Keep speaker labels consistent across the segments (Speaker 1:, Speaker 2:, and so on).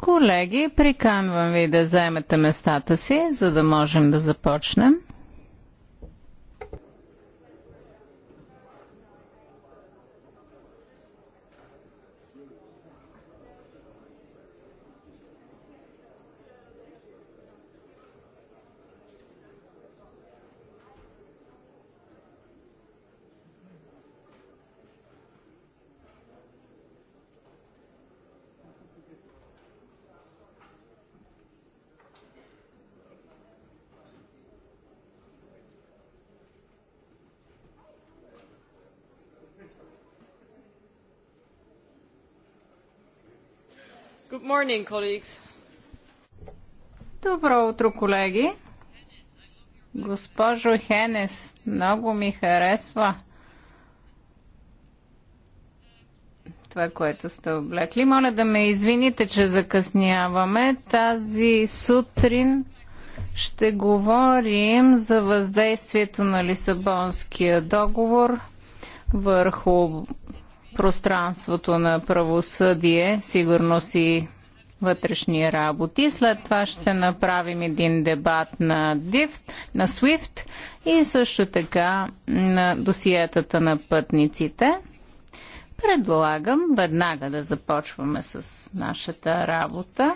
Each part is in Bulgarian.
Speaker 1: Колеги, приканвам ви да заемете местата си, за да можем да започнем. Morning, Добро утро, колеги. Госпожо Хенес, много ми харесва това, което сте облекли. Моля да ме извините, че закъсняваме. Тази сутрин ще говорим за въздействието на Лисабонския договор върху пространството на правосъдие, сигурност и вътрешни работи. След това ще направим един дебат на, DIFT, на SWIFT и също така на досиетата на пътниците. Предлагам веднага да започваме с нашата работа.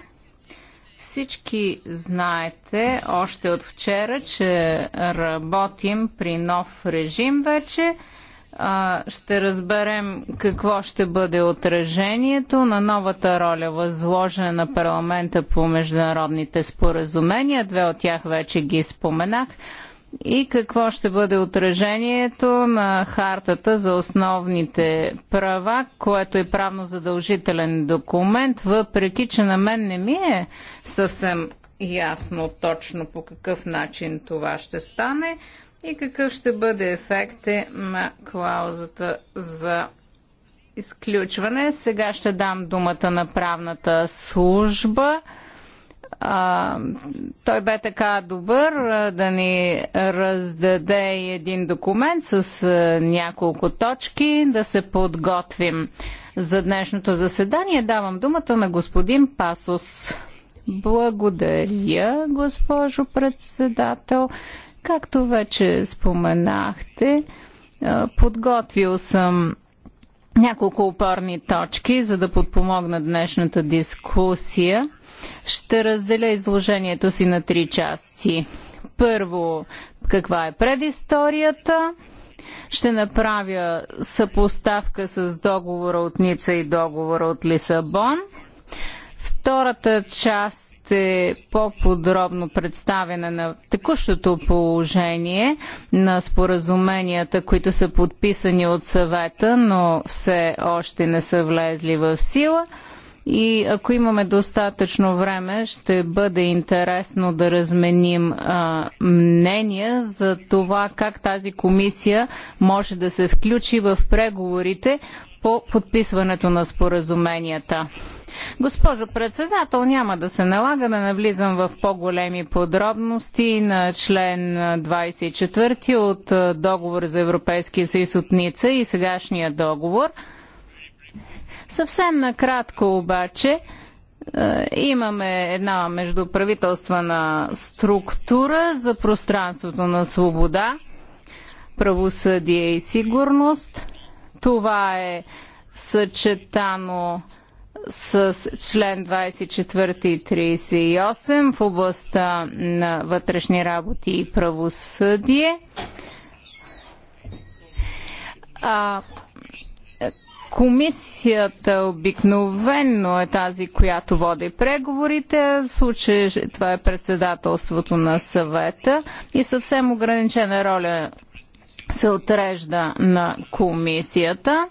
Speaker 1: Всички знаете още от вчера, че работим при нов режим вече а, ще разберем какво ще бъде отражението на новата роля, възложена на парламента по международните споразумения. Две от тях вече ги споменах. И какво ще бъде отражението на хартата за основните права, което е правно задължителен документ, въпреки че на мен не ми е съвсем ясно точно по какъв начин това ще стане и какъв ще бъде ефекте на клаузата за изключване. Сега ще дам думата на правната служба. А, той бе така добър да ни раздаде един документ с а, няколко точки, да се подготвим за днешното заседание. Давам думата на господин Пасос. Благодаря, госпожо председател. Както вече споменахте, подготвил съм няколко опорни точки, за да подпомогна днешната дискусия. Ще разделя изложението си на три части. Първо, каква е предисторията? Ще направя съпоставка с договора от Ница и договора от Лисабон. Втората част поискахте по-подробно представяне на текущото положение на споразуменията, които са подписани от съвета, но все още не са влезли в сила. И ако имаме достатъчно време, ще бъде интересно да разменим а, мнения за това как тази комисия може да се включи в преговорите по подписването на споразуменията. Госпожо председател, няма да се налага да навлизам в по-големи подробности на член 24 от договор за Европейския съюз от Ница и сегашния договор. Съвсем накратко обаче, имаме една междуправителствена структура за пространството на свобода, правосъдие и сигурност – това е съчетано с член 24 и 38 в областта на вътрешни работи и правосъдие. А, комисията обикновенно е тази, която води преговорите. В случай това е председателството на съвета и съвсем ограничена роля се отрежда на комисията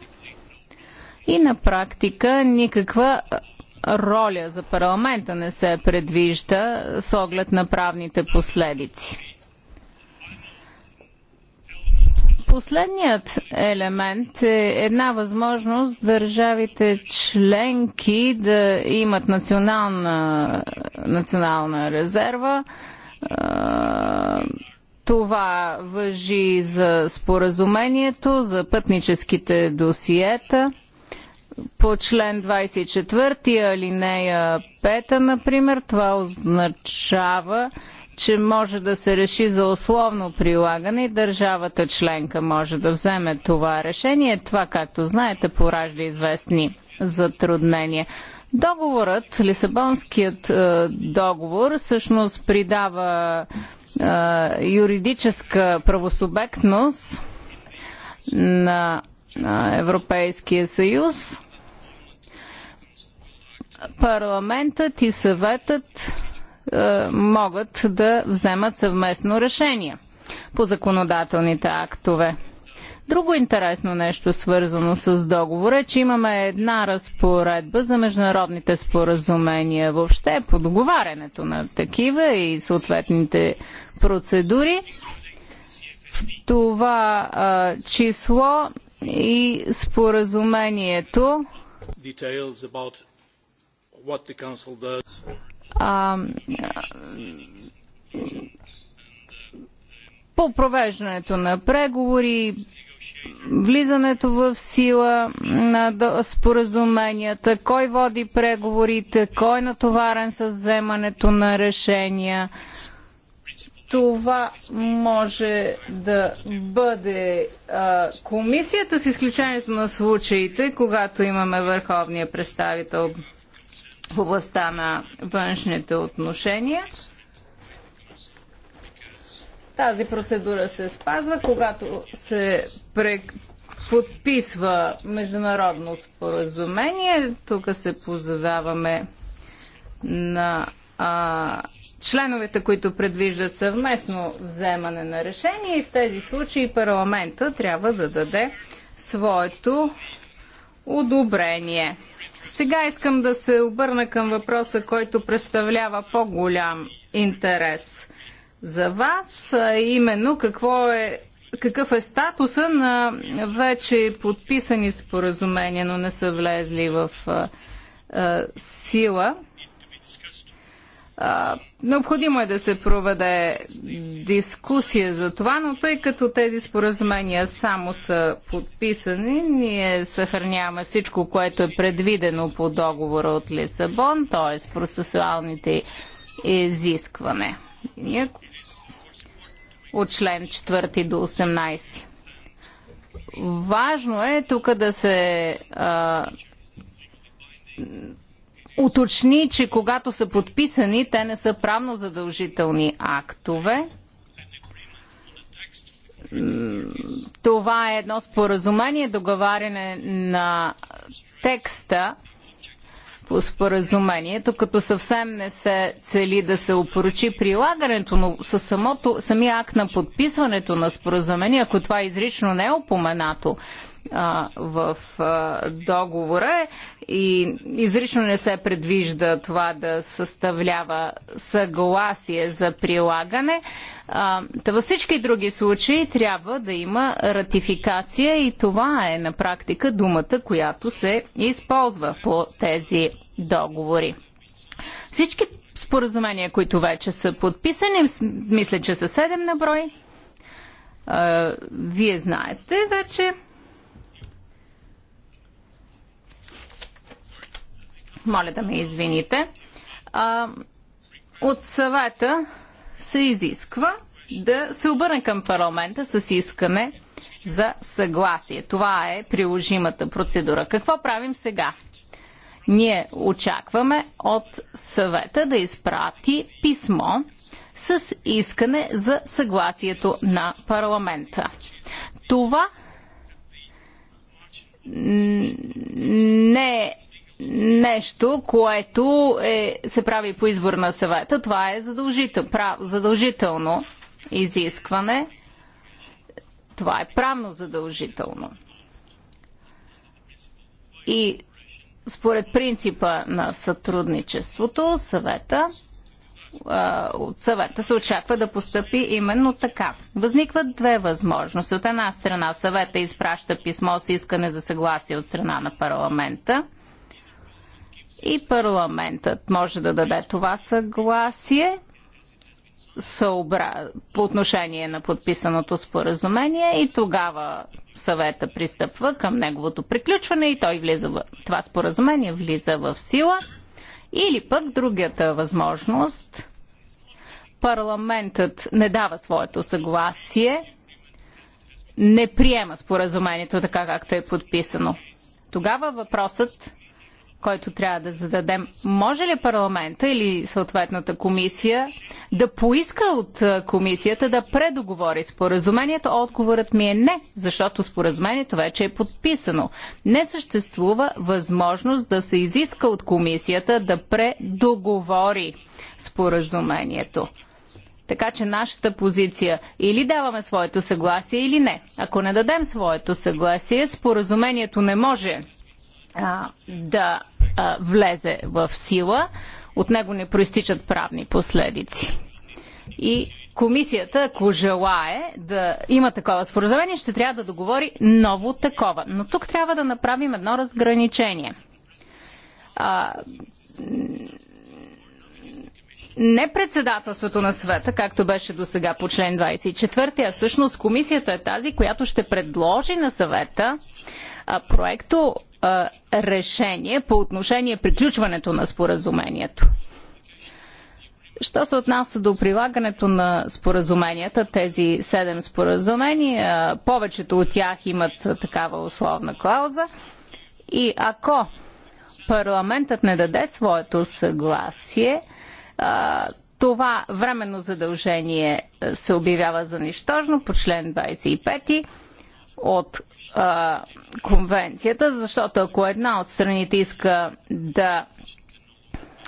Speaker 1: и на практика никаква роля за парламента не се предвижда с оглед на правните последици. Последният елемент е една възможност държавите членки да имат национална, национална резерва това въжи за споразумението, за пътническите досиета по член 24, алинея 5, например. Това означава, че може да се реши за условно прилагане и държавата членка може да вземе това решение. Това, както знаете, поражда известни затруднения. Договорът, Лисабонският е, договор, всъщност придава юридическа правосубектност на Европейския съюз, парламентът и съветът могат да вземат съвместно решение по законодателните актове. Друго интересно нещо, свързано с договора, е, че имаме една разпоредба за международните споразумения въобще, по договарянето на такива и съответните процедури. В това а, число и споразумението а, по провеждането на преговори, влизането в сила на споразуменията, кой води преговорите, кой е натоварен с вземането на решения. Това може да бъде а, комисията с изключението на случаите, когато имаме върховния представител в областта на външните отношения. Тази процедура се спазва, когато се прек... подписва международно споразумение. Тук се позоваваме на а, членовете, които предвиждат съвместно вземане на решение и в тези случаи парламента трябва да даде своето одобрение. Сега искам да се обърна към въпроса, който представлява по-голям интерес – за вас, а именно какво е какъв е статуса на вече подписани споразумения, но не са влезли в а, а, сила. А, необходимо е да се проведе дискусия за това, но тъй като тези споразумения само са подписани, ние съхраняваме всичко, което е предвидено по договора от Лисабон, т.е. процесуалните изисквания. Ние от член 4 до 18. Важно е тук да се а, уточни, че когато са подписани, те не са правно задължителни актове. Това е едно споразумение, договаряне на текста по споразумението, като съвсем не се цели да се опоручи прилагането, но със самото, самия акт на подписването на споразумение, ако това изрично не е опоменато а, в а, договора, е и изрично не се предвижда това да съставлява съгласие за прилагане. Та във всички други случаи трябва да има ратификация и това е на практика думата, която се използва по тези договори. Всички споразумения, които вече са подписани, мисля, че са 7 на брой. Вие знаете вече моля да ме извините, а, от съвета се изисква да се обърне към парламента с искане за съгласие. Това е приложимата процедура. Какво правим сега? Ние очакваме от съвета да изпрати писмо с искане за съгласието на парламента. Това не е нещо, което е, се прави по избор на съвета. Това е задължител, прав, задължително изискване. Това е правно задължително. И според принципа на сътрудничеството, съвета от съвета се очаква да постъпи именно така. Възникват две възможности. От една страна съвета изпраща писмо с искане за съгласие от страна на парламента и парламентът може да даде това съгласие съобра... по отношение на подписаното споразумение и тогава съвета пристъпва към неговото приключване и той влиза в... това споразумение влиза в сила. Или пък другата възможност парламентът не дава своето съгласие, не приема споразумението така както е подписано. Тогава въпросът който трябва да зададем. Може ли парламента или съответната комисия да поиска от комисията да предоговори споразумението? Отговорът ми е не, защото споразумението вече е подписано. Не съществува възможност да се изиска от комисията да предоговори споразумението. Така че нашата позиция или даваме своето съгласие или не. Ако не дадем своето съгласие, споразумението не може а, да влезе в сила. От него не проистичат правни последици. И комисията, ако желае да има такова споразумение, ще трябва да договори ново такова. Но тук трябва да направим едно разграничение. А, не председателството на света, както беше до сега по член 24, а всъщност комисията е тази, която ще предложи на съвета проекто решение по отношение приключването на споразумението. Що се отнася до прилагането на споразуменията, тези седем споразумения, повечето от тях имат такава условна клауза. И ако парламентът не даде своето съгласие, това временно задължение се обявява за нищожно по член 25 от а, конвенцията, защото ако една от страните иска да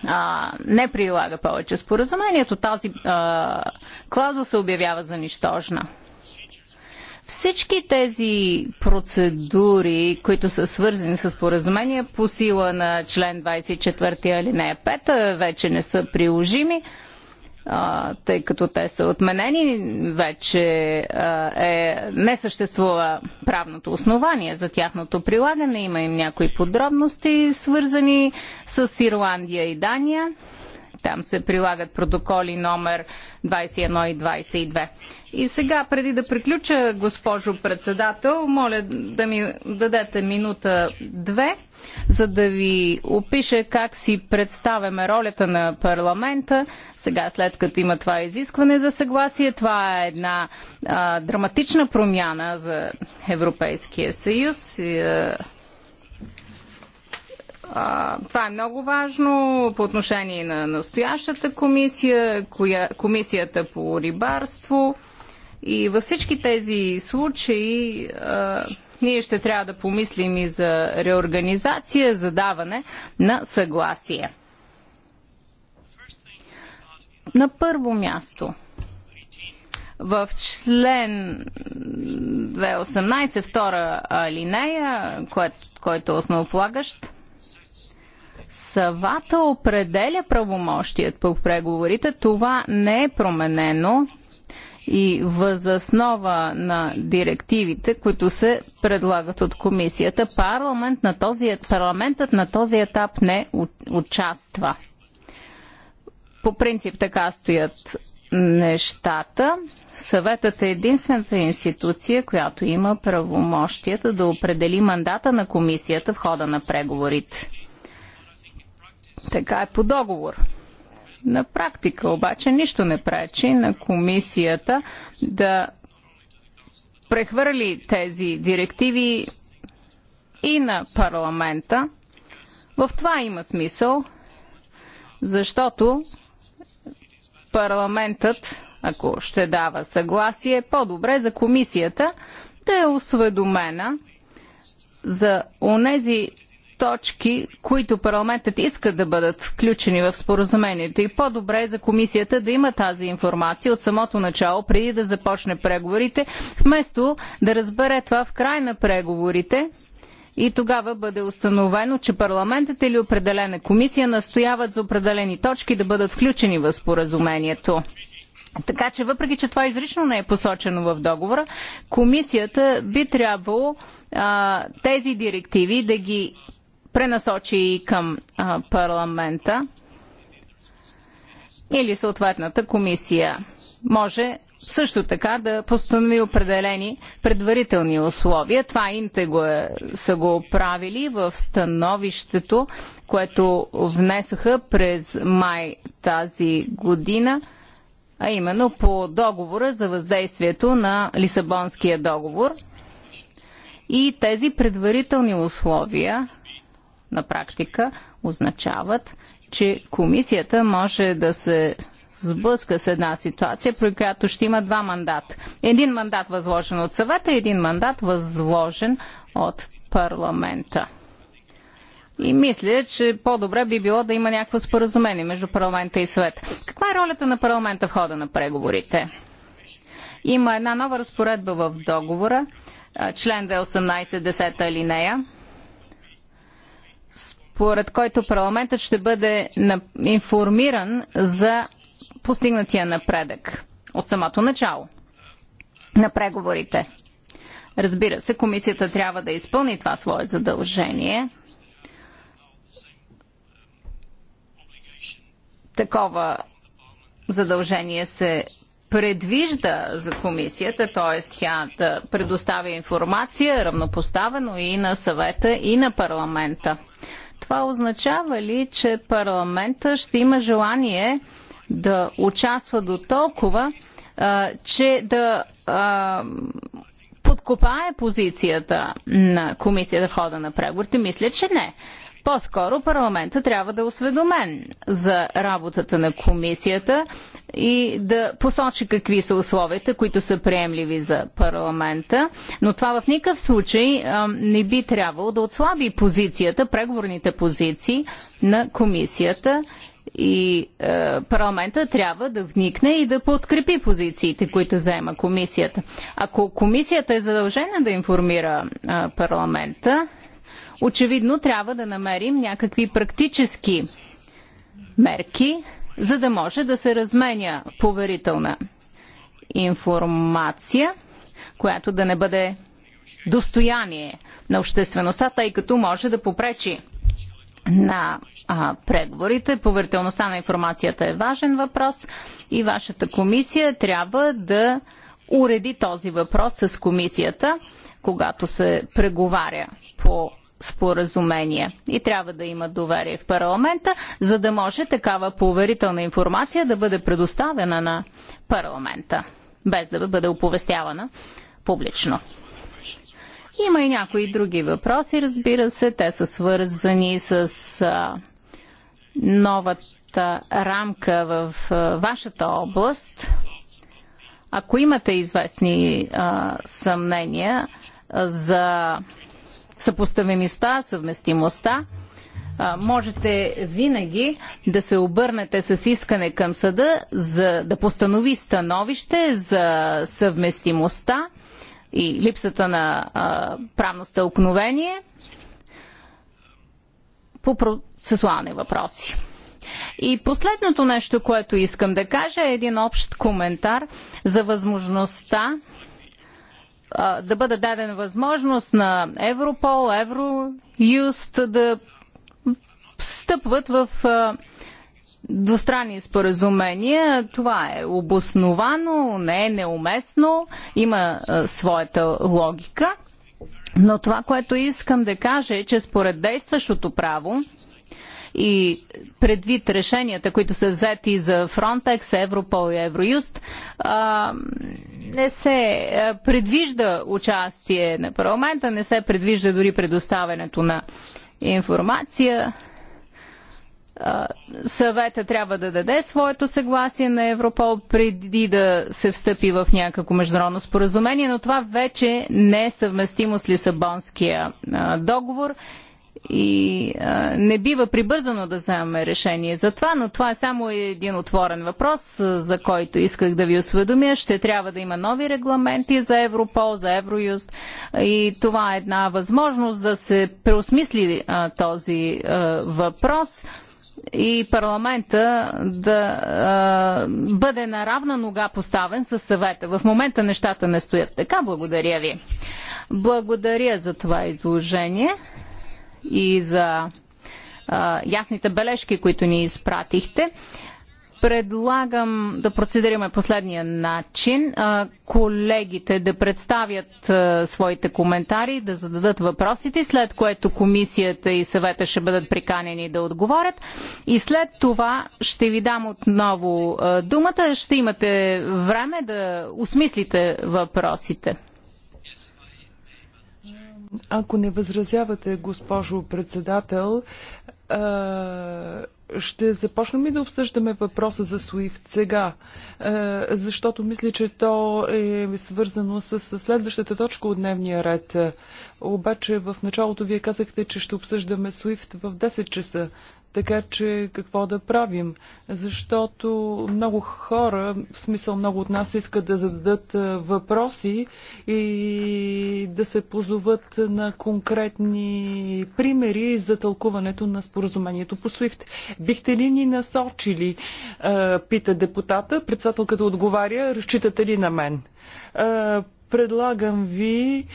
Speaker 1: а, не прилага повече споразумението, тази а, клауза се обявява за нищожна. Всички тези процедури, които са свързани с поразумение по сила на член 24 алинея 5, вече не са приложими а, тъй като те са отменени, вече а, е, не съществува правното основание за тяхното прилагане. Има им някои подробности, свързани с Ирландия и Дания. Там се прилагат протоколи номер 21 и 22. И сега, преди да приключа, госпожо председател, моля да ми дадете минута две, за да ви опиша как си представяме ролята на парламента. Сега, след като има това изискване за съгласие, това е една а, драматична промяна за Европейския съюз. И, а, а, това е много важно по отношение на настоящата комисия, коя, комисията по рибарство. И във всички тези случаи а, ние ще трябва да помислим и за реорганизация, за даване на съгласие. На първо място, в член 218, втора алинея, който, който е основополагащ, Съвата определя правомощият по преговорите. Това не е променено и възоснова на директивите, които се предлагат от комисията, парламент на този, парламентът на този етап не участва. По принцип така стоят нещата. Съветът е единствената институция, която има правомощията да определи мандата на комисията в хода на преговорите. Така е по договор. На практика обаче нищо не пречи на комисията да прехвърли тези директиви и на парламента. В това има смисъл, защото парламентът, ако ще дава съгласие, по-добре за комисията да е осведомена за онези точки, които парламентът иска да бъдат включени в споразумението. И по-добре е за комисията да има тази информация от самото начало, преди да започне преговорите, вместо да разбере това в край на преговорите и тогава бъде установено, че парламентът или определена комисия настояват за определени точки да бъдат включени в споразумението. Така че, въпреки че това изрично не е посочено в договора, комисията би трябвало а, тези директиви да ги пренасочи и към а, парламента или съответната комисия. Може също така да постанови определени предварителни условия. Това Инте го е, са го правили в становището, което внесоха през май тази година, а именно по договора за въздействието на Лисабонския договор. И тези предварителни условия на практика означават, че комисията може да се сблъска с една ситуация, при която ще има два мандата. Един мандат възложен от съвета и един мандат възложен от парламента. И мисля, че по-добре би било да има някакво споразумение между парламента и съвета. Каква е ролята на парламента в хода на преговорите? Има една нова разпоредба в договора, член 218, 10 алинея, според който парламентът ще бъде информиран за постигнатия напредък от самото начало на преговорите. Разбира се, комисията трябва да изпълни това свое задължение. Такова задължение се предвижда за комисията, т.е. тя да предоставя информация равнопоставено и на съвета, и на парламента. Това означава ли, че парламента ще има желание да участва до толкова, а, че да а, подкопае позицията на комисията в хода на преговорите? Мисля, че не. По-скоро парламента трябва да е осведомен за работата на комисията и да посочи какви са условията, които са приемливи за парламента. Но това в никакъв случай не би трябвало да отслаби позицията, преговорните позиции на комисията и е, парламента трябва да вникне и да подкрепи позициите, които заема комисията. Ако комисията е задължена да информира е, парламента, очевидно трябва да намерим някакви практически мерки, за да може да се разменя поверителна информация, която да не бъде достояние на обществеността, тъй като може да попречи на а, преговорите. Поверителността на информацията е важен въпрос и вашата комисия трябва да уреди този въпрос с комисията, когато се преговаря по споразумение. И трябва да има доверие в парламента, за да може такава поверителна информация да бъде предоставена на парламента, без да бъде оповестявана публично. Има и някои други въпроси, разбира се. Те са свързани с а, новата рамка в а, вашата област. Ако имате известни а, съмнения за съпоставимостта, съвместимостта, можете винаги да се обърнете с искане към съда за да постанови становище за съвместимостта и липсата на правно стълкновение по процесуални въпроси. И последното нещо, което искам да кажа е един общ коментар за възможността да бъде дадена възможност на Европол, Евроюст да встъпват в двустранни споразумения. Това е обосновано, не е неуместно, има своята логика. Но това, което искам да кажа е, че според действащото право и предвид решенията, които са взети за Frontex, Европол и Евроюст, не се е, предвижда участие на парламента, не се предвижда дори предоставянето на информация. Е, съвета трябва да даде своето съгласие на Европол преди да се встъпи в някакво международно споразумение, но това вече не е съвместимо с Лисабонския е, договор и а, не бива прибързано да вземаме решение за това, но това е само един отворен въпрос, за който исках да ви осведомя. Ще трябва да има нови регламенти за Европол, за Евроюст и това е една възможност да се преосмисли а, този а, въпрос и парламента да а, бъде на равна нога поставен със съвета. В момента нещата не стоят така. Благодаря ви. Благодаря за това изложение и за а, ясните бележки, които ни изпратихте. Предлагам да процедираме последния начин. А, колегите да представят а, своите коментари, да зададат въпросите, след което комисията и съвета ще бъдат приканени да отговорят. И след това ще ви дам отново а, думата. Ще имате време да осмислите въпросите.
Speaker 2: Ако не възразявате, госпожо председател, ще започнем и да обсъждаме въпроса за SWIFT сега? Защото мисля, че то е свързано с следващата точка от дневния ред. Обаче в началото вие казахте, че ще обсъждаме SWIFT в 10 часа. Така че какво да правим? Защото много хора, в смисъл много от нас, искат да зададат въпроси и да се позоват на конкретни примери за тълкуването на споразумението по SWIFT. Бихте ли ни насочили? Пита депутата. Председателката отговаря. Разчитате ли на мен? Предлагам ви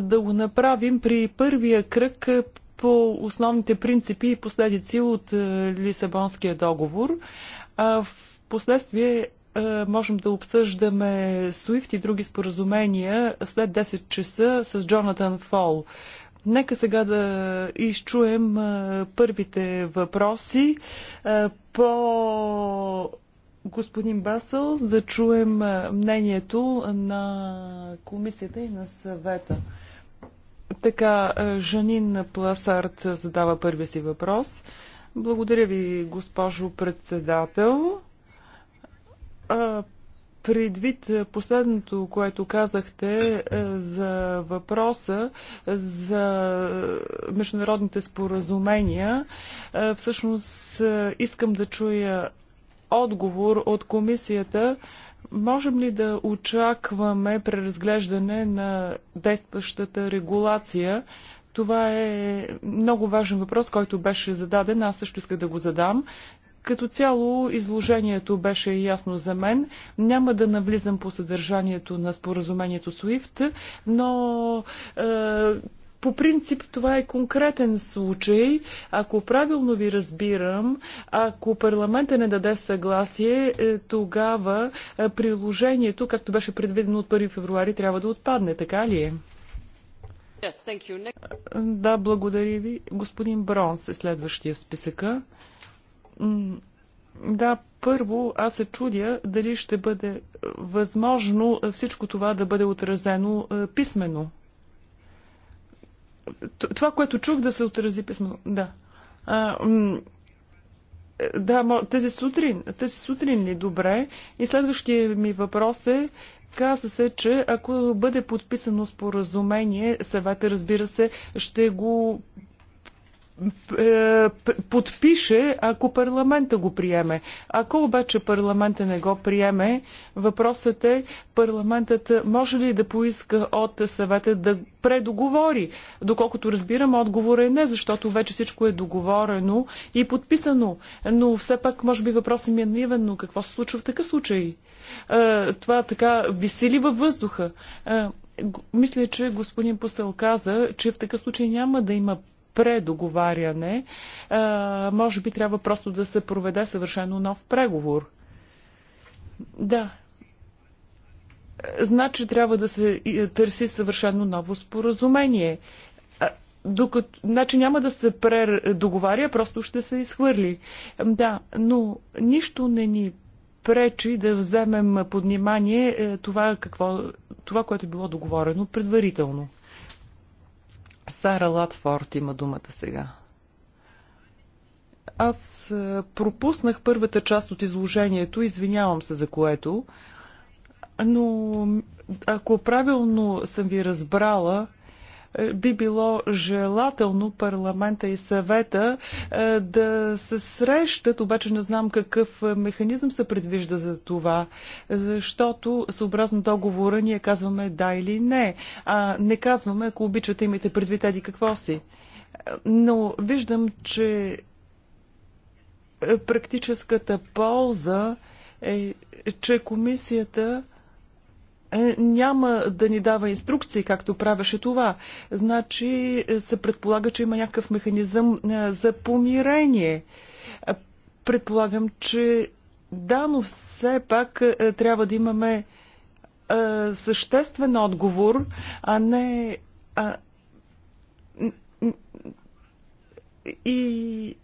Speaker 2: да го направим при първия кръг по основните принципи и последици от е, Лисабонския договор. в последствие е, можем да обсъждаме SWIFT и други споразумения след 10 часа с Джонатан Фол. Нека сега да изчуем е, първите въпроси по господин Басълс, да чуем мнението на комисията и на съвета. Така, е, Жанин Пласарт задава първия си въпрос. Благодаря ви, госпожо председател. Предвид последното, което казахте е, за въпроса за международните споразумения, е, всъщност искам да чуя отговор от комисията Можем ли да очакваме преразглеждане на действащата регулация? Това е много важен въпрос, който беше зададен. Аз също исках да го задам. Като цяло изложението беше ясно за мен. Няма да навлизам по съдържанието на споразумението SWIFT, но е, по принцип това е конкретен случай. Ако правилно ви разбирам, ако парламента не даде съгласие, е, тогава е, приложението, както беше предвидено от 1 февруари, трябва да отпадне, така ли е?
Speaker 3: Yes,
Speaker 2: да, благодаря ви. Господин Бронс е следващия в списъка. Да, първо аз се чудя дали ще бъде е, възможно всичко това да бъде отразено писменно това, което чух, да се отрази писмо. Да. А, да, тези сутрин, тези сутрин ли добре? И следващия ми въпрос е, каза се, че ако бъде подписано споразумение, съвета, разбира се, ще го е, подпише, ако парламента го приеме. Ако обаче парламента не го приеме, въпросът е парламентът може ли да поиска от съвета да предоговори. Доколкото разбирам, отговора е не, защото вече всичко е договорено и подписано. Но все пак, може би въпросът ми е наивен, но какво се случва в такъв случай? Е, това така висели във въздуха е, мисля, че господин Посъл каза, че в такъв случай няма да има предоговаряне, може би трябва просто да се проведе съвършено нов преговор. Да. Значи трябва да се е, търси съвършено ново споразумение. Докато, значи няма да се предоговаря, просто ще се изхвърли. Да, но нищо не ни пречи да вземем под внимание е, това, какво, това което е било договорено предварително. Сара Латфорд има думата сега. Аз е, пропуснах първата част от изложението, извинявам се за което, но ако правилно съм ви разбрала, е, би било желателно парламента и съвета е, да се срещат, обаче не знам какъв механизъм се предвижда за това, защото съобразно договора ние казваме да или не, а не казваме, ако обичате, имайте предвид еди какво си. Но виждам, че е, практическата полза е, че комисията е, няма да ни дава инструкции, както правеше това. Значи е, се предполага, че има някакъв механизъм е, за помирение. Предполагам, че да, но все пак трябва да имаме съществен отговор, а не. А, и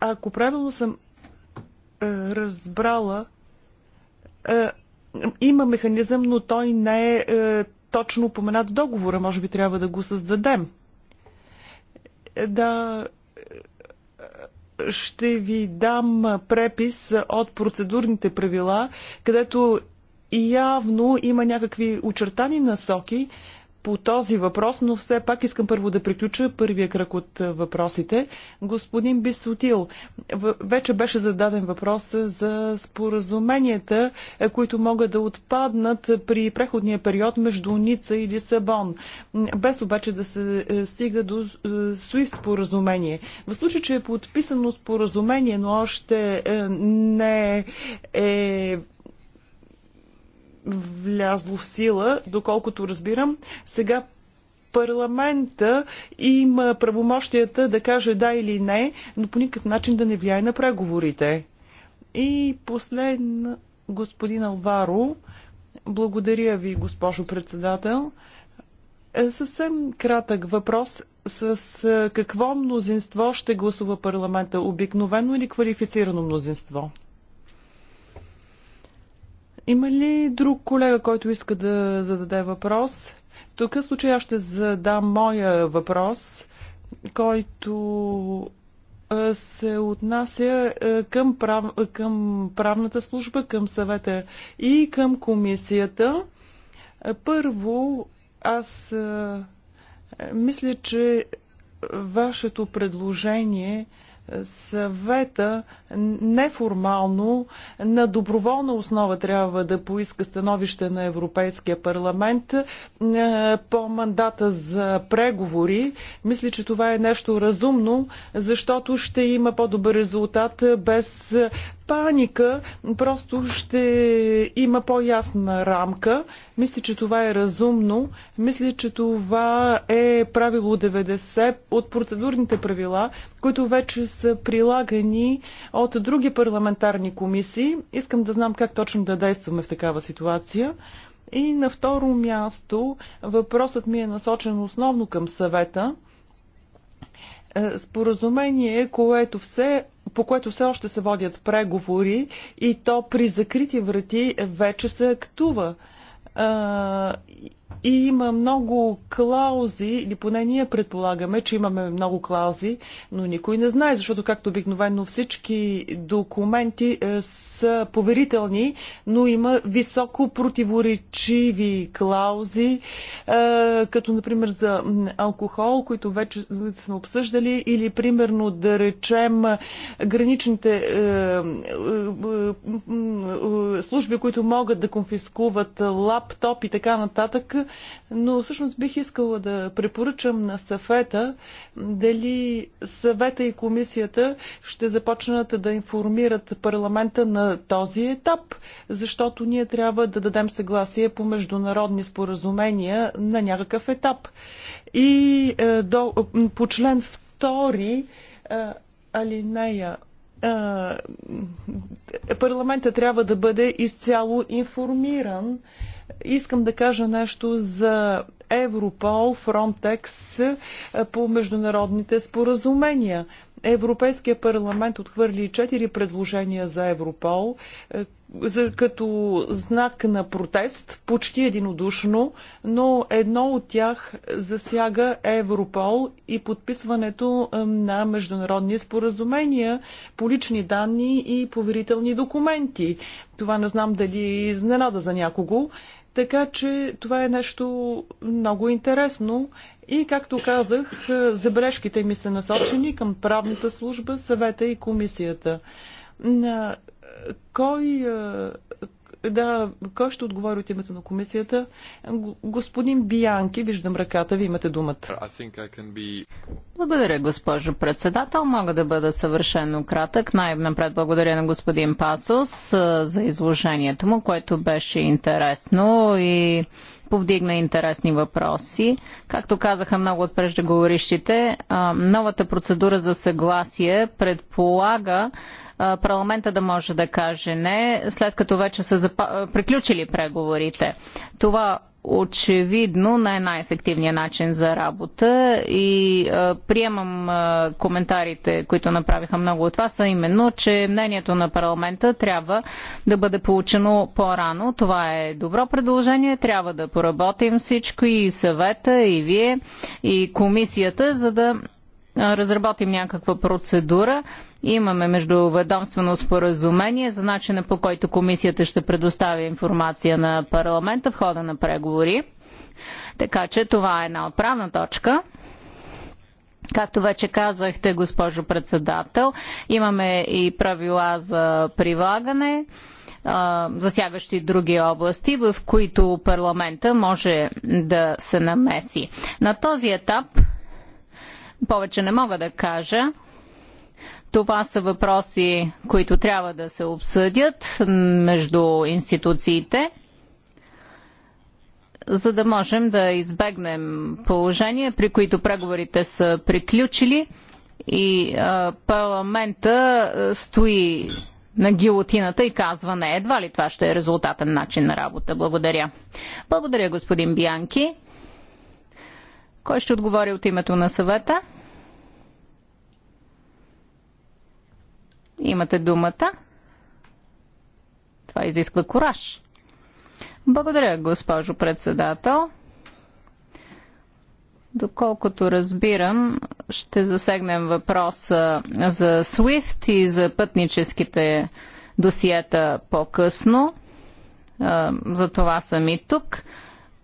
Speaker 2: ако правилно съм разбрала, има механизъм, но той не е, е точно упоменат в договора. Може би трябва да го създадем. Е, да е, ще ви дам препис от процедурните правила, където явно има някакви очертани насоки, по този въпрос, но все пак искам първо да приключа първия кръг от въпросите. Господин Бисотил, вече беше зададен въпрос за споразуменията, които могат да отпаднат при преходния период между Ница и Лисабон, без обаче да се стига до SWIFT споразумение. В случай, че е подписано споразумение, но още не е влязло в сила, доколкото разбирам. Сега парламента има правомощията да каже да или не, но по никакъв начин да не влияе на преговорите. И последно, господин Алваро, благодаря ви, госпожо председател. Е, съвсем кратък въпрос. С е, какво мнозинство ще гласува парламента? Обикновено или квалифицирано мнозинство? Има ли друг колега, който иска да зададе въпрос? В случай аз ще задам моя въпрос, който се отнася към, прав... към правната служба, към съвета и към комисията. Първо, аз мисля, че вашето предложение съвета неформално на доброволна основа трябва да поиска становище на Европейския парламент е, по мандата за преговори. Мисля, че това е нещо разумно, защото ще има по-добър резултат без паника, просто ще има по-ясна рамка. Мисля, че това е разумно. Мисля, че това е правило 90 от процедурните правила, които вече са прилагани от други парламентарни комисии. Искам да знам как точно да действаме в такава ситуация. И на второ място въпросът ми е насочен основно към съвета е, споразумение, което все по което все още се водят преговори и то при закрити врати вече се актува. И има много клаузи, или поне ние предполагаме, че имаме много клаузи, но никой не знае, защото както обикновено всички документи е, са поверителни, но има високо противоречиви клаузи, е, като например за алкохол, които вече сме обсъждали, или примерно да речем граничните е, служби, които могат да конфискуват лаптоп и така нататък но всъщност бих искала да препоръчам на съвета дали съвета и комисията ще започнат да информират парламента на този етап, защото ние трябва да дадем съгласие по международни споразумения на някакъв етап. И е, до, по член 2 е, алинея е, парламента трябва да бъде изцяло информиран Искам да кажа нещо за Европол, Фронтекс по международните споразумения. Европейския парламент отхвърли четири предложения за Европол, е, за, като знак на протест, почти единодушно, но едно от тях засяга Европол и подписването на международни споразумения по лични данни и поверителни документи. Това не знам дали изненада за някого. Така че това е нещо много интересно и, както казах, забележките ми са насочени към правната служба, съвета и комисията. Кой, е, да, кой ще отговори от името на комисията? Господин Биянки, виждам ръката ви, имате думата. I I be...
Speaker 1: Благодаря, госпожо председател. Мога да бъда съвършено кратък. Най-напред благодаря на господин Пасос е, за изложението му, което беше интересно и повдигна интересни въпроси. Както казаха много от преждеговорищите, новата процедура за съгласие предполага парламента да може да каже не, след като вече са приключили преговорите. Това очевидно не е най-ефективният начин за работа и а, приемам а, коментарите, които направиха много от вас, а именно, че мнението на парламента трябва да бъде получено по-рано. Това е добро предложение, трябва да поработим всичко и съвета, и вие, и комисията, за да разработим някаква процедура Имаме междуведомствено споразумение за начина по който комисията ще предоставя информация на парламента в хода на преговори. Така че това е една отправна точка. Както вече казахте, госпожо председател, имаме и правила за прилагане, засягащи други области, в които парламента може да се намеси. На този етап повече не мога да кажа. Това са въпроси, които трябва да се обсъдят между институциите, за да можем да избегнем положение, при които преговорите са приключили и парламента стои на гилотината и казва не, едва ли това ще е резултатен начин на работа. Благодаря. Благодаря, господин Бианки. Кой ще отговори от името на съвета? Имате думата. Това изисква кураж. Благодаря, госпожо председател. Доколкото разбирам, ще засегнем въпроса за SWIFT и за пътническите досиета по-късно. За това съм и тук.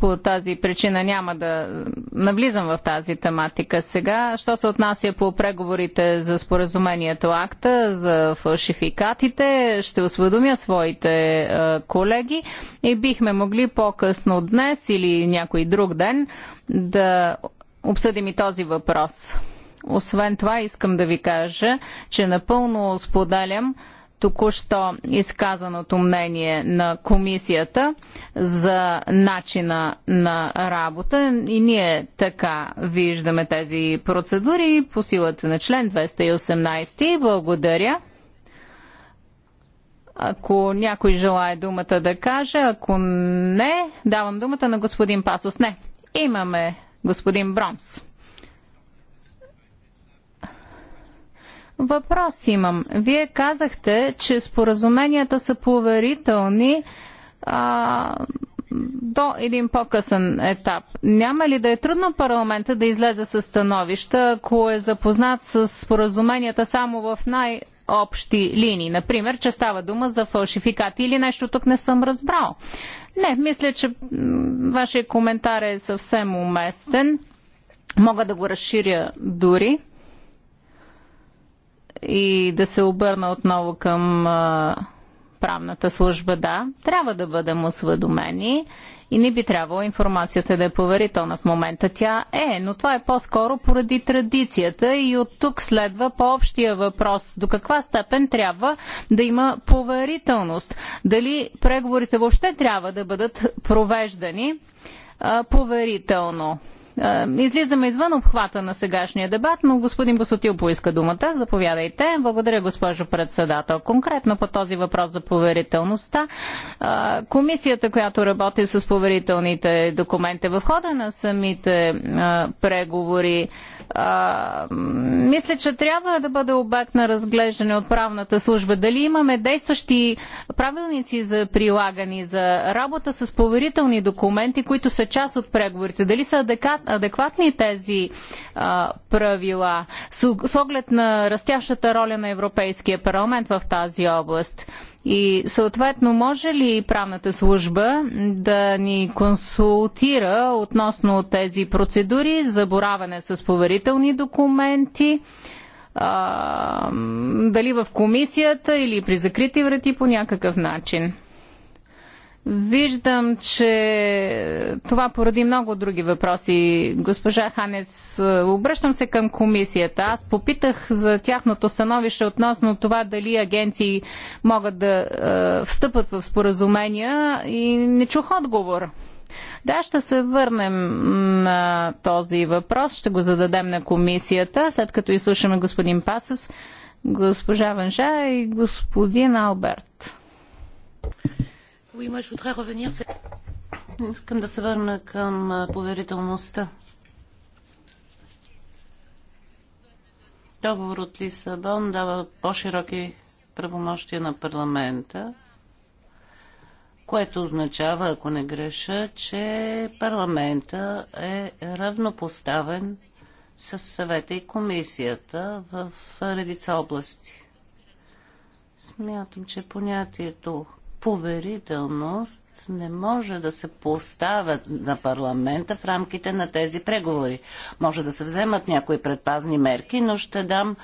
Speaker 1: По тази причина няма да навлизам в тази тематика сега. Що се отнася по преговорите за споразумението акта, за фалшификатите, ще осведомя своите е, колеги и бихме могли по-късно днес или някой друг ден да обсъдим и този въпрос. Освен това, искам да ви кажа, че напълно споделям току-що изказаното мнение на комисията за начина на работа и ние така виждаме тези процедури по силата на член 218. Благодаря. Ако някой желая думата да каже, ако не, давам думата на господин Пасос. Не, имаме господин Бронс. Въпрос имам. Вие казахте, че споразуменията са поверителни а, до един по-късен етап. Няма ли да е трудно парламента да излезе с становища, ако е запознат с споразуменията само в най- общи линии. Например, че става дума за фалшификати или нещо тук не съм разбрал. Не, мисля, че вашия коментар е съвсем уместен. Мога да го разширя дори и да се обърна отново към а, правната служба, да, трябва да бъдем осведомени и не би трябвало информацията да е поверителна в момента. Тя е, но това е по-скоро поради традицията и от тук следва по-общия въпрос до каква степен трябва да има поверителност. Дали преговорите въобще трябва да бъдат провеждани а, поверително. Е, излизаме извън обхвата на сегашния дебат, но господин Басотил поиска думата. Заповядайте. Благодаря, госпожо председател. Конкретно по този въпрос за поверителността, е, комисията, която работи с поверителните документи в хода на самите е, преговори, а, мисля, че трябва да бъде обект на разглеждане от правната служба. Дали имаме действащи правилници за прилагане, за работа с поверителни документи, които са част от преговорите? Дали са адекватни тези а, правила с, с оглед на растящата роля на Европейския парламент в тази област? И съответно, може ли правната служба да ни консултира относно тези процедури за бораване с поверителни документи? А, дали в комисията или при закрити врати по някакъв начин? Виждам, че това поради много други въпроси. Госпожа Ханес, обръщам се към комисията. Аз попитах за тяхното становище относно това дали агенции могат да е, встъпат в споразумения и не чух отговор. Да, ще се върнем на този въпрос. Ще го зададем на комисията, след като изслушаме господин Пасос, госпожа Ванжа и господин Алберт.
Speaker 3: Искам да се върна към поверителността. Договор от Лисабон дава по-широки правомощия на парламента, което означава, ако не греша, че парламента е равнопоставен с съвета и комисията в редица области. Смятам, че понятието поверителност не може да се поставя на парламента в рамките на тези преговори. Може да се вземат някои предпазни мерки, но ще дам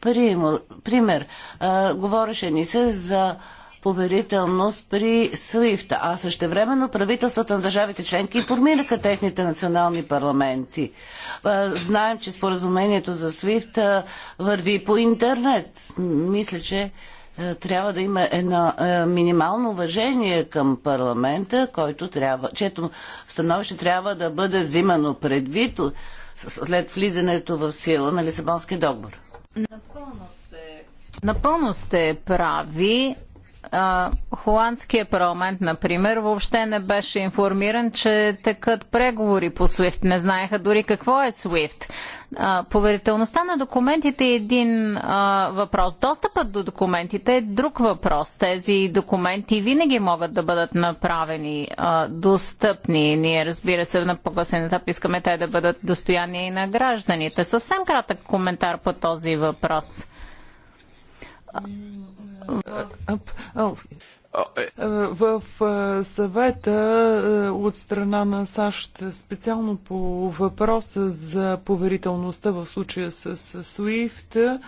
Speaker 3: пример. пример. А, говореше ни се за поверителност при SWIFT, а времено правителствата на държавите членки информираха техните национални парламенти. Знаем, че споразумението за SWIFT върви по интернет. Мисля, че е, трябва да има едно е, минимално уважение към парламента, който трябва, чето становище трябва да бъде взимано предвид след влизането в сила на Лисабонския договор. Напълно сте,
Speaker 1: напълно сте прави холандския парламент, например, въобще не беше информиран, че текат преговори по SWIFT. Не знаеха дори какво е SWIFT. А, поверителността на документите е един а, въпрос. Достъпът до документите е друг въпрос. Тези документи винаги могат да бъдат направени а, достъпни. Ние, разбира се, на по-късен етап искаме те да бъдат достояние и на гражданите. Съвсем кратък коментар по този въпрос
Speaker 2: в съвета е, от страна на САЩ, специално по въпроса за поверителността в случая с SWIFT, е,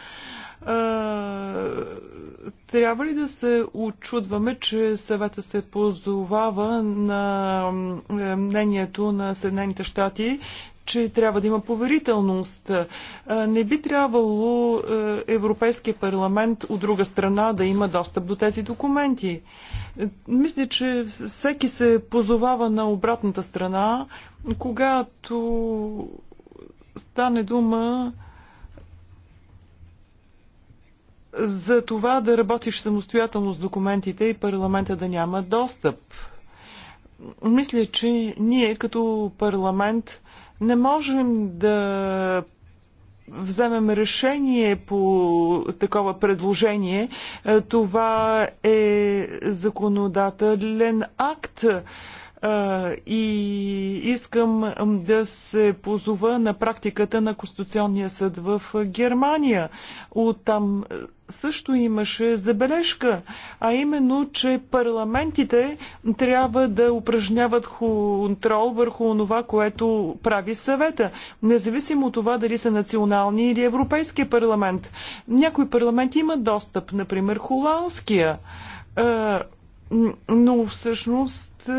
Speaker 2: трябва ли да се очудваме, че съвета се позовава на е, мнението на Съединените щати, че трябва да има поверителност. Е, не би трябвало е, Европейския парламент от друга страна да има достъп до тези документи. Е, мисля, че всеки се позовава на обратната страна, когато стане дума за това да работиш самостоятелно с документите и парламента да няма достъп мисля, че ние като парламент не можем да вземем решение по такова предложение. Е, това е законодателен акт е, и искам да се позова на практиката на Конституционния съд в Германия. Оттам също имаше забележка, а именно, че парламентите трябва да упражняват контрол върху това, което прави съвета, независимо от това дали са национални или европейски парламент. Някои парламенти имат достъп, например холандския, е, но всъщност е,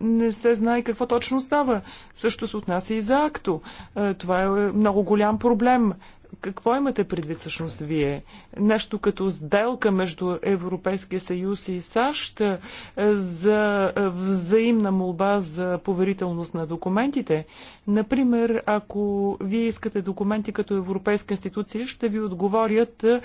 Speaker 2: не се знае какво точно става. Също се отнася и за акто. Е, това е много голям проблем. Какво имате предвид всъщност вие? Нещо като сделка между Европейския съюз и САЩ е, за е, взаимна молба за поверителност на документите? Например, ако вие искате документи като Европейска институция, ще ви отговорят е,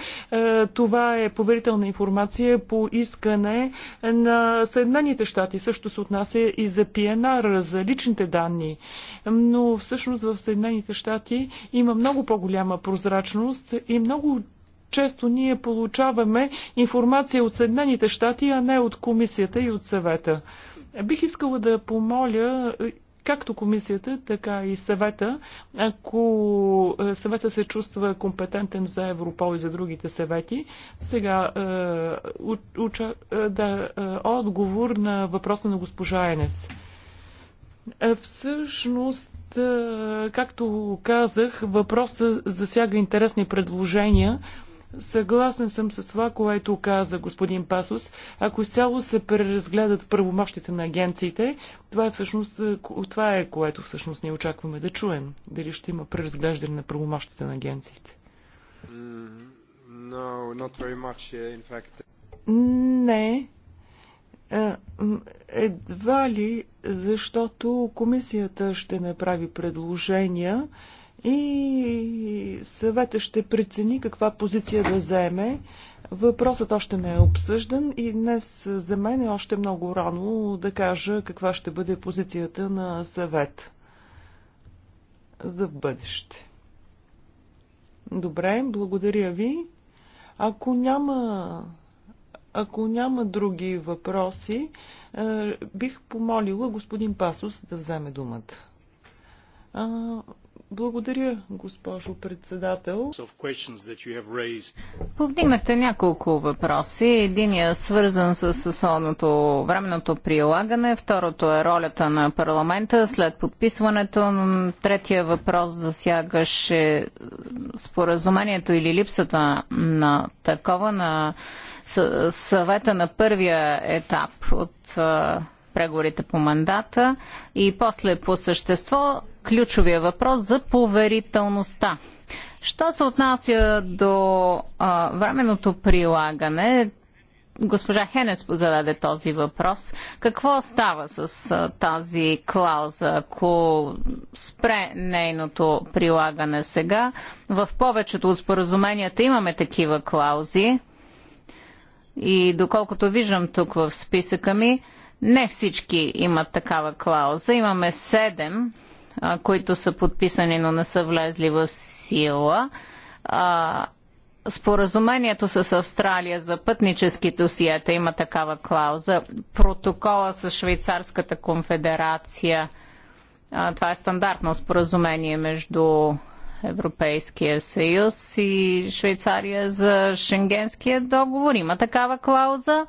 Speaker 2: това е поверителна информация по искане на Съединените щати. Също се отнася и за ПНР, за личните данни. Но всъщност в Съединените щати има много по-голяма прозрачност прозрачност и много често ние получаваме информация от Съединените щати, а не от комисията и от съвета. Бих искала да помоля е, както комисията, така и съвета, ако е, съвета се чувства компетентен за Европол и за другите съвети, сега е, уча, е, да, е, отговор на въпроса на госпожа Енес. Всъщност, както казах, въпросът засяга интересни предложения. Съгласен съм с това, което каза господин Пасос. Ако изцяло се преразгледат правомощите на агенциите, това е, всъщност, това е което всъщност ние очакваме да чуем. Дали ще има преразглеждане на правомощите на агенциите?
Speaker 3: No, not very much, in fact.
Speaker 2: Не, е, едва ли, защото комисията ще направи предложения и съвета ще прецени каква позиция да заеме. Въпросът още не е обсъждан и днес за мен е още много рано да кажа каква ще бъде позицията на съвет за в бъдеще. Добре, благодаря ви. Ако няма ако няма други въпроси, е, бих помолила господин Пасос да вземе думата. Благодаря, госпожо председател.
Speaker 1: Повдигнахте няколко въпроси. Единия е свързан с основното временното прилагане, второто е ролята на парламента след подписването. Третия въпрос засягаше е, споразумението или липсата на такова на съвета на първия етап от е, преговорите по мандата и после по същество ключовия въпрос за поверителността. Що се отнася до а, временното прилагане, госпожа Хенес зададе този въпрос. Какво става с а, тази клауза, ако спре нейното прилагане сега? В повечето от споразуменията имаме такива клаузи. И доколкото виждам тук в списъка ми, не всички имат такава клауза. Имаме седем 7 а, които са подписани, но не са влезли в сила. А, споразумението с Австралия за пътнически досиета има такава клауза. Протокола с Швейцарската конфедерация. А, това е стандартно споразумение между Европейския съюз и Швейцария за Шенгенския договор. Има такава клауза.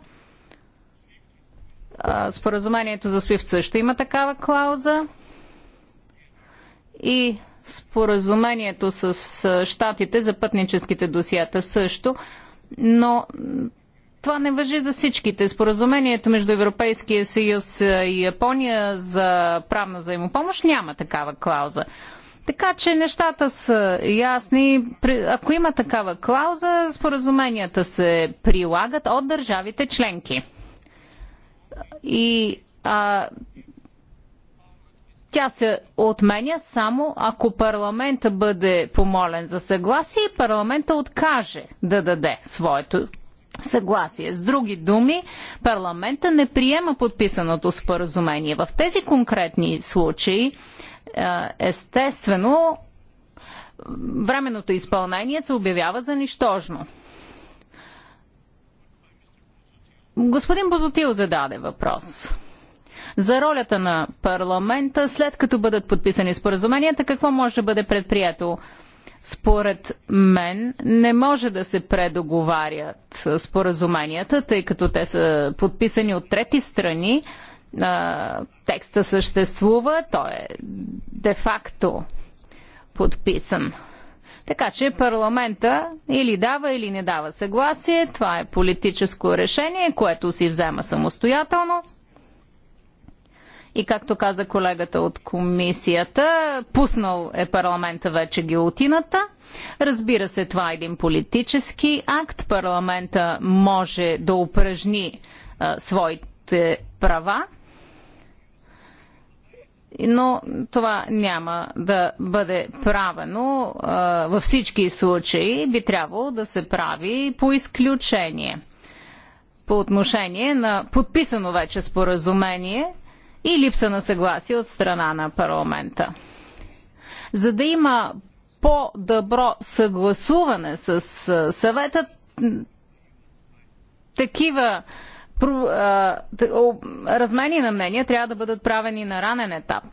Speaker 1: Споразумението за Свифт също има такава клауза и споразумението с щатите за пътническите досията също, но това не въжи за всичките. Споразумението между Европейския съюз и Япония за правна взаимопомощ няма такава клауза. Така че нещата са ясни. Ако има такава клауза, споразуменията се прилагат от държавите членки. И а, тя се отменя само ако парламента бъде помолен за съгласие и парламента откаже да даде своето съгласие. С други думи, парламента не приема подписаното споразумение. В тези конкретни случаи, е, естествено, временното изпълнение се обявява за нищожно. Господин Бозотил зададе въпрос за ролята на парламента, след като бъдат подписани споразуменията, какво може да бъде предприето? Според мен не може да се предоговарят споразуменията, тъй като те са подписани от трети страни. Текста съществува, той е де-факто подписан. Така че парламента или дава, или не дава съгласие. Това е политическо решение, което си взема самостоятелно. И както каза колегата от комисията, пуснал е парламента вече гилотината. Разбира се, това е един политически акт. Парламента може да упражни а, своите права но това няма да бъде правено във всички случаи, би трябвало да се прави по изключение. По отношение на подписано вече споразумение – и липса на съгласие от страна на парламента. За да има по-добро съгласуване с съвета, такива размени на мнения трябва да бъдат правени на ранен етап.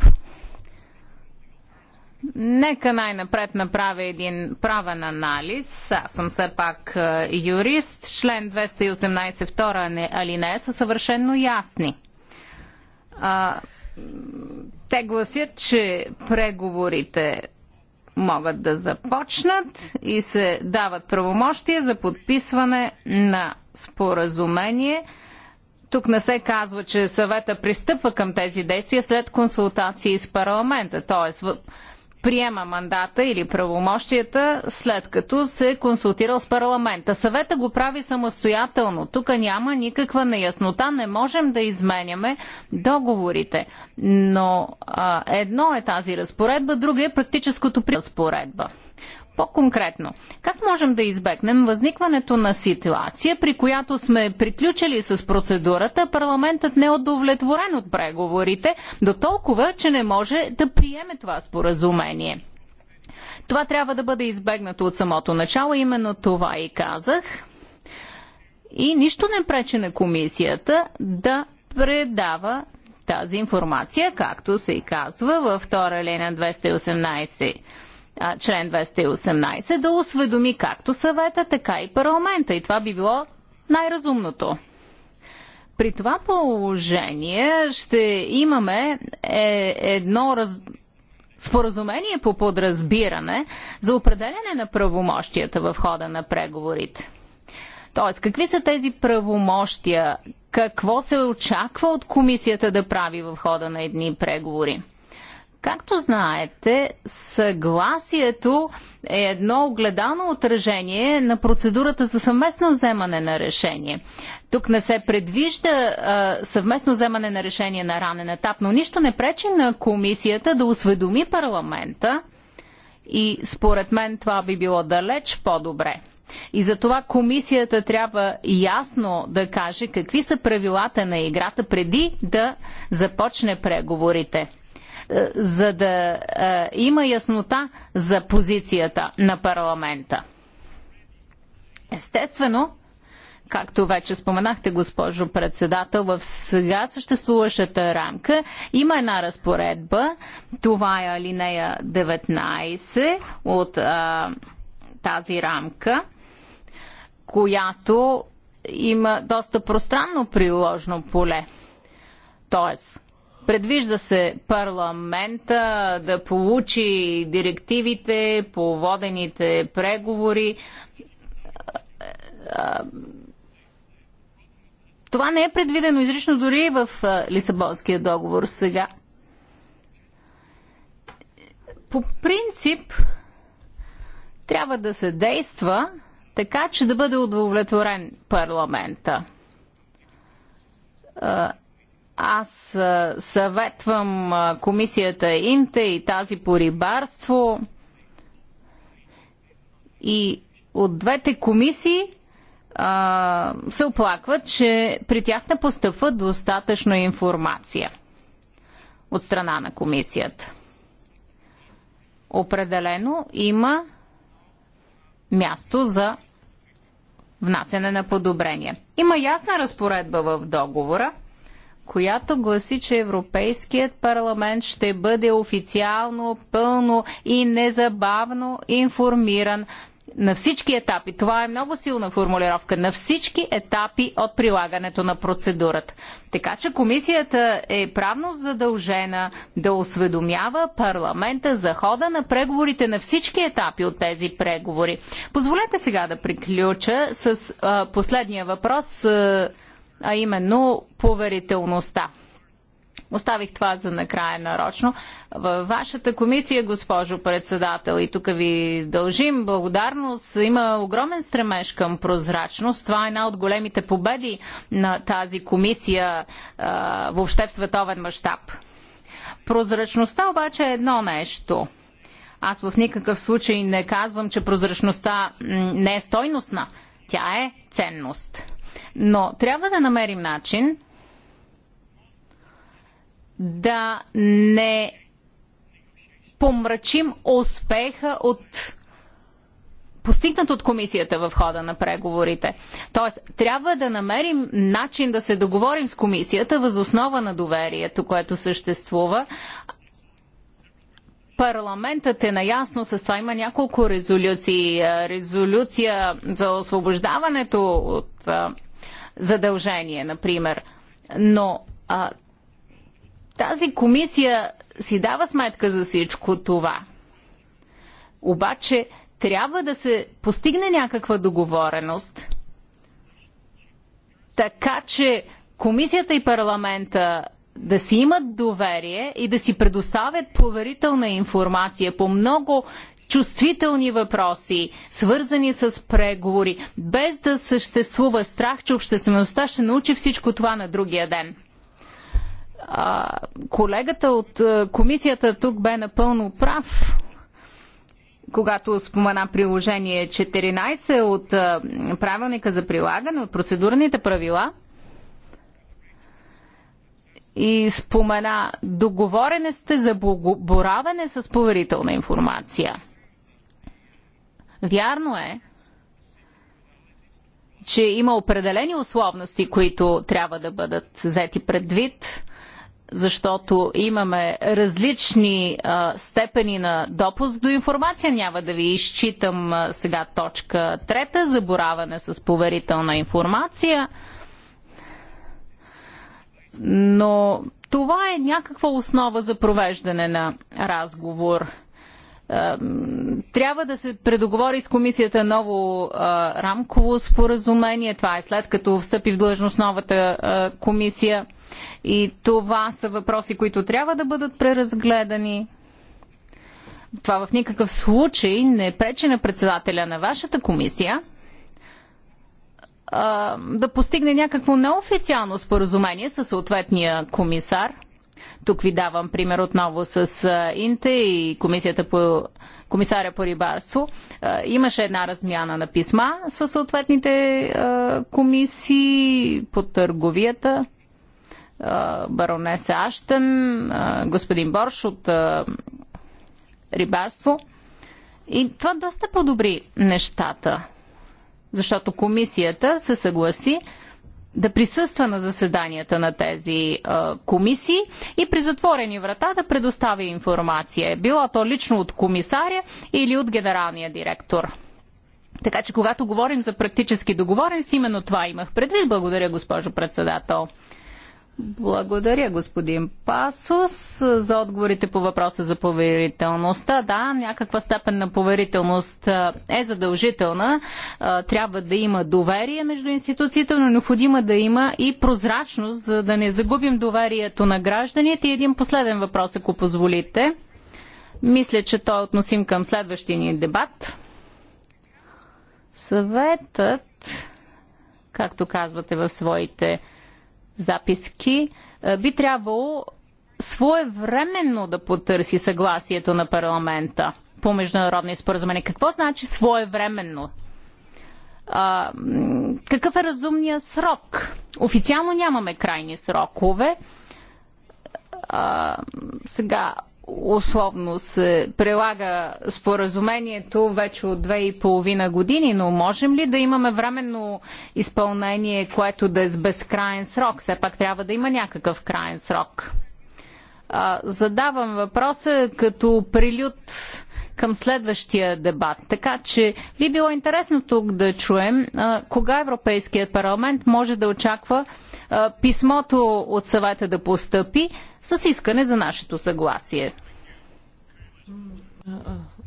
Speaker 1: Нека най-напред направя един правен анализ. Аз съм все пак юрист. Член 218 втора алинея е, са съвършенно ясни а, те гласят, че преговорите могат да започнат и се дават правомощия за подписване на споразумение. Тук не се казва, че съвета пристъпва към тези действия след консултации с парламента. Тоест, приема мандата или правомощията, след като се е консултирал с парламента. Съвета го прави самостоятелно. Тук няма никаква неяснота. Не можем да изменяме договорите. Но а, едно е тази разпоредба, друго е практическото при разпоредба. По-конкретно, как можем да избегнем възникването на ситуация, при която сме приключили с процедурата, парламентът не е удовлетворен от преговорите, до толкова, че не може да приеме това споразумение? Това трябва да бъде избегнато от самото начало, именно това и казах. И нищо не пречи на комисията да предава тази информация, както се и казва във втора лена 218 член 218 да осведоми както съвета, така и парламента. И това би било най-разумното. При това положение ще имаме е, едно раз... споразумение по подразбиране за определене на правомощията в хода на преговорите. Тоест, какви са тези правомощия? Какво се очаква от комисията да прави в хода на едни преговори? Както знаете, съгласието е едно огледално отражение на процедурата за съвместно вземане на решение. Тук не се предвижда а, съвместно вземане на решение на ранен етап, но нищо не пречи на комисията да осведоми парламента и според мен това би било далеч по-добре. И затова комисията трябва ясно да каже какви са правилата на играта преди да започне преговорите. Е, за да е, има яснота за позицията на парламента. Естествено, както вече споменахте, госпожо председател, в сега съществуващата рамка има една разпоредба. Това е алинея 19 от а, е, тази рамка, която има доста пространно приложно поле. Тоест, Предвижда се парламента да получи директивите по водените преговори. Това не е предвидено изрично дори в Лисабонския договор сега. По принцип трябва да се действа така, че да бъде удовлетворен парламента аз съветвам комисията Инте и тази по рибарство и от двете комисии а, се оплакват, че при тях не постъпва достатъчно информация от страна на комисията. Определено има място за внасяне на подобрения. Има ясна разпоредба в договора – която гласи, че Европейският парламент ще бъде официално, пълно и незабавно информиран на всички етапи. Това е много силна формулировка. На всички етапи от прилагането на процедурата. Така че комисията е правно задължена да осведомява парламента за хода на преговорите на всички етапи от тези преговори. Позволете сега да приключа с а, последния въпрос. А, а именно поверителността. Оставих това за накрая нарочно. Във вашата комисия, госпожо председател, и тук ви дължим благодарност, има огромен стремеж към прозрачност. Това е една от големите победи на тази комисия а, въобще в световен мащаб. Прозрачността обаче е едно нещо. Аз в никакъв случай не казвам, че прозрачността не е стойностна. Тя е ценност. Но трябва да намерим начин да не помрачим успеха от постигнат от комисията в хода на преговорите. Тоест, трябва да намерим начин да се договорим с комисията възоснова на доверието, което съществува. Парламентът е наясно с това. Има няколко резолюции. Резолюция за освобождаването от задължение, например. Но а, тази комисия си дава сметка за всичко това. Обаче трябва да се постигне някаква договореност, така че комисията и парламента да си имат доверие и да си предоставят поверителна информация по много чувствителни въпроси, свързани с преговори, без да съществува страх, че обществеността ще научи всичко това на другия ден. А, колегата от комисията тук бе напълно прав когато спомена приложение 14 от правилника за прилагане, от процедурните правила и спомена договорене сте за боравене с поверителна информация – Вярно е, че има определени условности, които трябва да бъдат взети предвид, защото имаме различни а, степени на допуск до информация. Няма да ви изчитам а, сега точка трета забораване с поверителна информация. Но това е някаква основа за провеждане на разговор – трябва да се предоговори с комисията ново а, рамково споразумение. Това е след като встъпи в длъжност новата а, комисия. И това са въпроси, които трябва да бъдат преразгледани. Това в никакъв случай не пречи на председателя на вашата комисия а, да постигне някакво неофициално споразумение със съответния комисар – тук ви давам пример отново с Инте и комисията по комисаря по рибарство. Имаше една размяна на писма с съответните комисии по търговията. Баронеса Аштън, господин Борш от рибарство. И това доста подобри нещата, защото комисията се съгласи да присъства на заседанията на тези а, комисии и при затворени врата да предоставя информация, било то лично от комисаря или от генералния директор. Така че когато говорим за практически договорености, именно това имах предвид. Благодаря, госпожо председател. Благодаря, господин Пасос, за отговорите по въпроса за поверителността. Да, някаква степен на поверителност е задължителна. Трябва да има доверие между институциите, но необходимо е да има и прозрачност, за да не загубим доверието на гражданите. И един последен въпрос, ако позволите. Мисля, че той е относим към следващия ни дебат. Съветът, както казвате в своите записки, е, би трябвало своевременно да потърси съгласието на парламента по международни споразумения. Какво значи своевременно? А, какъв е разумният срок? Официално нямаме крайни срокове. А, сега, условно се прилага споразумението вече от две и половина години, но можем ли да имаме временно изпълнение, което да е с безкрайен срок? Все пак трябва да има някакъв крайен срок. А, задавам въпроса като прилюд към следващия дебат. Така че би било интересно тук да чуем а, кога Европейският парламент може да очаква писмото от съвета да постъпи с искане за нашето съгласие.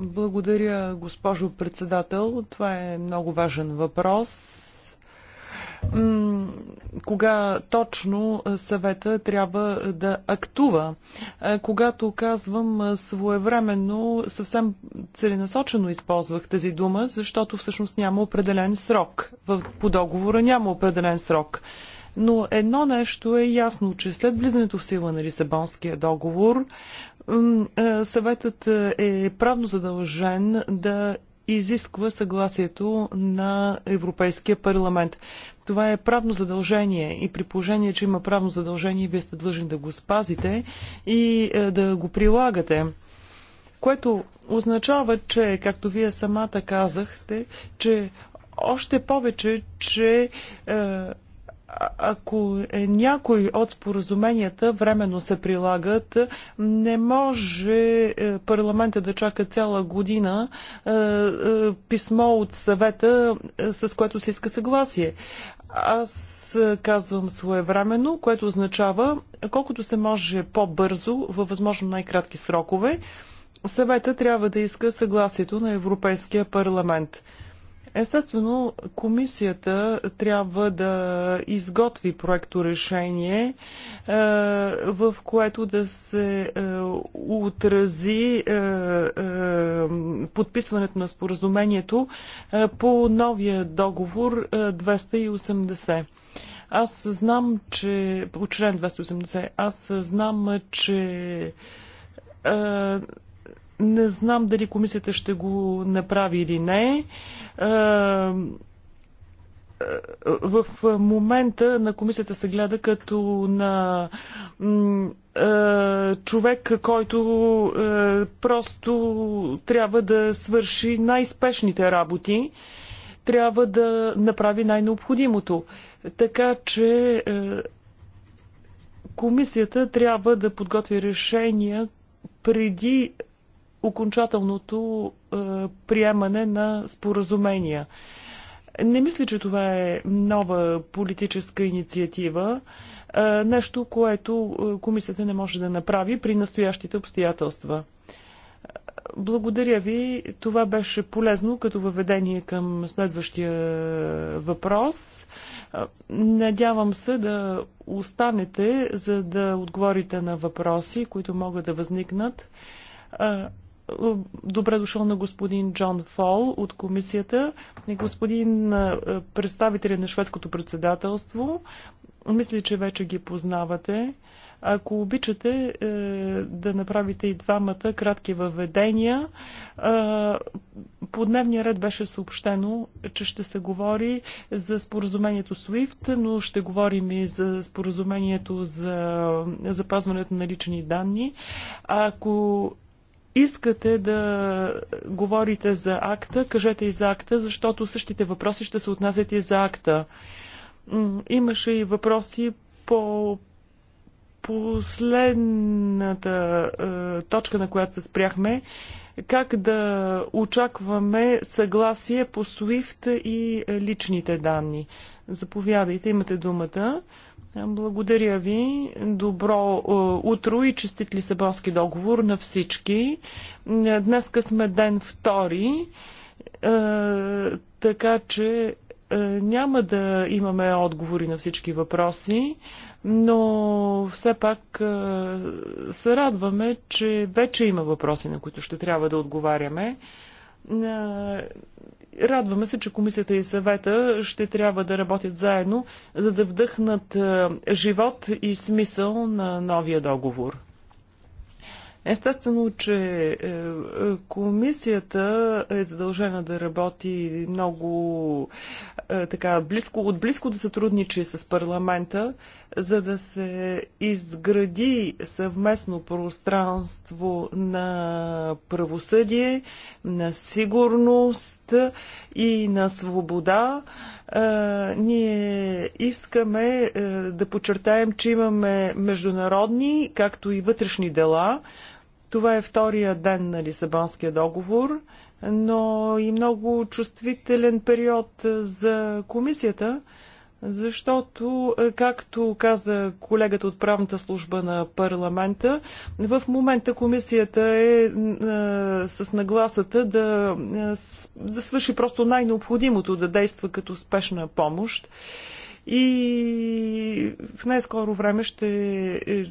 Speaker 2: Благодаря, госпожо председател. Това е много важен въпрос. Кога точно съвета трябва да актува? Когато казвам своевременно, съвсем целенасочено използвах тази дума, защото всъщност няма определен срок. По договора няма определен срок. Но едно нещо е ясно, че след влизането в сила на Лисабонския договор, е, съветът е правно задължен да изисква съгласието на Европейския парламент. Това е правно задължение и при положение, че има правно задължение, вие сте длъжни да го спазите и е, да го прилагате. Което означава, че, както вие самата казахте, че още повече, че е, ако е някой от споразуменията временно се прилагат, не може е, парламента да чака цяла година е, писмо от съвета, с което се иска съгласие. Аз казвам своевременно, което означава колкото се може по-бързо, във възможно най-кратки срокове, съвета трябва да иска съгласието на Европейския парламент. Естествено, комисията трябва да изготви проекто решение, е, в което да се е, отрази е, подписването на споразумението по новия договор 280. Аз знам, че по член 280, аз знам, че не знам дали комисията ще го направи или не. В момента на комисията се гледа като на човек, който просто трябва да свърши най-спешните работи, трябва да направи най-необходимото. Така че комисията трябва да подготви решения преди окончателното е, приемане на споразумения. Не мисля, че това е нова политическа инициатива, е, нещо, което е, комисията не може да направи при настоящите обстоятелства. Благодаря ви. Това беше полезно като въведение към следващия въпрос. Надявам се да останете, за да отговорите на въпроси, които могат да възникнат. Добре дошъл на господин Джон Фол от комисията и господин представителя на шведското председателство. Мисля, че вече ги познавате. Ако обичате е, да направите и двамата кратки въведения, е, по дневния ред беше съобщено, че ще се говори за споразумението SWIFT, но ще говорим и за споразумението за запазването на лични данни. Ако искате да говорите за акта, кажете и за акта, защото същите въпроси ще се отнасят и за акта. Имаше и въпроси по последната е, точка, на която се спряхме, как да очакваме съгласие по SWIFT и е, личните данни. Заповядайте, имате думата. Благодаря ви. Добро е, утро и честит Лисабонски договор на всички. Днеска сме ден втори, е, така че е, няма да имаме отговори на всички въпроси, но все пак се радваме, че вече има въпроси, на които ще трябва да отговаряме Радваме се, че комисията и съвета ще трябва да работят заедно, за да вдъхнат е, живот и смисъл на новия договор. Естествено, че е, е, комисията е задължена да работи много е, така близко, от близко да сътрудничи с парламента, за да се изгради съвместно пространство на правосъдие, на сигурност и на свобода. Ние искаме да подчертаем, че имаме международни, както и вътрешни дела, това е втория ден на Лисабонския договор, но и много чувствителен период за комисията, защото, както каза колегата от правната служба на парламента, в момента комисията е, е с нагласата да, е, да свърши просто най-необходимото, да действа като спешна помощ. И в най-скоро време ще е,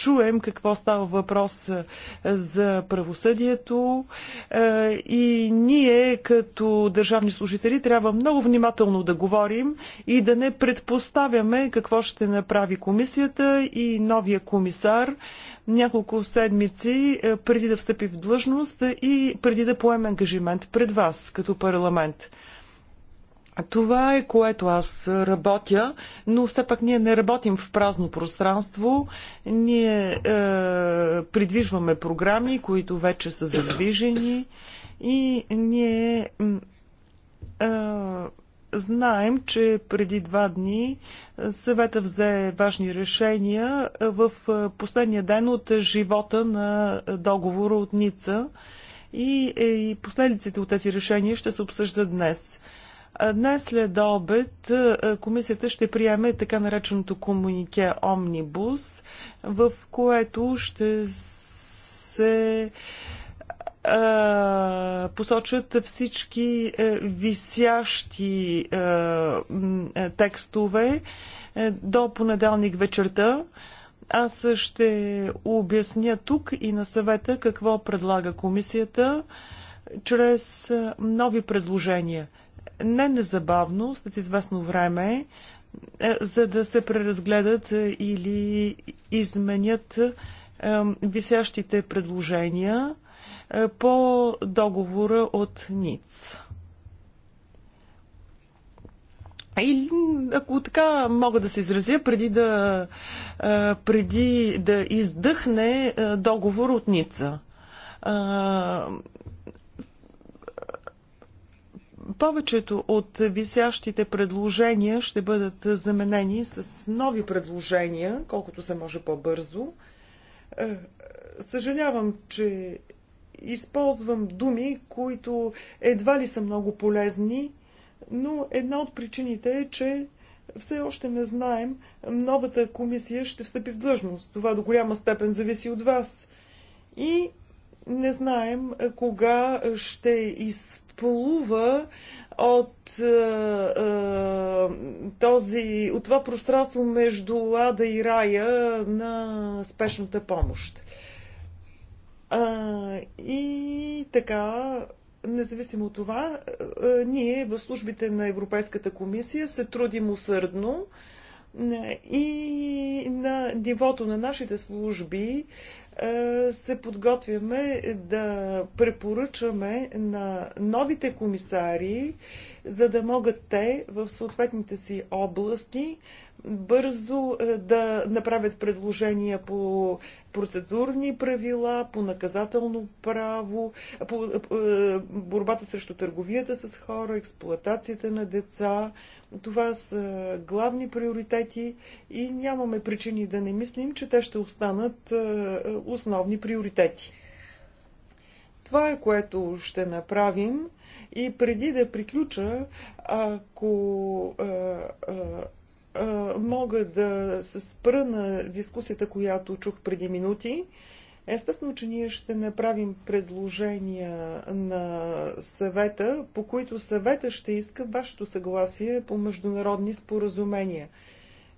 Speaker 2: чуем какво става въпрос е, за правосъдието е, и ние като държавни служители трябва много внимателно да говорим и да не предпоставяме какво ще направи комисията и новия комисар няколко седмици е, преди да встъпи в длъжност и преди да поеме ангажимент пред вас като парламент. Това е което аз работя, но все пак ние не работим в празно пространство. Ние е, придвижваме програми, които вече са задвижени и ние е, знаем, че преди два дни съвета взе важни решения в е, последния ден от живота на договора от Ница и, е, и последиците от тези решения ще се обсъждат днес. Днес след обед комисията ще приеме така нареченото комунике Омнибус, в което ще се посочат всички висящи текстове до понеделник вечерта. Аз ще обясня тук и на съвета какво предлага комисията чрез нови предложения – не незабавно, след известно време, е, за да се преразгледат или изменят е, висящите предложения е, по договора от НИЦ. Или, ако така мога да се изразя, преди да, преди да издъхне договор от Ница повечето от висящите предложения ще бъдат заменени с нови предложения, колкото се може по-бързо. Е, съжалявам, че използвам думи, които едва ли са много полезни, но една от причините е, че все още не знаем новата комисия ще встъпи в длъжност. Това до голяма степен зависи от вас. И не знаем е, кога ще изпълнят изплува от а, е, а, е, този, от това пространство между Ада и Рая на спешната помощ. А, и така, независимо от това, е, ние в службите на Европейската комисия се трудим усърдно и на нивото на нашите служби е, се подготвяме да препоръчаме на новите комисари, за да могат те в съответните си области бързо е, да направят предложения по процедурни правила, по наказателно право, по е, борбата срещу търговията с хора, експлуатацията на деца, това са главни приоритети и нямаме причини да не мислим, че те ще останат е, основни приоритети. Това е което ще направим и преди да приключа, ако а, а, а, мога да се спра на дискусията, която чух преди минути, Естествено, че ние ще направим предложения на съвета, по които съвета ще иска вашето съгласие по международни споразумения.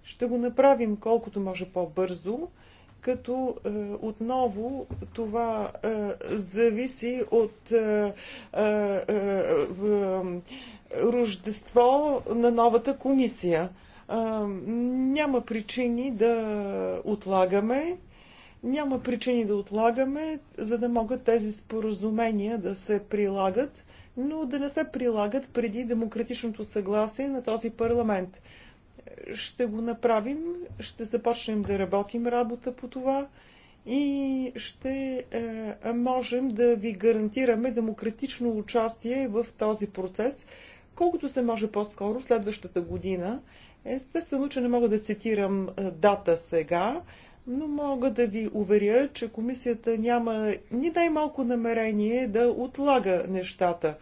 Speaker 2: Ще го направим колкото може по-бързо, като е, отново това е, зависи от е, е, е, е рождество на новата комисия. Е, няма причини да отлагаме няма причини да отлагаме, за да могат тези споразумения да се прилагат, но да не се прилагат преди демократичното съгласие на този парламент. Ще го направим, ще започнем да работим работа по това и ще е, можем да ви гарантираме демократично участие в този процес, колкото се може по-скоро, следващата година. Естествено, че не мога да цитирам е, дата сега, но мога да ви уверя, че комисията няма ни най-малко намерение да отлага нещата.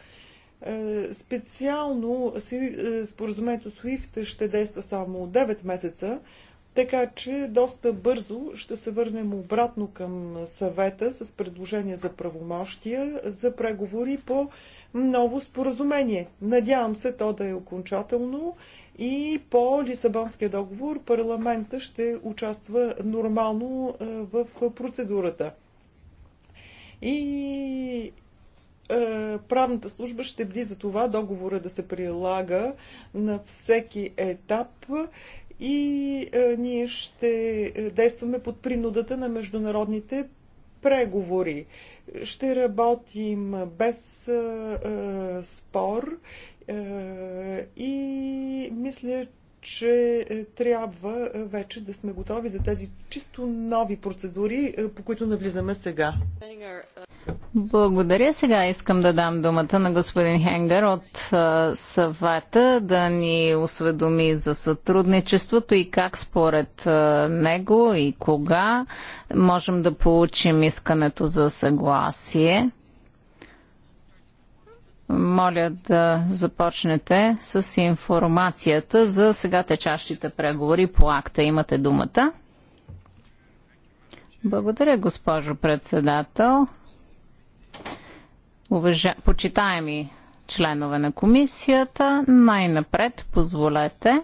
Speaker 2: Е, специално е, споразумението SWIFT ще действа само 9 месеца, така че доста бързо ще се върнем обратно към съвета с предложение за правомощия за преговори по ново споразумение. Надявам се то да е окончателно и по Лисабонския договор парламента ще участва нормално в процедурата. И правната служба ще бди за това договора да се прилага на всеки етап и ние ще действаме под принудата на международните преговори. Ще работим без спор е, и мисля, че е, трябва е, вече да сме готови за тези чисто нови процедури, по които навлизаме сега.
Speaker 1: Благодаря. Сега искам да дам думата на господин Хенгър от съвета да ни осведоми за сътрудничеството и как според него и кога можем да получим искането за съгласие моля да започнете с информацията за сега течащите преговори по акта. Имате думата. Благодаря, госпожо председател. Уважа... Почитаеми членове на комисията, най-напред позволете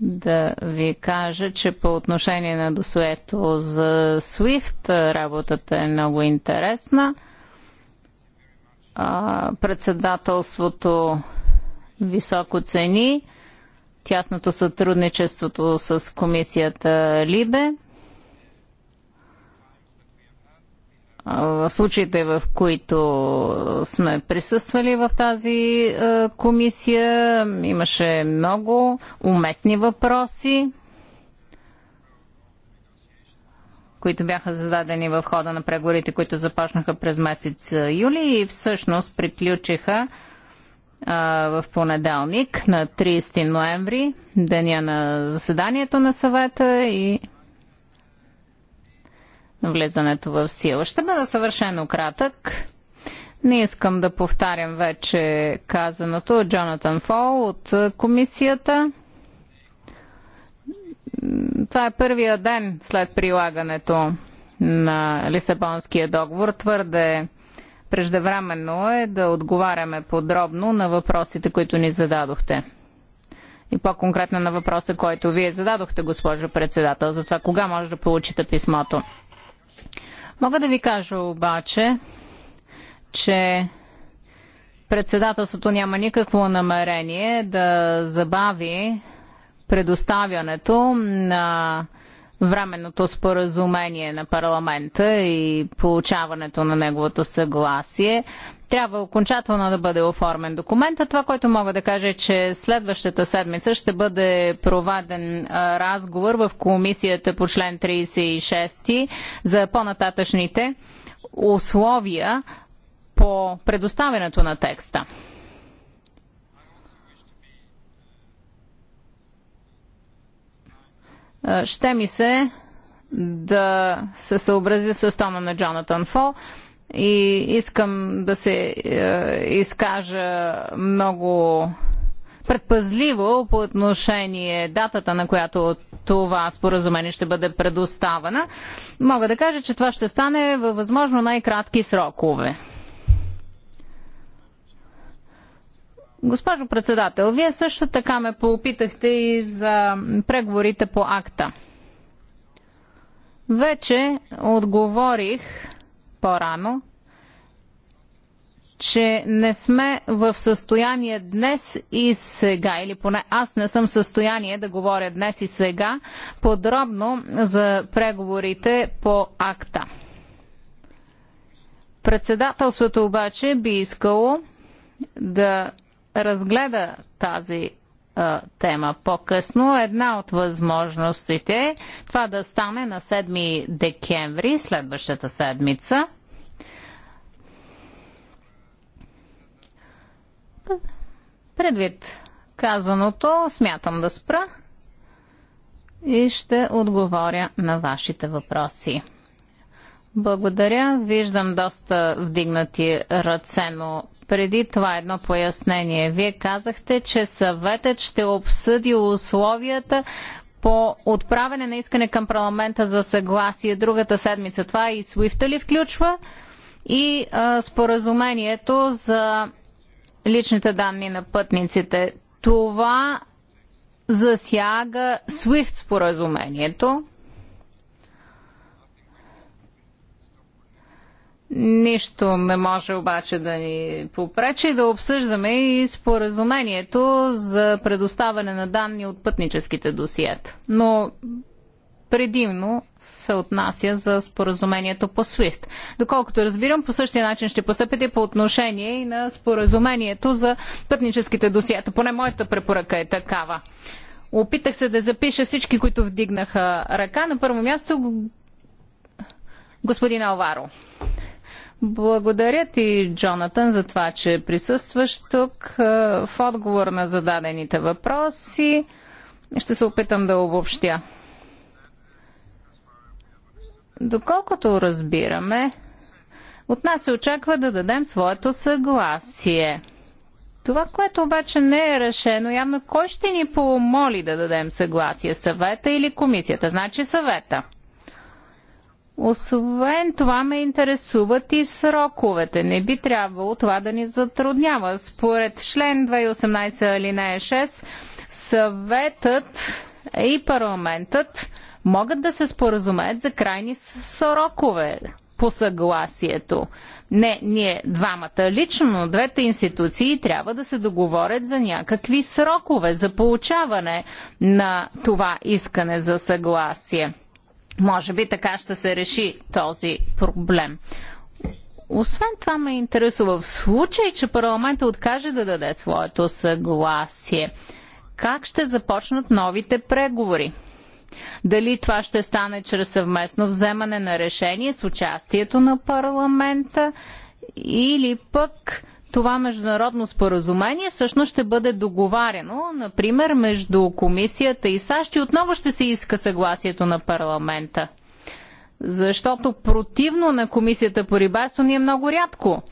Speaker 1: да ви кажа, че по отношение на досуето за SWIFT работата е много интересна – а, председателството високо цени тясното сътрудничеството с комисията Либе. В случаите, в които сме присъствали в тази комисия, имаше много уместни въпроси. които бяха зададени в хода на преговорите, които започнаха през месец юли и всъщност приключиха а, в понеделник на 30 ноември, деня на заседанието на съвета и влизането в сила. Ще бъда съвършено кратък. Не искам да повтарям вече казаното от Джонатан Фол от комисията това е първия ден след прилагането на Лисабонския договор. Твърде преждевременно е да отговаряме подробно на въпросите, които ни зададохте. И по-конкретно на въпроса, който вие зададохте, госпожо председател, за това кога може да получите писмото. Мога да ви кажа обаче, че председателството няма никакво намерение да забави предоставянето на временното споразумение на парламента и получаването на неговото съгласие. Трябва окончателно да бъде оформен документа. Това, което мога да кажа е, че следващата седмица ще бъде проведен разговор в комисията по член 36 за по-нататъчните условия по предоставянето на текста. Е, ще ми се да се съобразя с тона на Джонатан Фо и искам да се е, изкажа много предпазливо по отношение датата, на която това споразумение ще бъде предоставена. Мога да кажа, че това ще стане във възможно най-кратки срокове. Госпожо председател, вие също така ме поопитахте и за преговорите по акта. Вече отговорих по-рано, че не сме в състояние днес и сега, или поне аз не съм в състояние да говоря днес и сега подробно за преговорите по акта. Председателството обаче би искало да разгледа тази тема по-късно. Една от възможностите е това да стане на 7 декември, следващата седмица. Предвид казаното, смятам да спра и ще отговоря на вашите въпроси. Благодаря. Виждам доста вдигнати ръце, но преди това едно пояснение. Вие казахте, че съветът ще обсъди условията по отправене на искане към парламента за съгласие другата седмица. Това и SWIFT ли включва? И а, споразумението за личните данни на пътниците. Това засяга SWIFT споразумението Нищо не може обаче да ни попречи да обсъждаме и споразумението за предоставяне на данни от пътническите досиета. Но предимно се отнася за споразумението по SWIFT. Доколкото разбирам, по същия начин ще постъпите по отношение и на споразумението за пътническите досиета. Поне моята препоръка е такава. Опитах се да запиша всички, които вдигнаха ръка. На първо място господин Алваро. Благодаря ти, Джонатан, за това, че присъстваш тук. Е, в отговор на зададените въпроси ще се опитам да обобщя. Доколкото разбираме, от нас се очаква да дадем своето съгласие. Това, което обаче не е решено, явно кой ще ни помоли да дадем съгласие? Съвета или комисията? Значи съвета. Освен това ме интересуват и сроковете. Не би трябвало това да ни затруднява. Според член 2018 алинея 6, съветът и парламентът могат да се споразумеят за крайни срокове по съгласието. Не, ние двамата лично, но двете институции трябва да се договорят за някакви срокове за получаване на това искане за съгласие. Може би така ще се реши този проблем. Освен това ме интересува в случай, че парламента откаже да даде своето съгласие. Как ще започнат новите преговори? Дали това ще стане чрез съвместно вземане на решение с участието на парламента или пък това международно споразумение всъщност ще бъде договарено, например, между комисията и САЩ и отново ще се иска съгласието на парламента. Защото противно на комисията по рибарство ние много рядко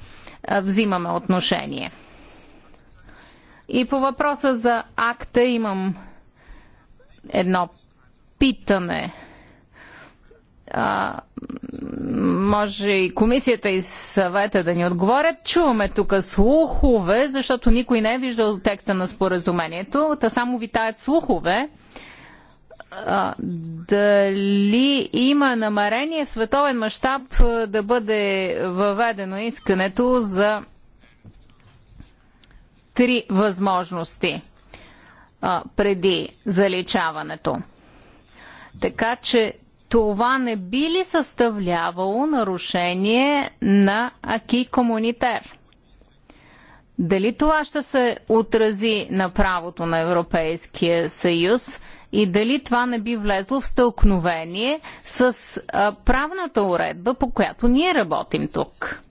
Speaker 1: взимаме отношение. И по въпроса за акта имам едно питане а, може и комисията и съвета да ни отговорят. Чуваме тук слухове, защото никой не е виждал текста на споразумението. Та само витаят слухове. А, дали има намерение в световен мащаб да бъде въведено искането за три възможности а, преди заличаването. Така че това не би ли съставлявало нарушение на Аки Комунитер? Дали това ще се отрази на правото на Европейския съюз и дали това не би влезло в стълкновение с правната уредба, по която ние работим тук?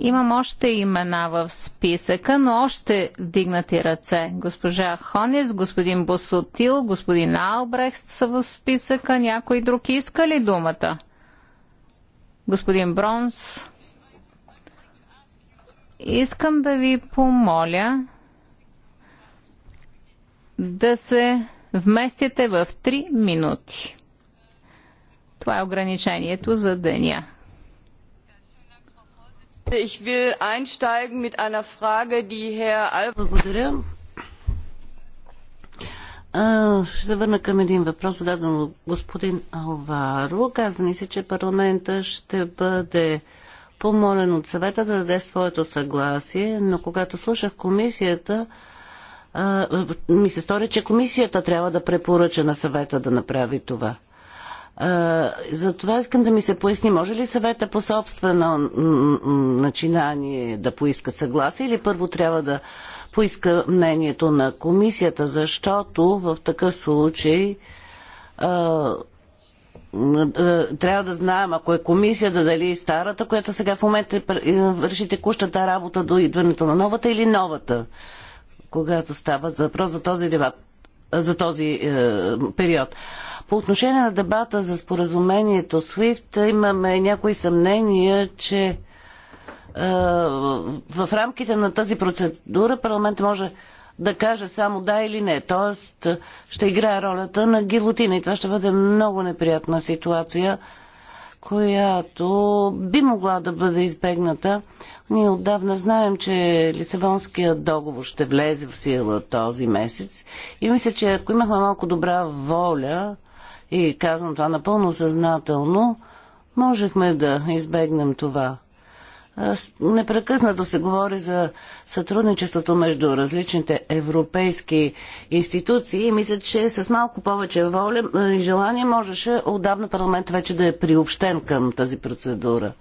Speaker 1: Имам още имена в списъка, но още дигнати ръце. Госпожа Хонис, господин Босотил, господин Албрехт са в списъка. Някой друг иска ли думата? Господин Бронс. Искам да ви помоля да се вместите в 3 минути. Това е ограничението за деня.
Speaker 3: Благодаря. Ще се върна към един въпрос, зададен от господин Алваро. Казва ни се, че парламента ще бъде помолен от съвета да даде своето съгласие, но когато слушах комисията, ми се стори, че комисията трябва да препоръча на съвета да направи това. Затова искам да ми се поясни, може ли съвета по собствено начинание да поиска съгласие или първо трябва да поиска мнението на комисията, защото в такъв случай трябва да знаем, ако е комисията, дали е старата, която сега в момента е, върши текущата работа до идването на новата или новата, когато става въпрос за този дебат за този е, период. По отношение на дебата за споразумението SWIFT имаме някои съмнения, че е, в рамките на тази процедура парламент може да каже само да или не. Тоест ще играе ролята на гилотина и това ще бъде много неприятна ситуация която би могла да бъде избегната. Ние отдавна знаем, че Лисабонския договор ще влезе в сила този месец и мисля, че ако имахме малко добра воля, и казвам това напълно съзнателно, можехме да избегнем това. Непрекъснато се говори за сътрудничеството между различните европейски институции и мисля, че с малко повече воля и желание можеше отдавна парламент вече да е приобщен към тази процедура.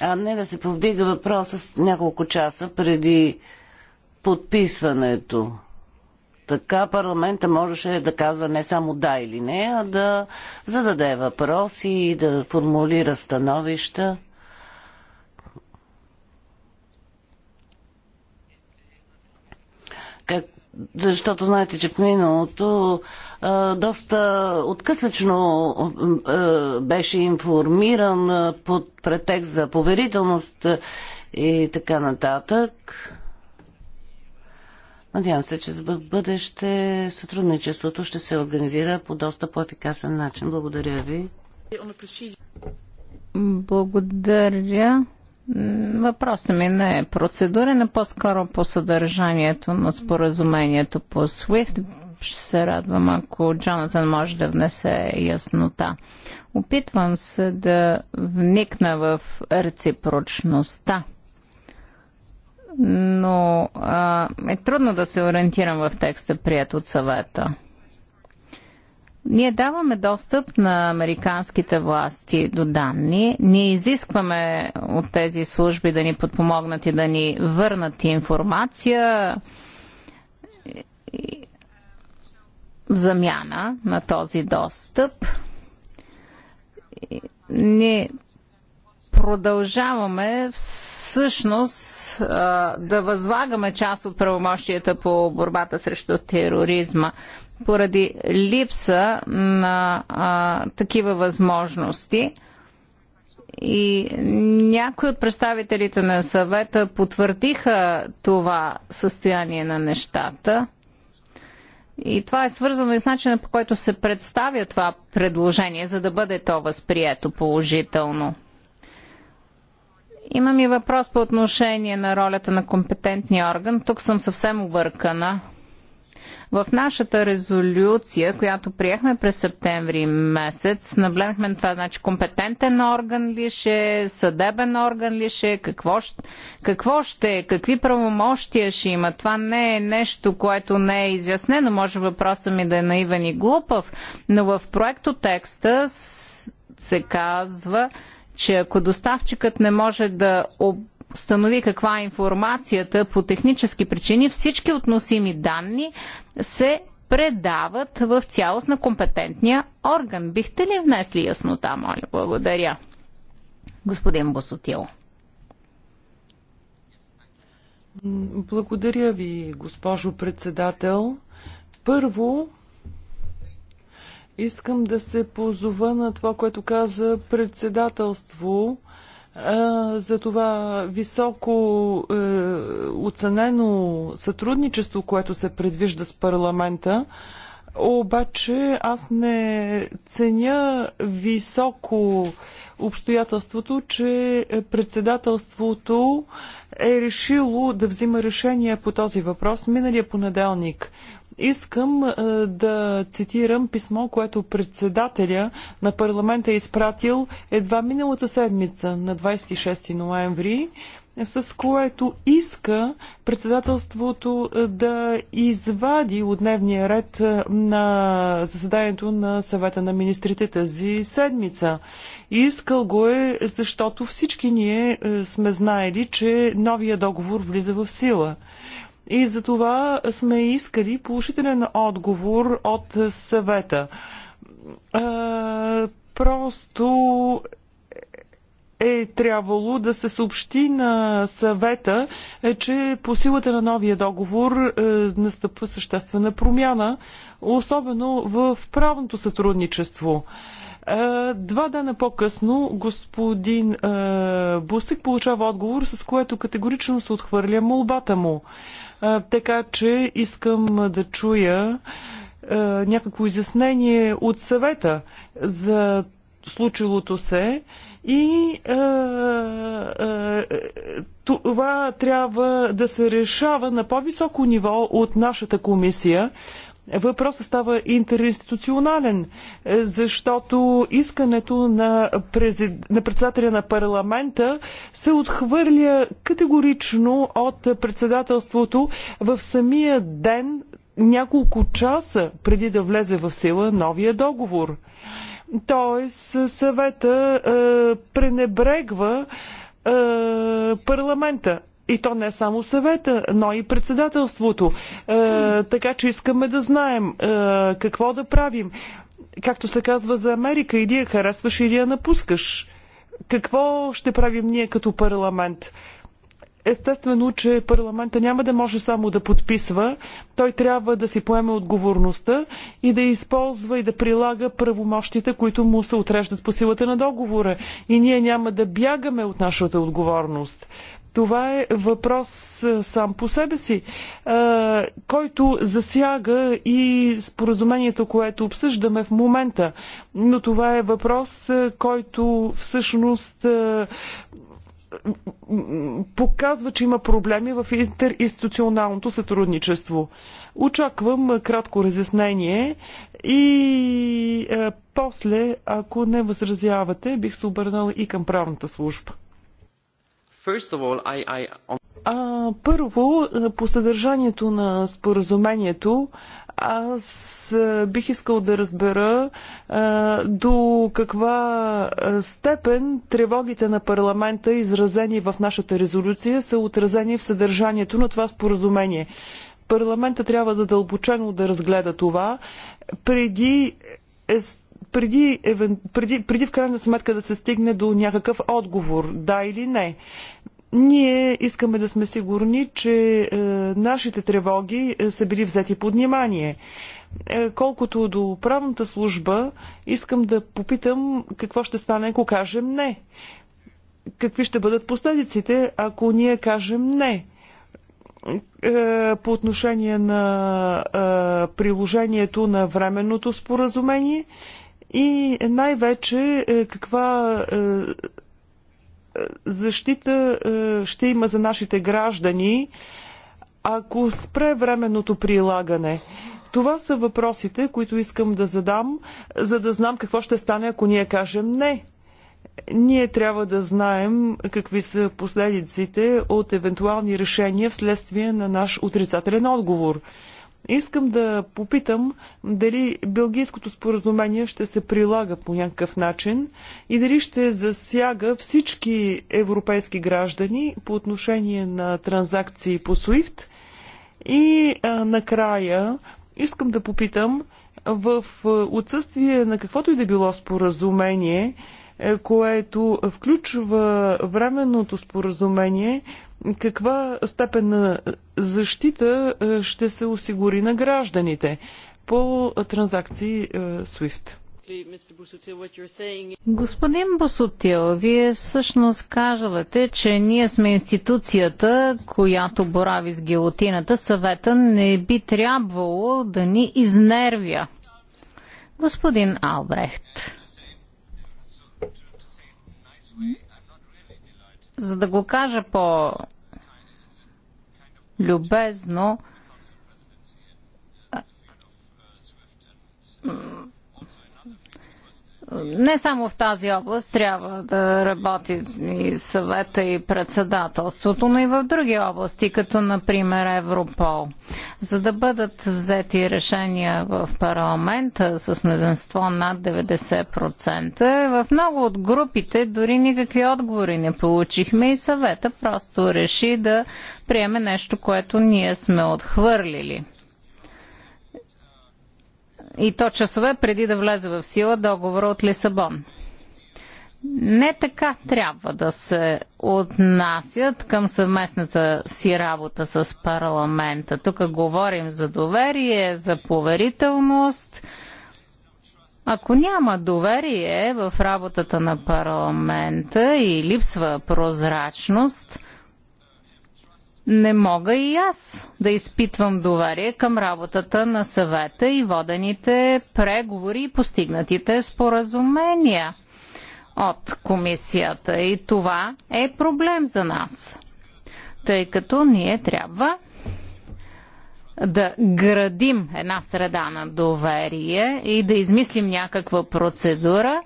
Speaker 3: А не да се повдига въпроса с няколко часа преди подписването. Така парламента можеше да казва не само да или не, а да зададе въпроси и да формулира становища. Как, защото знаете, че в миналото а, доста откъслечно а, беше информиран а, под претекст за поверителност и така нататък. Надявам се, че в бъдеще сътрудничеството ще се организира по доста по-ефикасен начин. Благодаря ви.
Speaker 1: Благодаря. Въпросът ми не е процедурен, а по-скоро по съдържанието на споразумението по SWIFT. Ще се радвам, ако Джонатан може да внесе яснота. Опитвам се да вникна в реципрочността но а, е трудно да се ориентирам в текста, прият от съвета. Ние даваме достъп на американските власти до данни. Ние изискваме от тези служби да ни подпомогнат и да ни върнат информация в замяна на този достъп. Ние продължаваме всъщност да възлагаме част от правомощията по борбата срещу тероризма поради липса на а, такива възможности. И някои от представителите на съвета потвърдиха това състояние на нещата. И това е свързано и с начина по който се представя това предложение, за да бъде то възприето положително. Имам и въпрос по отношение на ролята на компетентния орган. Тук съм съвсем объркана. В нашата резолюция, която приехме през септември месец, наблегнахме на това, значи компетентен орган ли ще, е, съдебен орган ли ще, е, какво, какво ще, е, какви правомощия ще има. Това не е нещо, което не е изяснено, може въпросът ми да е наивен и глупав, но в проекто текста се казва, че ако доставчикът не може да установи каква е информацията по технически причини, всички относими данни се предават в цялост на компетентния орган. Бихте ли внесли яснота, моля? Благодаря. Господин Босотил.
Speaker 2: Благодаря ви, госпожо председател. Първо, Искам да се позова на това, което каза председателство за това високо е, оценено сътрудничество, което се предвижда с парламента. Обаче аз не ценя високо обстоятелството, че председателството е решило да взима решение по този въпрос миналия понеделник. Искам е, да цитирам писмо, което председателя на парламента е изпратил едва миналата седмица на 26 ноември с което иска председателството е, да извади от дневния ред е, на заседанието на съвета на министрите тази седмица. Искал го е, защото всички ние сме знаели, че новия договор влиза в сила. И за това сме искали положителен отговор от съвета. Просто е трябвало да се съобщи на съвета, че по силата на новия договор е, настъпва съществена промяна, особено в правното сътрудничество. Два дена по-късно господин Бусик получава отговор, с което категорично се отхвърля молбата му. Така че искам да чуя някакво изяснение от съвета за случилото се и това трябва да се решава на по-високо ниво от нашата комисия, Въпросът става интеринституционален, е, защото искането на, презид... на председателя на парламента се отхвърля категорично от председателството в самия ден, няколко часа преди да влезе в сила новия договор. Тоест съвета е, пренебрегва е, парламента. И то не само съвета, но и председателството. Е, така че искаме да знаем е, какво да правим. Както се казва за Америка, или я харесваш, или я напускаш. Какво ще правим ние като парламент? Естествено, че парламента няма да може само да подписва. Той трябва да си поеме отговорността и да използва и да прилага правомощите, които му се отреждат по силата на договора. И ние няма да бягаме от нашата отговорност. Това е въпрос сам по себе си, който засяга и споразумението, което обсъждаме в момента. Но това е въпрос, който всъщност показва, че има проблеми в интеринституционалното сътрудничество. Очаквам кратко разяснение и после, ако не възразявате, бих се обърнала и към правната служба първо, е, по съдържанието на споразумението, аз е, бих искал да разбера е, до каква степен тревогите на парламента, изразени в нашата резолюция, са отразени в съдържанието на това споразумение. Парламента трябва задълбочено да разгледа това преди преди, преди, преди в крайна сметка да се стигне до някакъв отговор, да или не. Ние искаме да сме сигурни, че е, нашите тревоги е, са били взети под внимание. Е, колкото до правната служба, искам да попитам какво ще стане, ако кажем не. Какви ще бъдат последиците, ако ние кажем не? Е, по отношение на е, приложението на временното споразумение и най-вече е, каква е, защита е, ще има за нашите граждани, ако спре временното прилагане. Това са въпросите, които искам да задам, за да знам какво ще стане, ако ние кажем не. Ние трябва да знаем какви са последиците от евентуални решения вследствие на наш отрицателен отговор. Искам да попитам дали Белгийското споразумение ще се прилага по някакъв начин и дали ще засяга всички европейски граждани по отношение на транзакции по SWIFT. И а, накрая искам да попитам в отсъствие на каквото и да било споразумение, е, което включва временното споразумение, каква степен на защита е, ще се осигури на гражданите по транзакции е, SWIFT. Господин
Speaker 1: Босотил, вие всъщност казвате, че ние сме институцията, която борави с гилотината. Съвета не би трябвало да ни изнервя. Господин Албрехт. За да го кажа по-любезно, не само в тази област трябва да работи и съвета и председателството, но и в други области, като например Европол. За да бъдат взети решения в парламента с мнозинство над 90%, в много от групите дори никакви отговори не получихме и съвета просто реши да приеме нещо, което ние сме отхвърлили и то часове преди да влезе в сила договора от Лисабон. Не така трябва да се отнасят към съвместната си работа с парламента. Тук говорим за доверие, за поверителност. Ако няма доверие в работата на парламента и липсва прозрачност – не мога и аз да изпитвам доверие към работата на съвета и водените преговори и постигнатите споразумения от комисията. И това е проблем за нас, тъй като ние трябва да градим една среда на доверие и да измислим някаква процедура,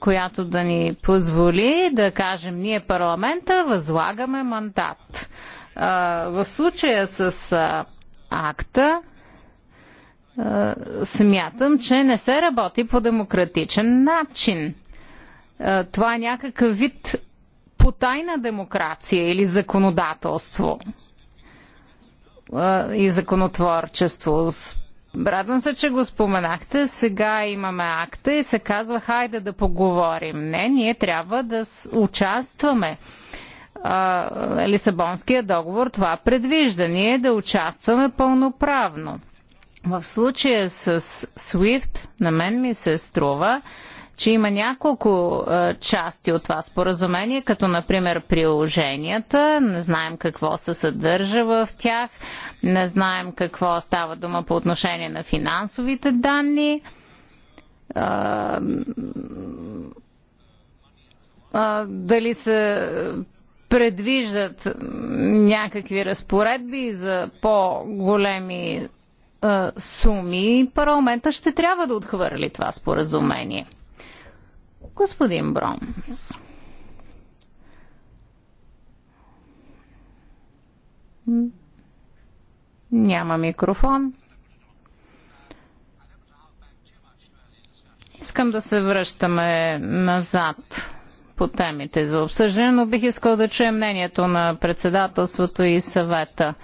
Speaker 1: която да ни позволи да кажем ние парламента възлагаме мандат в случая с акта смятам, че не се работи по демократичен начин. Това е някакъв вид потайна демокрация или законодателство и законотворчество. Радвам се, че го споменахте. Сега имаме акта и се казва, хайде да поговорим. Не, ние трябва да участваме. Лисабонския договор това предвижда. Ние да участваме пълноправно. В случая с SWIFT на мен ми се струва, че има няколко части от това споразумение, като например приложенията. Не знаем какво се съдържа в тях, не знаем какво става дума по отношение на финансовите данни. дали се предвиждат някакви разпоредби за по-големи суми, парламента ще трябва да отхвърли това споразумение. Господин Бромс. Няма микрофон. Искам да се връщаме назад по темите за обсъждане, но бих искал да чуя мнението на председателството и съвета.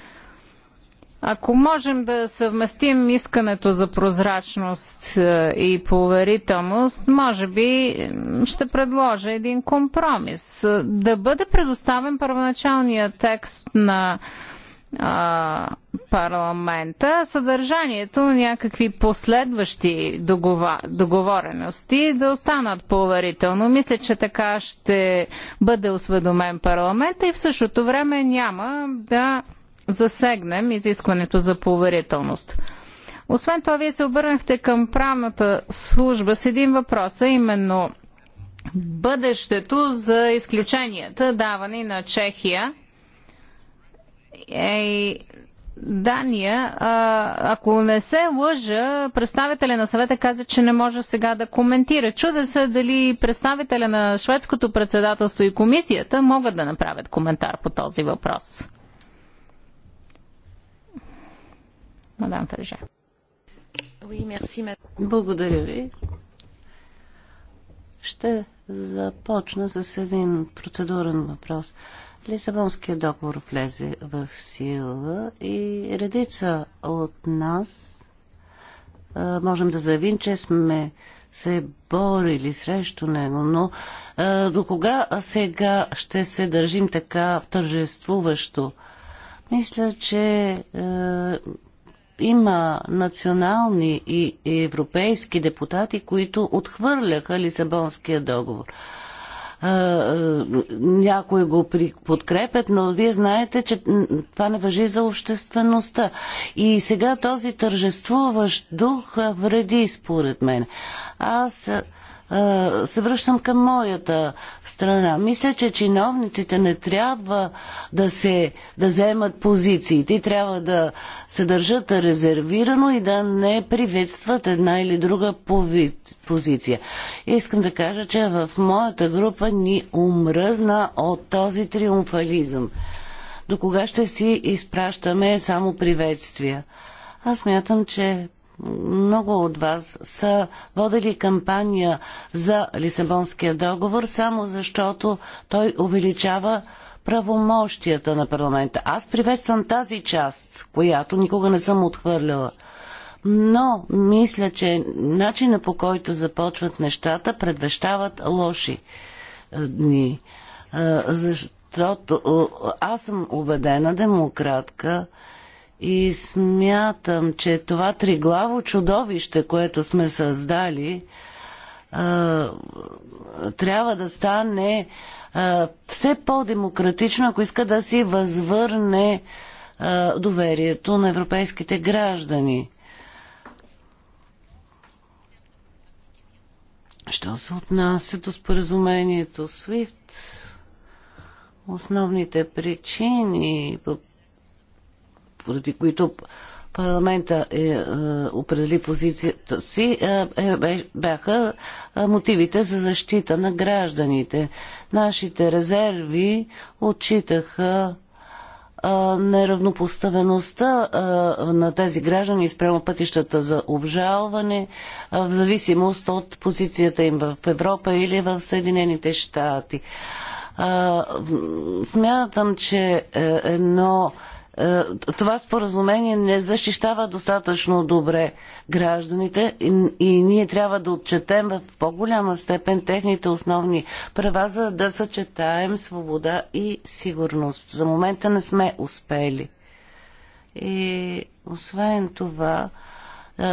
Speaker 1: Ако можем да съвместим искането за прозрачност е, и поверителност, може би ще предложа един компромис. Е, да бъде предоставен първоначалният текст на а, парламента, съдържанието, някакви последващи договор... договорености да останат поверително. Мисля, че така ще бъде осведомен парламента и в същото време няма да засегнем изискването за поверителност. Освен това, вие се обърнахте към правната служба с един въпрос, а именно бъдещето за изключенията, давани на Чехия – Ей, Дания, ако не се лъжа, представителя на съвета каза, че не може сега да коментира. Чуда се дали представителя на шведското председателство и комисията могат да направят коментар по този въпрос. Мадам Ферже.
Speaker 3: Благодаря ви. Ще започна с един процедурен въпрос. Лисабонския договор влезе в сила и редица от нас а, можем да заявим, че сме се борили срещу него, но а, до кога сега ще се държим така тържествуващо? Мисля, че а, има национални и европейски депутати, които отхвърляха Лисабонския договор. А, някои го подкрепят, но вие знаете, че това не въжи за обществеността. И сега този тържествуващ дух вреди, според мен. Аз се връщам към моята страна. Мисля, че чиновниците не трябва да се да вземат позиции. Те трябва да се държат резервирано и да не приветстват една или друга позиция. Искам да кажа, че в моята група ни умръзна от този триумфализъм. До кога ще си изпращаме само приветствия? Аз мятам, че много от вас са водили кампания за Лисабонския договор, само защото той увеличава правомощията на парламента. Аз приветствам тази част, която никога не съм отхвърляла. Но мисля, че начина по който започват нещата предвещават лоши е, дни. Е, защото е, аз съм убедена демократка, и смятам, че това триглаво чудовище, което сме създали, трябва да стане все по-демократично, ако иска да си възвърне доверието на европейските граждани. Що се отнася до споразумението SWIFT, основните причини, поради които парламента е, е, определи позицията си, е, е, бяха е, мотивите за защита на гражданите. Нашите резерви отчитаха е, неравнопоставеността е, на тези граждани спрямо пътищата за обжалване, е, в зависимост от позицията им в Европа или в Съединените щати. Е, смятам, че е, едно е, е, това споразумение не защищава достатъчно добре гражданите и ние трябва да отчетем в по-голяма степен техните основни права, за да съчетаем свобода и сигурност. За момента не сме успели. И освен това, е,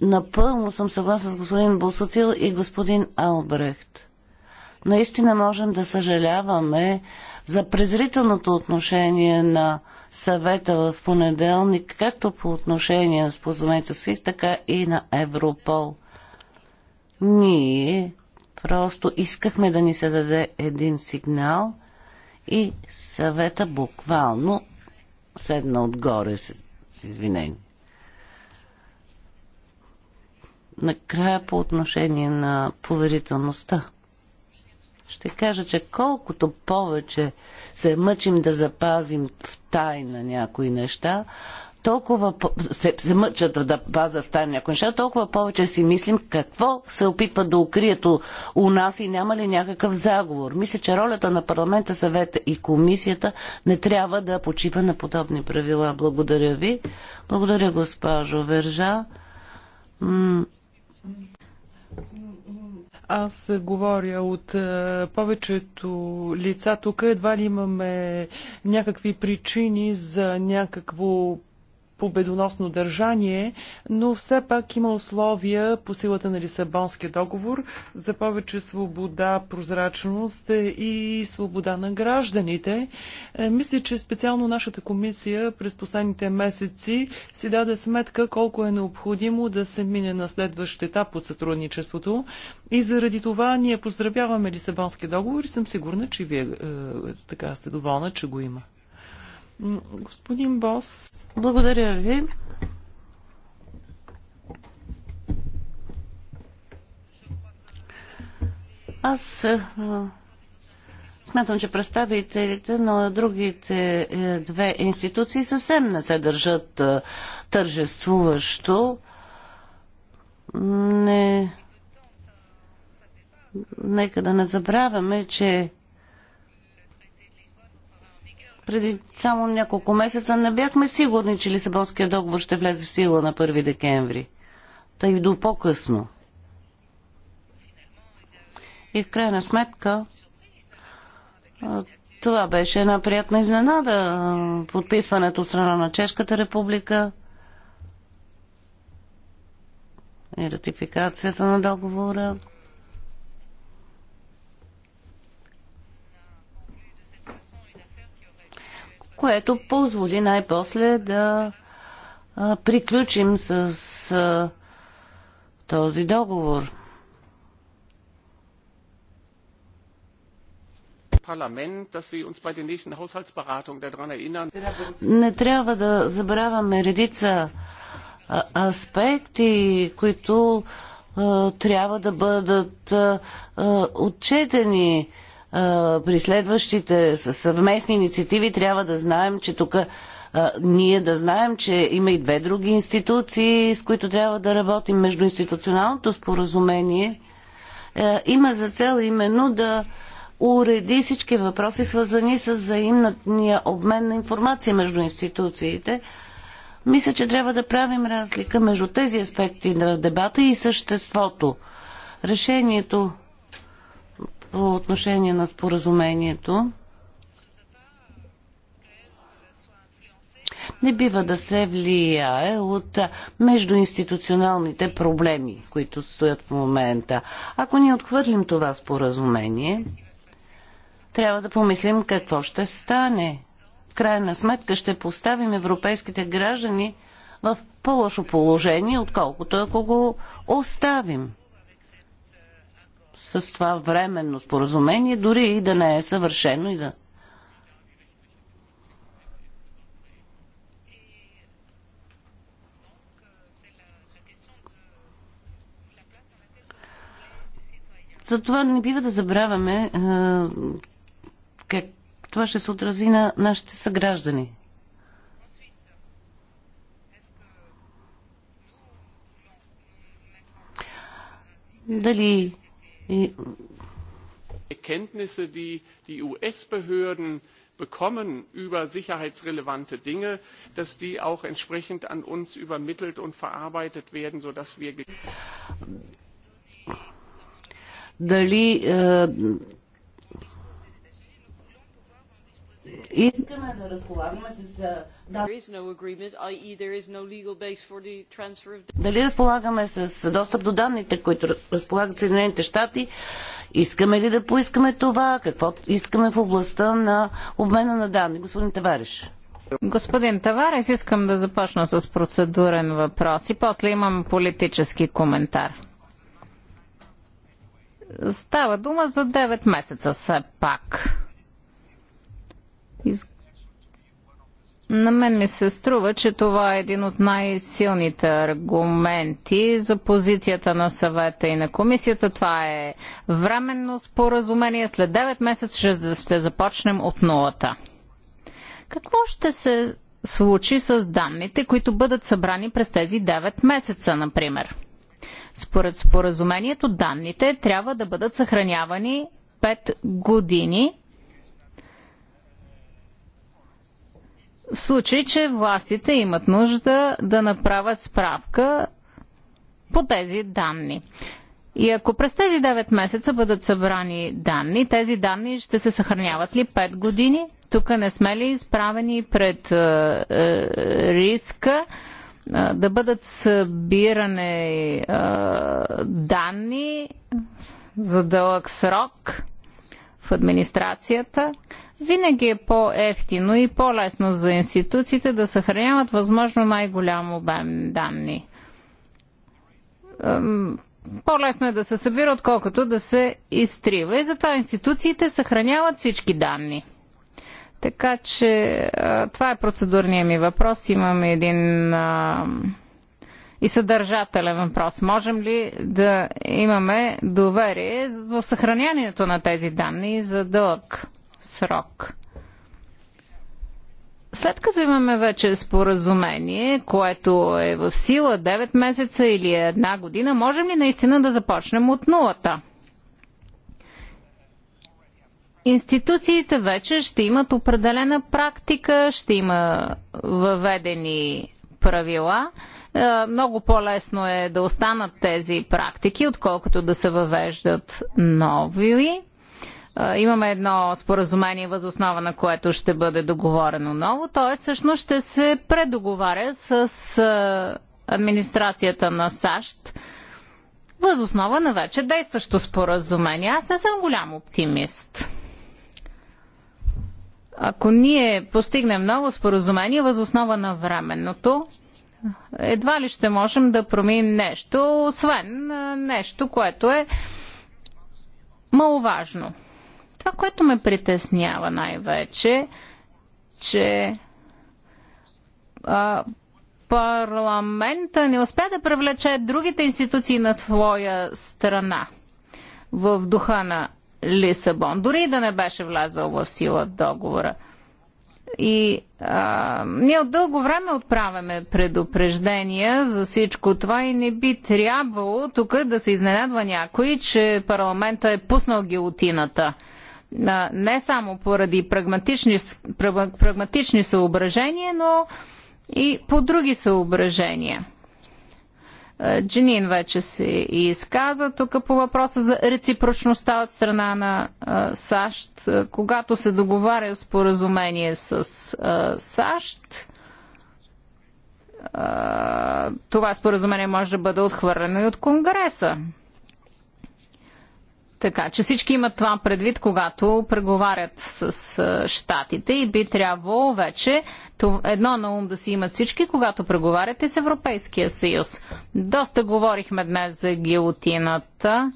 Speaker 3: напълно съм съгласна с господин Босотил и господин Албрехт. Наистина можем да съжаляваме, за презрителното отношение на съвета в понеделник, както по отношение на споразумението си, така и на Европол. Ние просто искахме да ни се даде един сигнал и съвета буквално седна отгоре с, с извинение. Накрая по отношение на поверителността ще кажа, че колкото повече се мъчим да запазим в тайна някои неща, толкова се, се мъчат да пазят в тайна някои неща, толкова повече си мислим какво се опитват да укрият у, у нас и няма ли някакъв заговор. Мисля, че ролята на парламента, съвета и комисията не трябва да почива на подобни правила. Благодаря ви. Благодаря, госпожо Вержа.
Speaker 2: Аз говоря от е, повечето лица. Тук едва ли имаме някакви причини за някакво победоносно държание, но все пак има условия по силата на Лисабонския договор за повече свобода, прозрачност и свобода на гражданите. Е, мисля, че специално нашата комисия през последните месеци си даде сметка колко е необходимо да се мине на следващ етап от сътрудничеството и заради това ние поздравяваме Лисабонския договор и съм сигурна, че вие е, е така сте доволна, че го има.
Speaker 3: Господин Бос, благодаря ви. Аз смятам, че представителите на другите е, две институции съвсем не се държат тържествуващо. Не... Нека да не забравяме, че преди само няколко месеца не бяхме сигурни, че Лисабонския договор ще влезе в сила на 1 декември. Та и до по-късно. И в крайна сметка това беше една приятна изненада. Подписването от страна на Чешката република и ратификацията на договора. което позволи най-после да а, приключим с а, този договор. Не трябва да забравяме редица аспекти, които а, трябва да бъдат а, отчетени. А, при следващите съвместни инициативи трябва да знаем, че тук ние да знаем, че има и две други институции, с които трябва да работим. Междуинституционалното споразумение има за цел именно да уреди всички въпроси, свързани с взаимния обмен на информация между институциите. Мисля, че трябва да правим разлика между тези аспекти на дебата и съществото. Решението по отношение на споразумението. Не бива да се влияе от междуинституционалните проблеми, които стоят в момента. Ако ни отхвърлим това споразумение, трябва да помислим какво ще стане. В крайна сметка ще поставим европейските граждани в по-лошо положение, отколкото ако го оставим с това временно споразумение, дори и да не е съвършено и да. Затова не бива да забравяме е, как това ще се отрази на нашите съграждани. Дали
Speaker 2: Erkenntnisse, die die US-Behörden bekommen über sicherheitsrelevante Dinge, dass die auch entsprechend an uns übermittelt und verarbeitet werden, sodass wir.
Speaker 3: Дали искаме да разполагаме с дали разполагаме с достъп до данните, които разполагат Съединените щати, искаме ли да поискаме това, какво искаме в областта на обмена на данни. Господин Тавариш. Господин Таварес, искам да започна с процедурен
Speaker 1: въпрос и после имам политически коментар. Става дума за 9 месеца все пак. Из... На мен ми се струва, че това е един от най-силните аргументи за позицията на съвета и на комисията. Това е временно споразумение. След 9 месеца ще, ще започнем от нулата. Какво ще се случи с данните, които бъдат събрани през тези 9 месеца, например? Според споразумението, данните трябва да бъдат съхранявани 5 години в случай, че властите имат нужда да направят справка по тези данни. И ако през тези 9 месеца бъдат събрани данни, тези данни ще се съхраняват ли 5 години? Тук не сме ли изправени пред е, е, риска е, да бъдат събирани е, данни за дълъг срок в администрацията? винаги е по-ефтино и по-лесно за институциите да съхраняват възможно най-голям обем данни. По-лесно е да се събира, отколкото да се изтрива. И затова институциите съхраняват всички данни. Така че това е процедурният ми въпрос. Имам един а, и съдържателен въпрос. Можем ли да имаме доверие в съхранянето на тези данни за дълъг срок. След като имаме вече споразумение, което е в сила 9 месеца или една година, можем ли наистина да започнем от нулата? Институциите вече ще имат определена практика, ще има въведени правила. Е, много по-лесно е да останат тези практики, отколкото да се въвеждат нови имаме едно споразумение въз основа на което ще бъде договорено ново, т.е. всъщност ще се предоговаря с администрацията на САЩ въз основа на вече действащо споразумение. Аз не съм голям оптимист. Ако ние постигнем ново споразумение въз основа на временното, едва ли ще можем да променим нещо, освен нещо, което е маловажно. Това, което ме притеснява най-вече, че а, парламента не успя да привлече другите институции на твоя страна в духа на Лисабон, дори да не беше влязъл в сила договора. И а, ние от дълго време отправяме предупреждения за всичко това и не би трябвало тук да се изненадва някой, че парламента е пуснал гилотината не само поради прагматични, прагматични съображения, но и по други съображения. Е, Джинин вече се изказа тук по въпроса за реципрочността от страна на е, САЩ. Е, когато се договаря споразумение с САЩ, това споразумение може да бъде отхвърлено и от Конгреса. Така че всички имат това предвид, когато преговарят с щатите и би трябвало вече едно на ум да си имат всички, когато преговарят и с Европейския съюз. Доста говорихме днес за гилотината.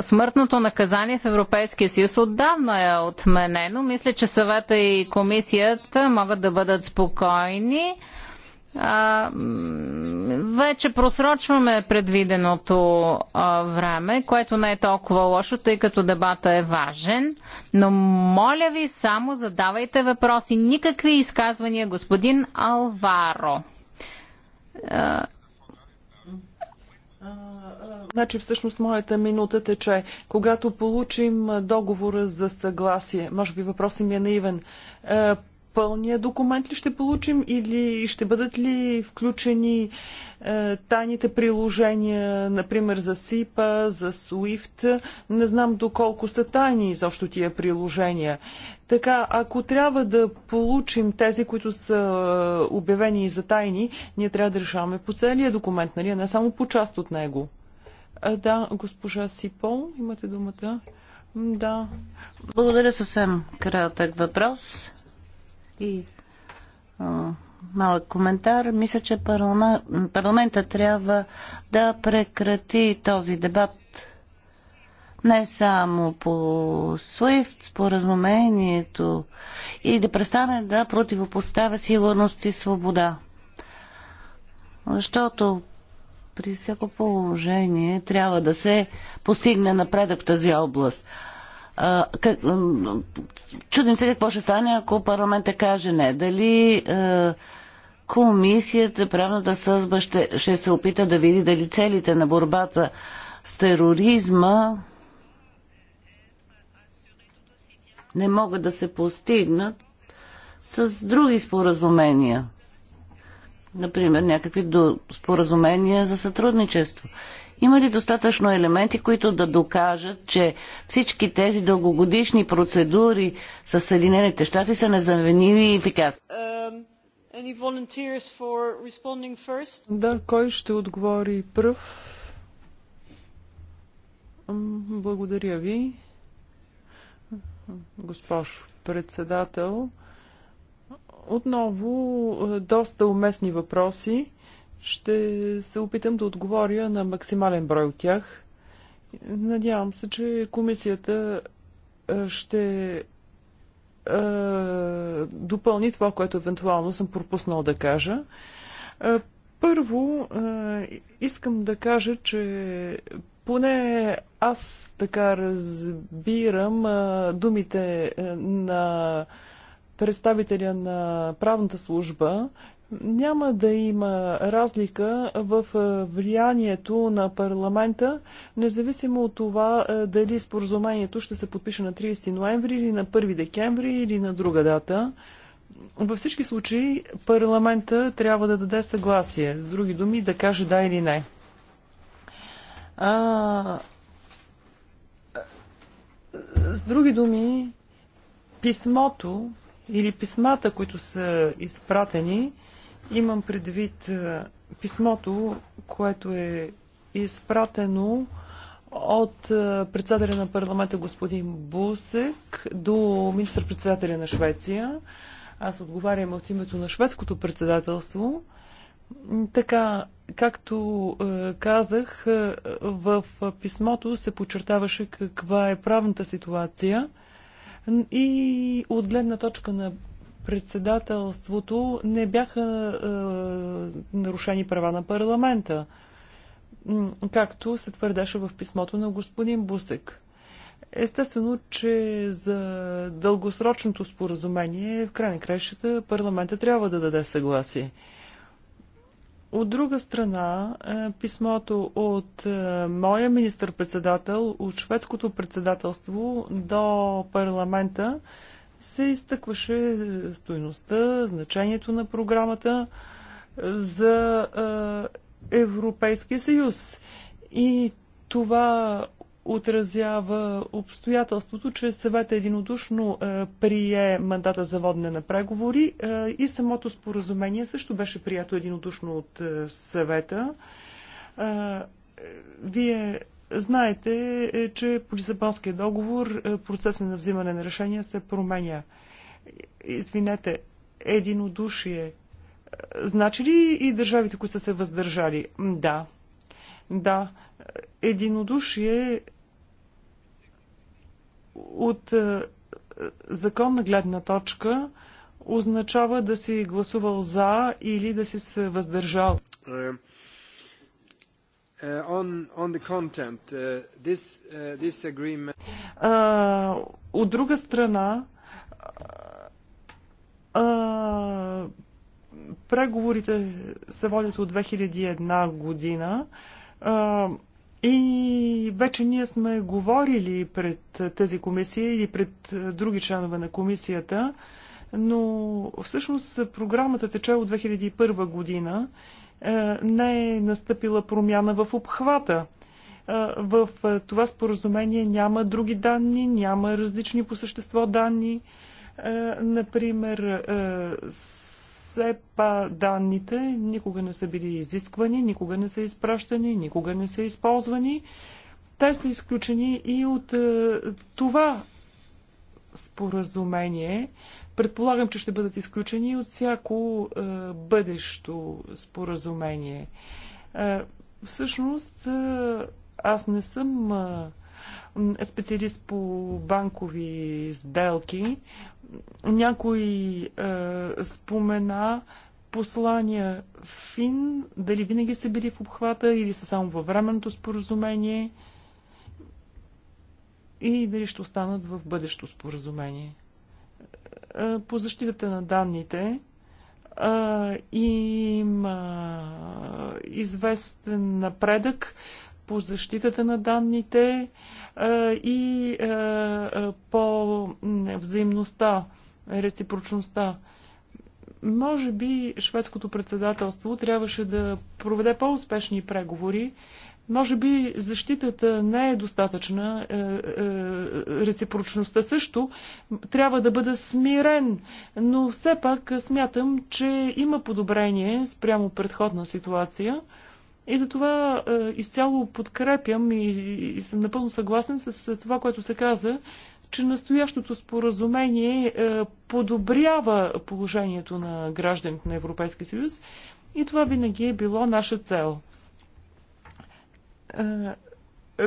Speaker 1: Смъртното наказание в Европейския съюз отдавна е отменено. Мисля, че съвета и комисията могат да бъдат спокойни а, вече просрочваме предвиденото а, време, което не е толкова лошо, тъй като дебата е важен. Но моля ви, само задавайте въпроси. Никакви изказвания, господин Алваро.
Speaker 2: Значи всъщност моята минута тече. Когато получим договора за съгласие, може би въпросът ми е наивен, пълния документ ли ще получим или ще бъдат ли включени е, тайните приложения, например за SIPA, за SWIFT? Не знам доколко са тайни изобщо тия приложения. Така, ако трябва да получим тези, които са е, обявени за тайни, ние трябва да решаваме по целия документ, нали? не само по част от него. А, да, госпожа Сипол, имате
Speaker 3: думата. Да. Благодаря съвсем кратък въпрос. И а, малък коментар. Мисля, че парламент, парламента трябва да прекрати този дебат не само по SWIFT, споразумението и да престане да противопоставя сигурност и свобода. Защото при всяко положение трябва да се постигне напредък в тази област как, чудим се какво ще стане, ако парламентът каже не. Дали а, комисията, правната съзба ще, ще се опита да види дали целите на борбата с тероризма не могат да се постигнат с други споразумения. Например, някакви споразумения за сътрудничество. Има ли достатъчно елементи, които да докажат, че всички тези дългогодишни процедури с Съединените щати са незаменими и ефикасни?
Speaker 2: Um, да, кой ще отговори пръв? Благодаря ви, госпожо председател. Отново е, доста уместни въпроси. Ще се опитам да отговоря на максимален брой от тях. Надявам се, че комисията ще допълни това, което евентуално съм пропуснал да кажа. Първо, искам да кажа, че поне аз така разбирам думите на представителя на правната служба, няма да има разлика в е, влиянието на парламента, независимо от това е, дали споразумението ще се подпише на 30 ноември или на 1 декември или на друга дата. Във всички случаи парламента трябва да даде съгласие, с други думи да каже да или не. А, с други думи, писмото или писмата, които са изпратени, Имам предвид е, писмото, което е изпратено от е, председателя на парламента господин Бусек до министър-председателя на Швеция. Аз отговарям от името на шведското председателство. Така, както е, казах, в писмото се подчертаваше каква е правната ситуация и от гледна точка на председателството не бяха е, нарушени права на парламента, както се твърдеше в писмото на господин Бусек. Естествено, че за дългосрочното споразумение в край на краищата парламента трябва да даде съгласие. От друга страна, е, писмото от е, моя министър-председател, от шведското председателство до парламента се изтъкваше е, стоеността, значението на програмата е, за е, Европейския съюз. И това отразява обстоятелството, че съвета единодушно прие мандата за водене на преговори и самото споразумение също беше прието единодушно от съвета. Вие Знаете, е, че по Лисабонския договор е, процесът на взимане на решения се променя. Извинете, единодушие. Е, значи ли и държавите, които са се въздържали? Да. Да. Единодушие от законна гледна точка означава да си гласувал за или да си се въздържал. От друга страна, преговорите се водят от 2001 година и вече ние сме говорили пред тази комисия или пред други членове на комисията, но всъщност програмата тече от 2001 година е, не е настъпила промяна в обхвата. Е, в е, това споразумение няма други данни, няма различни по същество данни. Например, СЕПА данните никога не са били изисквани, никога не са изпращани, никога не са използвани. Те са изключени и от това споразумение, Предполагам, че ще бъдат изключени от всяко е, бъдещо споразумение. Е, всъщност, е, аз не съм е, специалист по банкови сделки. Някой е, спомена послания ФИН, дали винаги са били в обхвата или са само във временното споразумение и дали ще останат в бъдещо споразумение по защитата на данните има известен напредък по защитата на данните и по взаимността, реципрочността. Може би шведското председателство трябваше да проведе по-успешни преговори, може би защитата не е достатъчна, е, е, реципрочността също трябва да бъда смирен, но все пак смятам, че има подобрение спрямо предходна ситуация. И затова е, изцяло подкрепям и, и съм напълно съгласен с е, това, което се каза, че настоящото споразумение е, подобрява положението на гражданите на Европейския съюз и това винаги е било наша цел.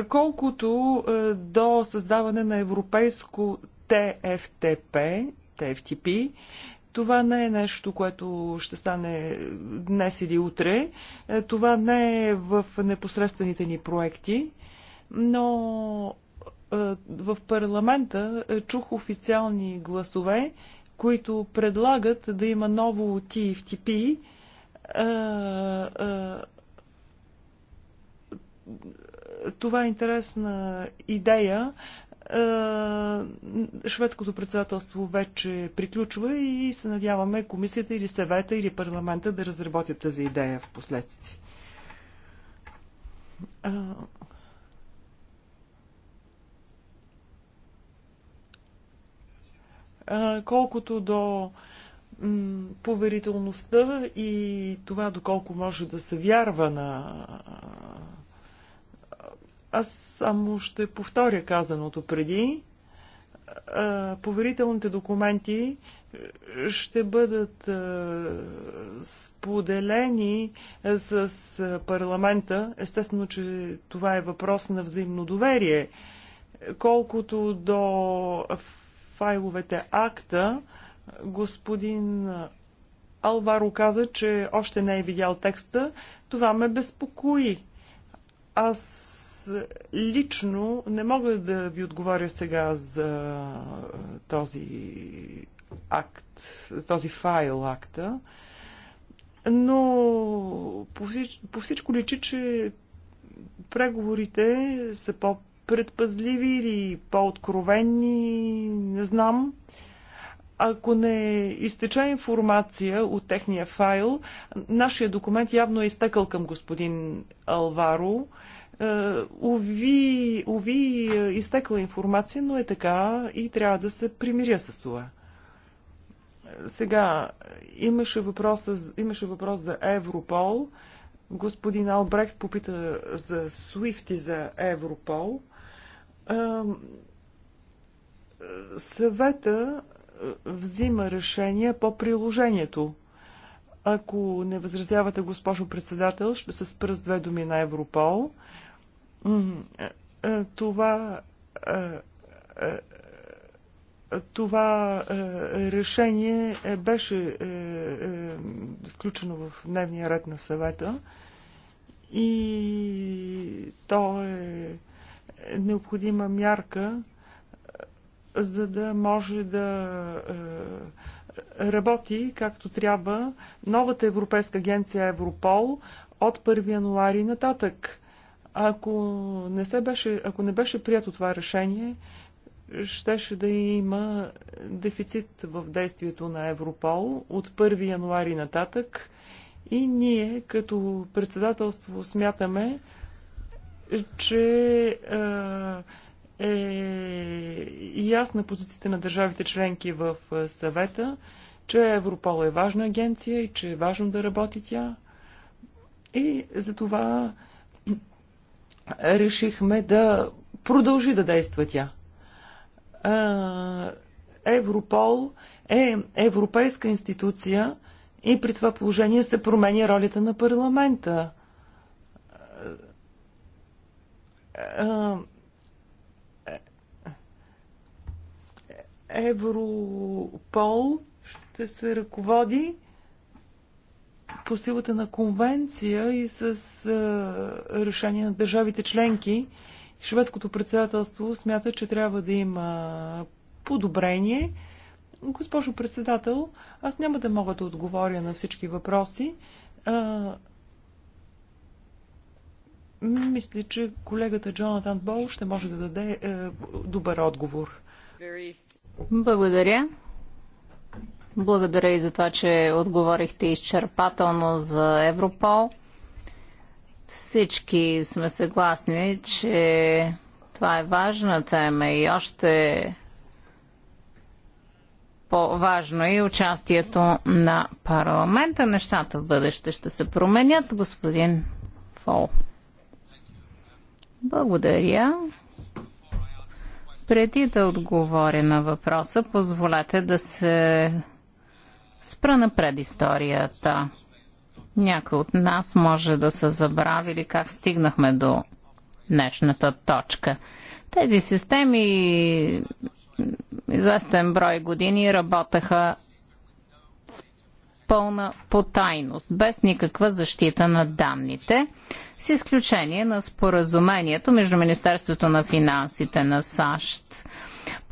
Speaker 2: Колкото до създаване на европейско ТФТП, ТФТП, това не е нещо, което ще стане днес или утре. Това не е в непосредствените ни проекти, но в парламента чух официални гласове, които предлагат да има ново TFTP, това е интересна идея. Е, шведското председателство вече приключва и се надяваме комисията или съвета или парламента да разработят тази идея в последствие. Е, е, колкото до поверителността и това доколко може да се вярва на аз само ще повторя казаното преди. Поверителните документи е, ще бъдат е, споделени е, с парламента. Естествено, че това е въпрос на взаимно доверие. Колкото до файловете акта, господин Алваро каза, че още не е видял текста. Това ме безпокои. Аз лично не мога да ви отговоря сега за този акт, този файл акта, но по, всичко, по всичко личи, че преговорите са по-предпазливи или по-откровенни, не знам. Ако не изтече информация от техния файл, нашия документ явно е изтъкъл към господин Алваро. Ови, е, уви е, изтекла информация, но е така и трябва да се примиря с това. Сега, имаше, въпроса, имаше въпрос за Европол. Господин Албрехт попита за SWIFT и за Европол. Е, съвета взима решение по приложението. Ако не възразявате, госпожо председател, ще се спра с две думи на Европол това това решение беше включено в дневния ред на съвета и то е необходима мярка, е, за да може да е, работи както трябва новата Европейска агенция Европол от 1 януари нататък ако не, се беше, ако не беше прието това решение, щеше да има дефицит в действието на Европол от 1 януари нататък и ние като председателство смятаме, че е, е ясна позицията на държавите членки в съвета, че Европол е важна агенция и че е важно да работи тя. И за това решихме да продължи да действа тя. Европол е европейска институция и при това положение се променя ролята на парламента. Европол ще се ръководи по силата на конвенция и с решение на държавите членки. Шведското председателство смята, че трябва да има подобрение. Госпожо председател, аз няма да мога да отговоря на всички въпроси. Мисля, че колегата Джонатан Бол ще може да даде а, е, добър отговор. Благодаря. Благодаря
Speaker 1: и за това, че отговорихте изчерпателно за Европол. Всички сме съгласни, че това е важна тема и още по-важно е участието на парламента. Нещата в бъдеще ще се променят, господин Фол. Благодаря. Преди да отговоря на въпроса, позволете да се спра на предисторията. Някои от нас може да са забравили как стигнахме до днешната точка. Тези системи известен брой години работеха пълна потайност, без никаква защита на данните, с изключение на споразумението между Министерството на финансите на САЩ.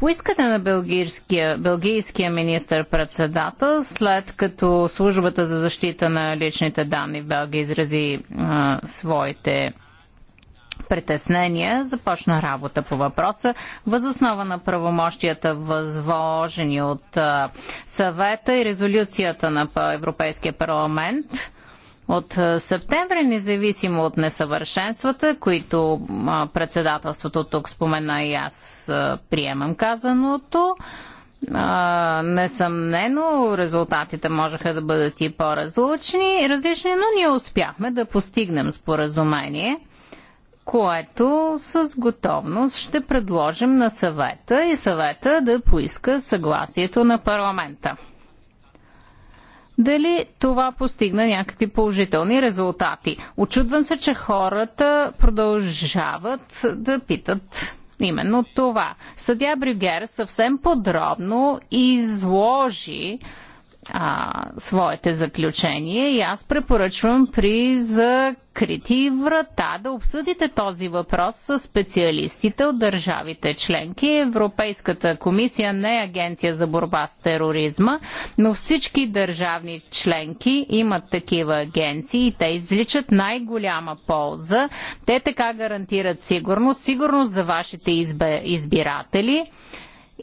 Speaker 1: Поискате на белгийския, белгийския министр-председател, след като службата за защита на личните данни в Белгия изрази а, своите притеснения, започна работа по въпроса. Възоснова на правомощията, възложени от съвета и резолюцията на Европейския парламент, от септември, независимо от несъвършенствата, които председателството тук спомена и аз приемам казаното, несъмнено резултатите можеха да бъдат и по и различни, но ние успяхме да постигнем споразумение – което с готовност ще предложим на съвета и съвета да поиска съгласието на парламента. Дали това постигна някакви положителни резултати? Очудвам се, че хората продължават да питат именно това. Съдя Брюгер съвсем подробно изложи а, своите заключения и аз препоръчвам при закрити врата да обсъдите този въпрос с специалистите от държавите членки. Европейската комисия не е агенция за борба с тероризма, но всички държавни членки имат такива агенции и те извличат най-голяма полза. Те така гарантират сигурност, сигурност за вашите избиратели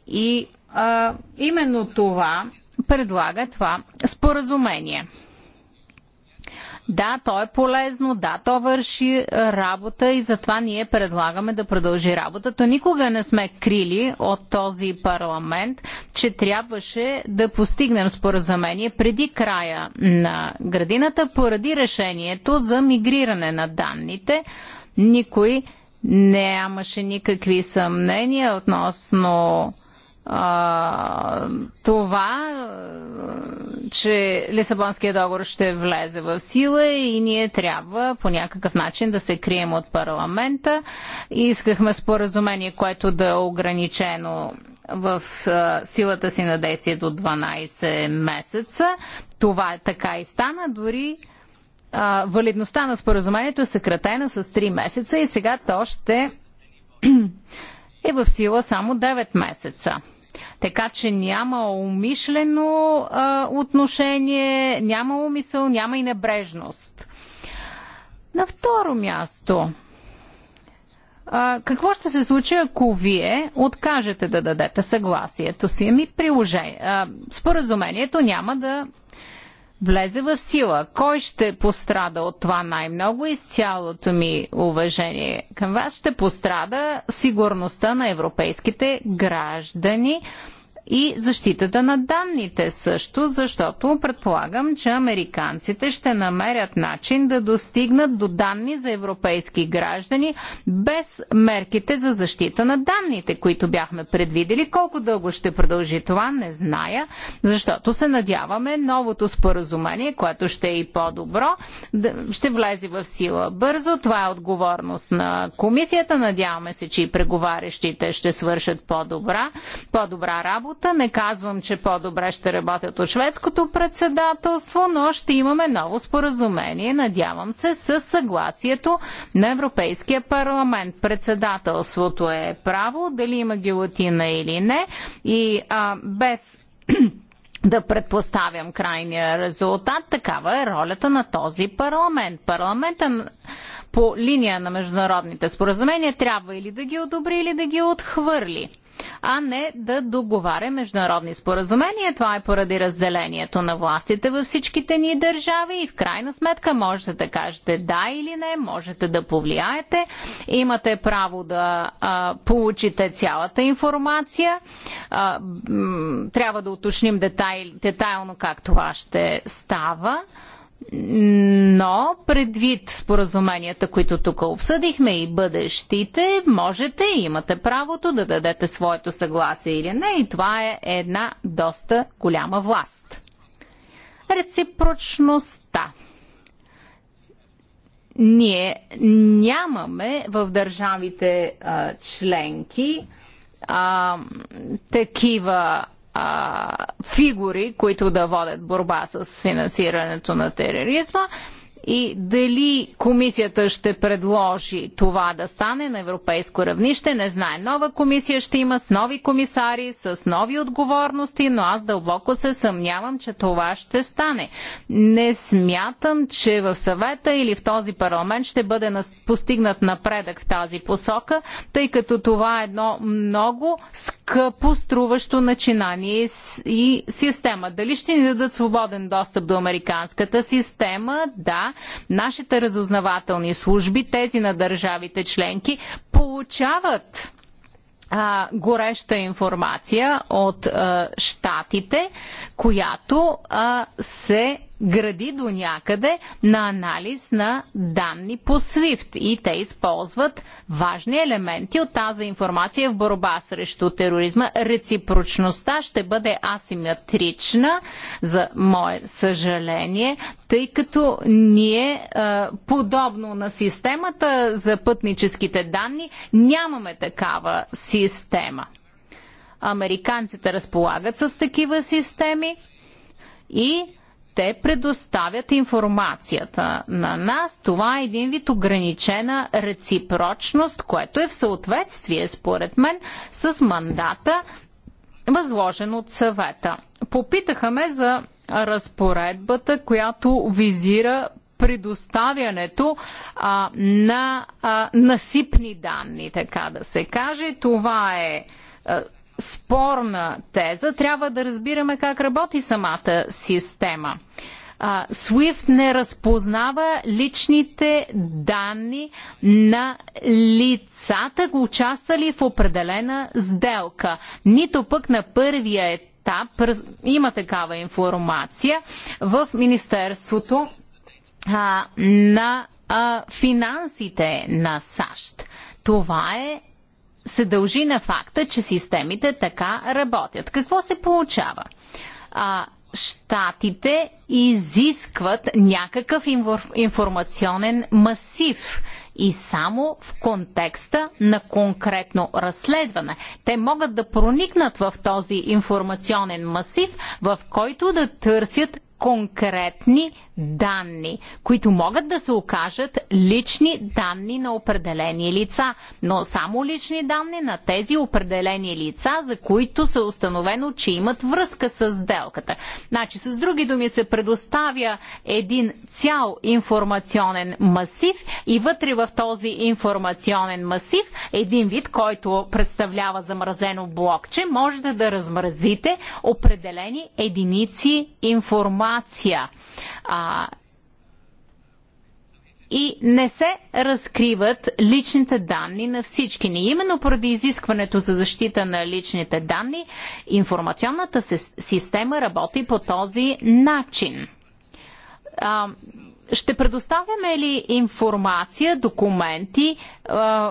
Speaker 1: и а, именно това предлага това споразумение. Да, то е полезно, да, то върши е, работа и затова ние предлагаме да продължи работата. Никога не сме крили от този парламент, че трябваше да постигнем споразумение преди края на градината поради решението за мигриране на данните. Никой нямаше никакви съмнения относно това, че Лисабонския договор ще влезе в сила и ние трябва по някакъв начин да се крием от парламента. Искахме споразумение, което да е ограничено в а, силата си на действие до 12 месеца. Това е така и стана. Дори а, валидността на споразумението е съкратена с 3 месеца и сега то ще е в сила само 9 месеца. Така че няма умишлено а, отношение, няма умисъл, няма и небрежност. На второ място, а, какво ще се случи, ако вие откажете да дадете съгласието си? Ами, приложение. А, споразумението няма да влезе в сила. Кой ще пострада от това най-много и с цялото ми уважение към вас ще пострада сигурността на европейските граждани, и защитата на данните също, защото предполагам, че американците ще намерят начин да достигнат до данни за европейски граждани без мерките за защита на данните, които бяхме предвидели. Колко дълго ще продължи това, не зная, защото се надяваме новото споразумение, което ще е и по-добро, ще влезе в сила бързо. Това е отговорност на комисията. Надяваме се, че и преговарящите ще свършат по-добра, по-добра работа работа. Не казвам, че по-добре ще работят от шведското председателство, но ще имаме ново споразумение, надявам се, с съгласието на Европейския парламент. Председателството е право, дали има гилотина или не. И а, без да предпоставям крайния резултат. Такава е ролята на този парламент. Парламента по линия на международните споразумения трябва или да ги одобри, или да ги отхвърли а не да договаря международни споразумения. Това е поради разделението на властите във всичките ни държави и в крайна сметка можете да кажете да или не, можете да повлияете, имате право да а, получите цялата информация. А, трябва да уточним детайл, детайлно как това ще става но предвид споразуменията, които тук обсъдихме и бъдещите, можете и имате правото да дадете своето съгласие или не. И това е една доста голяма власт. Реципрочността. Ние нямаме в държавите а, членки а, такива а, фигури, които да водят борба с финансирането на тероризма и дали комисията ще предложи това да стане на европейско равнище, не знае. Нова комисия ще има с нови комисари, с нови отговорности, но аз дълбоко се съмнявам, че това ще стане. Не смятам, че в съвета или в този парламент ще бъде постигнат напредък в тази посока, тъй като това е едно много скъпо струващо начинание и система. Дали ще ни дадат свободен достъп до американската система? Да, нашите разузнавателни служби, тези на държавите членки, получават а, гореща информация от а, щатите, която а, се гради до някъде на анализ на данни по SWIFT и те използват важни елементи от тази информация в борба срещу тероризма. Реципрочността ще бъде асиметрична, за мое съжаление, тъй като ние, е, подобно на системата за пътническите данни, нямаме такава система. Американците разполагат с такива системи и те предоставят информацията на нас. Това е един вид ограничена реципрочност, което е в съответствие, според мен, с мандата, възложен от съвета. Попитаха ме за разпоредбата, която визира предоставянето а, на а, насипни данни, така да се каже. Това е а, спорна теза. Трябва да разбираме как работи самата система. SWIFT не разпознава личните данни на лицата, участвали в определена сделка. Нито пък на първия етап има такава информация в Министерството на финансите на САЩ. Това е се дължи на факта, че системите така работят. Какво се получава? А, щатите изискват някакъв информационен масив и само в контекста на конкретно разследване. Те могат да проникнат в този информационен масив, в който да търсят конкретни данни, които могат да се окажат лични данни на определени лица, но само лични данни на тези определени лица, за които се установено, че имат връзка с сделката. Значи, с други думи се предоставя един цял информационен масив и вътре в този информационен масив един вид, който представлява замразено блокче, можете да размразите определени единици информация информация. А, и не се разкриват личните данни на всички ни. Именно поради изискването за защита на личните данни, информационната система работи по този начин. А, ще предоставяме ли информация, документи е,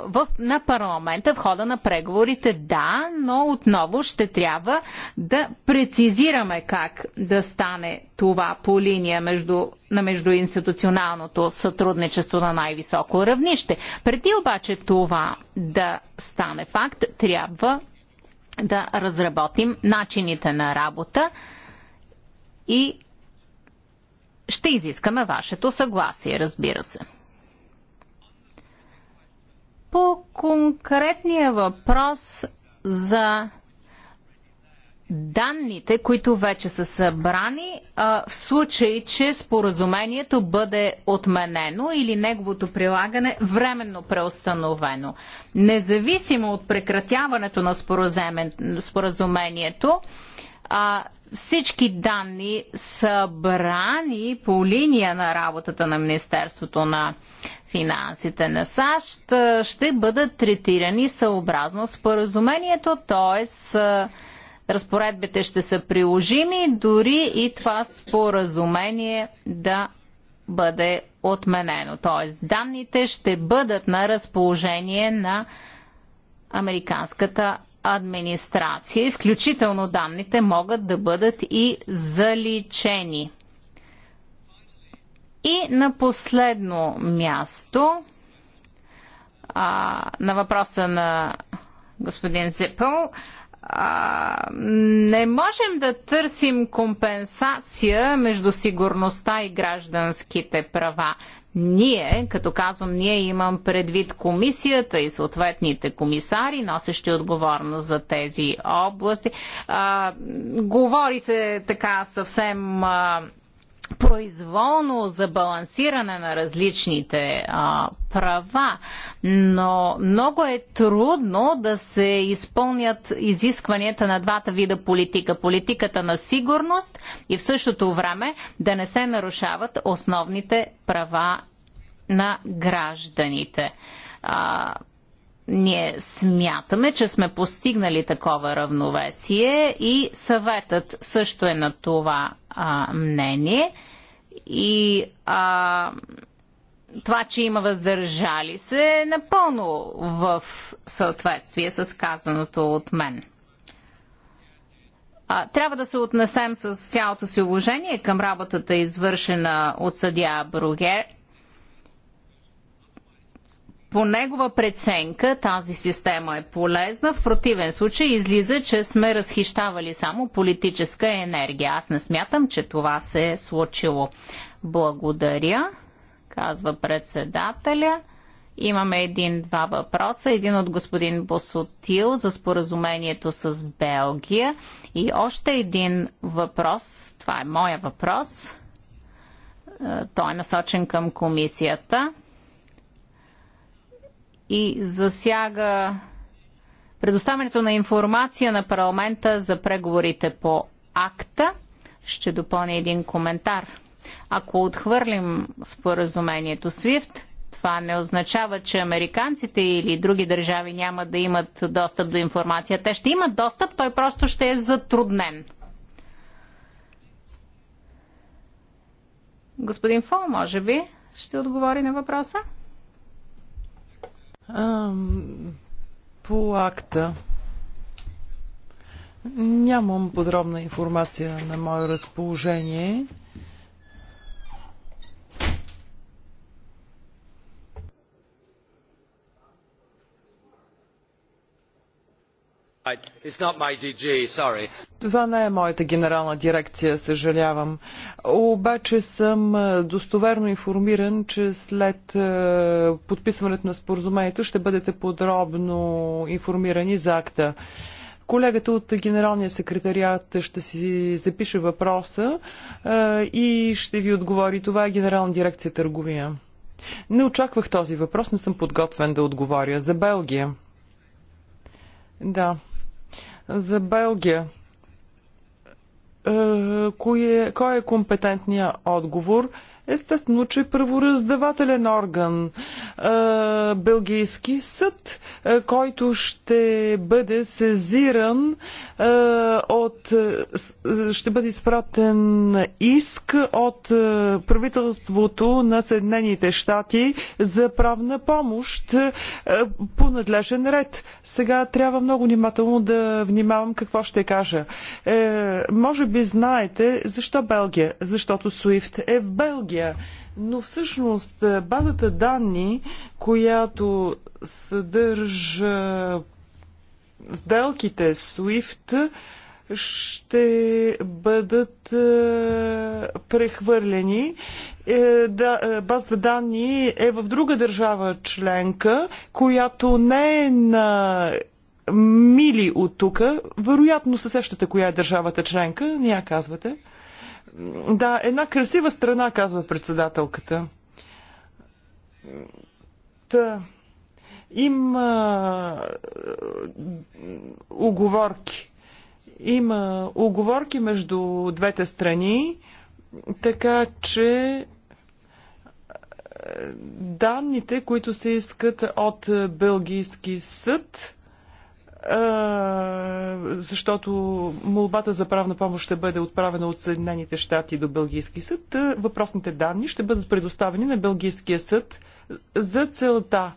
Speaker 1: в, на парламента в хода на преговорите? Да, но отново ще трябва да прецизираме как да стане това по линия между, на междуинституционалното сътрудничество на най-високо равнище. Преди обаче това да стане факт, трябва да разработим начините на работа и ще изискаме вашето съгласие, разбира се. По конкретния въпрос за данните, които вече са събрани, а, в случай, че споразумението бъде отменено или неговото прилагане временно преустановено. Независимо от прекратяването на споразумението, а, всички данни събрани по линия на работата на Министерството на финансите на САЩ ще бъдат третирани съобразно споразумението, т.е. разпоредбите ще са приложими, дори и това споразумение да бъде отменено. Т.е. данните ще бъдат на разположение на американската администрация, включително данните, могат да бъдат и заличени. И на последно място, а, на въпроса на господин Зипъл, а, не можем да търсим компенсация между сигурността и гражданските права ние, като казвам ние, имам предвид комисията и съответните комисари, носещи отговорност за тези области. А, говори се така съвсем а, произволно за балансиране на различните а, права, но много е трудно да се изпълнят изискванията на двата вида политика. Политиката на сигурност и в същото време да не се нарушават основните права на гражданите. А, ние смятаме, че сме постигнали такова равновесие и съветът също е на това а, мнение и а, това, че има въздържали се, е напълно в съответствие с казаното от мен. А, трябва да се отнесем с цялото си уважение към работата, извършена от съдия Бругер по негова преценка тази система е полезна. В противен случай излиза, че сме разхищавали само политическа енергия. Аз не смятам, че това се е случило. Благодаря, казва председателя. Имаме един-два въпроса. Един от господин Босотил за споразумението с Белгия. И още един въпрос. Това е моя въпрос. Е, той е насочен към комисията и засяга предоставянето на информация на парламента за преговорите по акта. Ще допълня един коментар. Ако отхвърлим споразумението SWIFT, това не означава, че американците или други държави няма да имат достъп до информация. Те ще имат достъп, той просто ще е затруднен. Господин Фол, може би, ще отговори на въпроса.
Speaker 2: По акта. Нямам подробна информация на мое разположение. Това не е моята генерална дирекция, съжалявам. Обаче съм е, достоверно информиран, че след е, подписването на споразумението ще бъдете подробно информирани за акта. Колегата от Генералния секретариат ще си запише въпроса е, и ще ви отговори. Това е Генерална дирекция търговия. Не очаквах този въпрос, не съм подготвен да отговоря. За Белгия. Да за Белгия. Е, кой е, кой е компетентният отговор? Естествено, че първораздавателен орган, Белгийски съд, който ще бъде сезиран от, ще бъде изпратен иск от правителството на Съединените щати за правна помощ по надлежен ред. Сега трябва много внимателно да внимавам какво ще кажа. Е, може би знаете защо Белгия? Защото Суифт е в Белгия технология, Но всъщност е, базата данни, която съдържа сделките SWIFT, ще бъдат е, прехвърлени. Е, да, е, базата данни е в друга държава членка, която не е на мили от тук. Вероятно се сещате коя е държавата членка. Ния казвате. Да, една красива страна, казва председателката. Та, има оговорки. Е, има оговорки между двете страни, така че е, данните, които се искат от Белгийски съд, защото молбата за правна помощ ще бъде отправена от Съединените щати до Белгийски съд. Въпросните данни ще бъдат предоставени на Белгийския съд за целта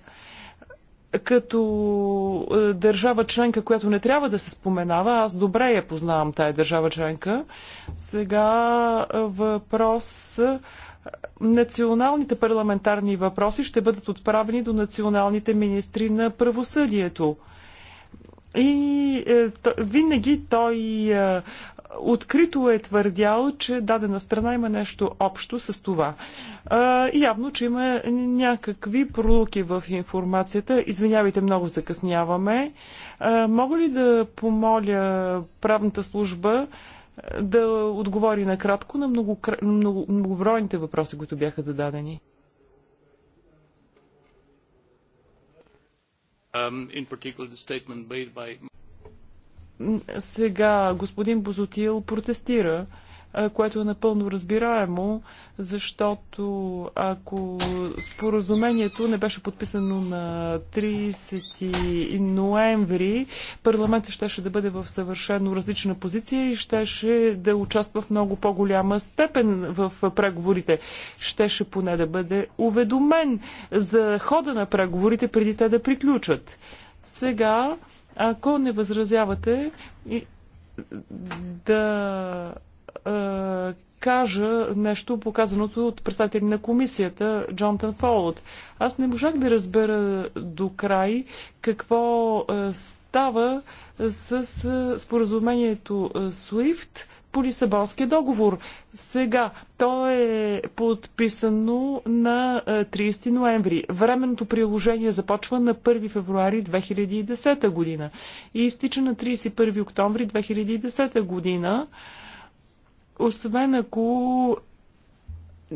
Speaker 2: като държава членка, която не трябва да се споменава. Аз добре я познавам тая държава членка. Сега въпрос националните парламентарни въпроси ще бъдат отправени до националните министри на правосъдието. И е, то, винаги той е, открито е твърдял, че дадена страна има нещо общо с това. Е, явно, че има някакви пролуки в информацията. Извинявайте, много закъсняваме. Е, мога ли да помоля правната служба е, да отговори накратко на много, много, многобройните въпроси, които бяха зададени? in particular the statement made by... Сега господин Бозотил протестира което е напълно разбираемо, защото ако споразумението не беше подписано на 30 ноември, парламентът щеше да бъде в съвършено различна позиция и щеше да участва в много по-голяма степен в преговорите. Щеше поне да бъде уведомен за хода на преговорите преди те да приключат. Сега, ако не възразявате, да е, кажа нещо показаното от представители на комисията Джонтън Фолот. Аз не можах да разбера до край какво е, става с, е, споразумението е, SWIFT по Лисабонския договор. Сега то е подписано на 30 е, ноември. Временното приложение започва на 1 февруари 2010 година и изтича на 31 октомври 2010 година освен ако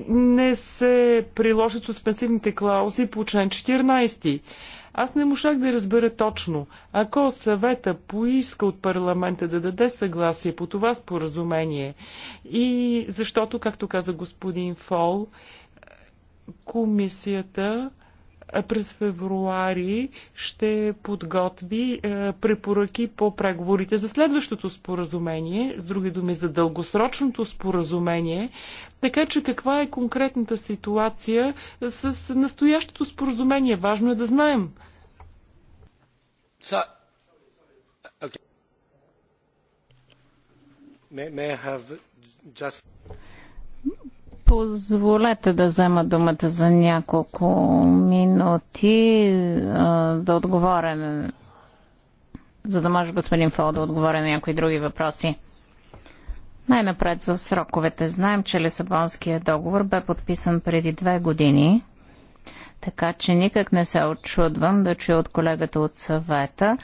Speaker 2: не се приложат суспенсивните клаузи по член 14. Аз не можах да разбера точно. Ако съвета поиска от парламента да даде съгласие по това споразумение и защото, както каза господин Фол, комисията през февруари ще подготви препоръки по преговорите за следващото споразумение, с други думи за дългосрочното споразумение. Така че каква е конкретната ситуация с настоящото споразумение? Важно е да знаем. So, okay. may, may I have just...
Speaker 1: Позволете да взема думата за няколко минути да отговоря, на. за да може господин Фол да отговоря на някои други въпроси. Най-напред за сроковете. Знаем, че Лисабонският договор бе подписан преди две години, така че никак не се очудвам да чуя от колегата от съвета,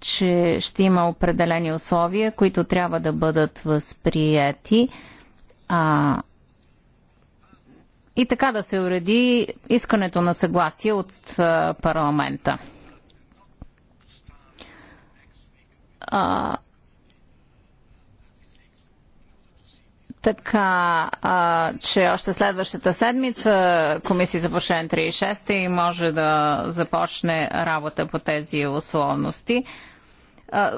Speaker 1: че ще има определени условия, които трябва да бъдат възприяти, а и така да се уреди искането на съгласие от парламента. А, така, а, че още следващата седмица комисията по член 36 може да започне работа по тези условности.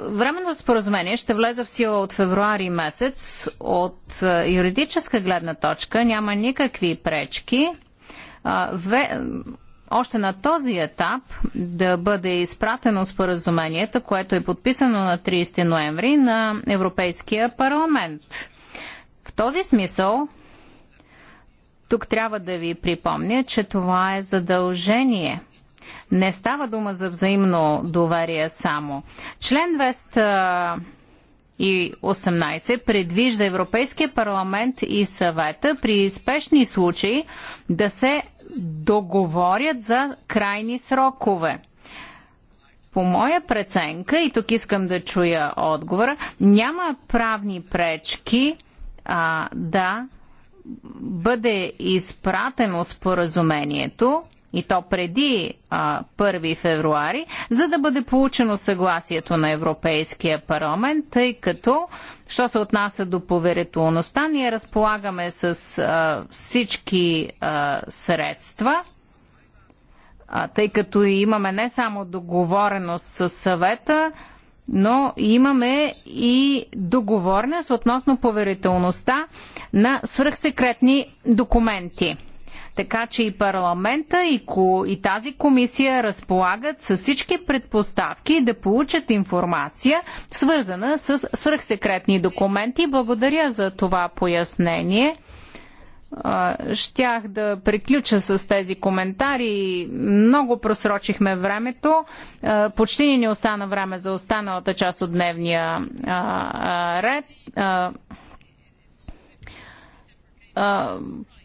Speaker 1: Временно споразумение ще влезе в сила от февруари месец. От юридическа гледна точка няма никакви пречки. Ве... Още на този етап да бъде изпратено споразумението, което е подписано на 30 ноември на Европейския парламент. В този смисъл, тук трябва да ви припомня, че това е задължение не става дума за взаимно доверие само. Член 200 и 18 предвижда Европейския парламент и съвета при спешни случаи да се договорят за крайни срокове. По моя преценка, и тук искам да чуя отговора, няма правни пречки а, да бъде изпратено споразумението и то преди а, 1 февруари, за да бъде получено съгласието на Европейския парламент, тъй като, що се отнася до поверителността, ние разполагаме с а, всички а, средства, а, тъй като имаме не само договореност с съвета, но имаме и договорност относно поверителността на свръхсекретни документи. Така че и парламента, и, ко, и тази комисия разполагат с всички предпоставки да получат информация, свързана с свръхсекретни документи. Благодаря за това пояснение. Щях да приключа с тези коментари. Много просрочихме времето. Почти ни не остана време за останалата част от дневния ред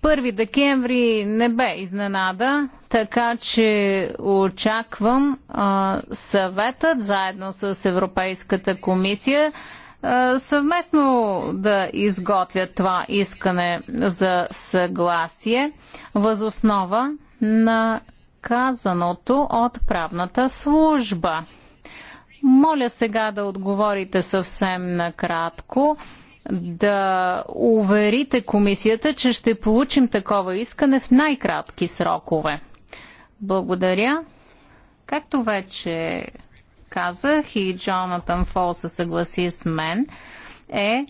Speaker 1: 1 декември не бе изненада, така че очаквам а, съветът заедно с Европейската комисия а, съвместно да изготвят това искане за съгласие възоснова на казаното от правната служба. Моля сега да отговорите съвсем накратко да уверите комисията, че ще получим такова искане в най-кратки срокове. Благодаря. Както вече казах и Джонатан Фол се съгласи с мен, е,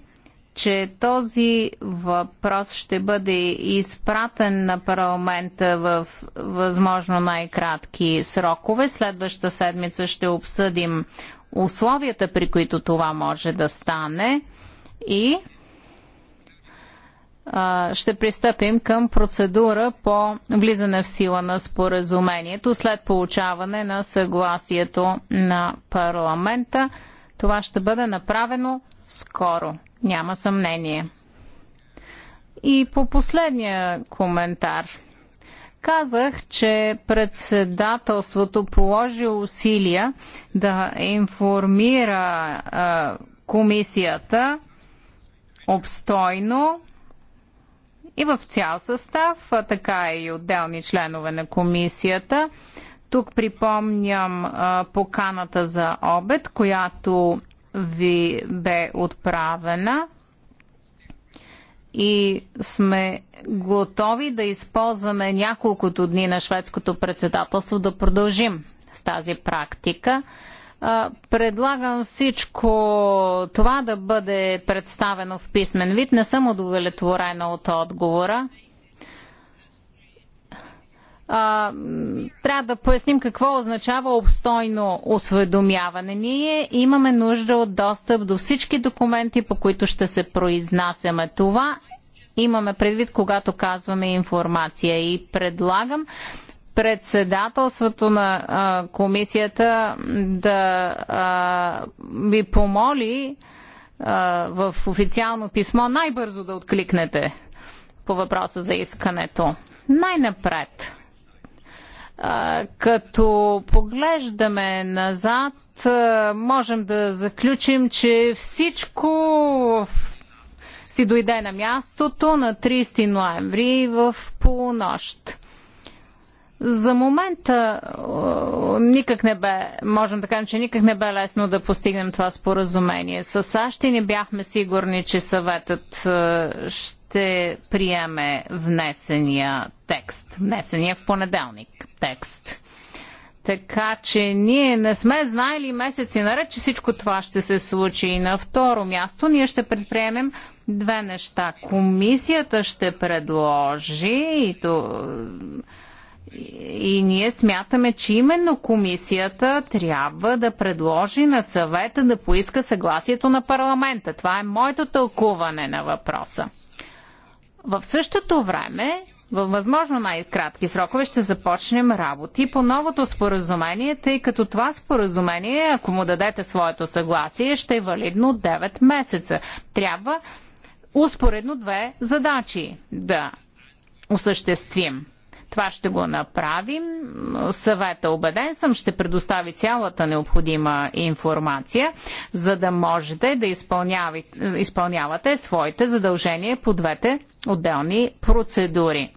Speaker 1: че този въпрос ще бъде изпратен на парламента в възможно най-кратки срокове. Следваща седмица ще обсъдим условията, при които това може да стане и ще пристъпим към процедура по влизане в сила на споразумението след получаване на съгласието на парламента. Това ще бъде направено скоро, няма съмнение. И по последния коментар. Казах, че председателството положи усилия да информира комисията обстойно и в цял състав, а така и отделни членове на комисията. Тук припомням а, поканата за обед, която ви бе отправена и сме готови да използваме няколкото дни на шведското председателство да продължим с тази практика. Предлагам всичко това да бъде представено в писмен вид. Не съм удовлетворена от отговора. А, трябва да поясним какво означава обстойно осведомяване. Ние имаме нужда от достъп до всички документи, по които ще се произнасяме. Това имаме предвид, когато казваме информация. И предлагам председателството на а, комисията да а, ми помоли а, в официално писмо най-бързо да откликнете по въпроса за искането. Най-напред, като поглеждаме назад, можем да заключим, че всичко си дойде на мястото на 30 ноември в полунощ. За момента никак не бе, можем да кажем, че никак не бе лесно да постигнем това споразумение. С САЩ и не бяхме сигурни, че съветът ще приеме внесения текст, внесения в понеделник текст. Така че ние не сме знаели месеци наред, че всичко това ще се случи. И на второ място ние ще предприемем две неща. Комисията ще предложи и то и ние смятаме, че именно комисията трябва да предложи на съвета да поиска съгласието на парламента. Това е моето тълкуване на въпроса. В същото време, във възможно най-кратки срокове ще започнем работи по новото споразумение, тъй като това споразумение, ако му дадете своето съгласие, ще е валидно 9 месеца. Трябва успоредно две задачи да осъществим. Това ще го направим. Съвета, убеден съм, ще предостави цялата необходима информация, за да можете да изпълнявате своите задължения по двете отделни процедури.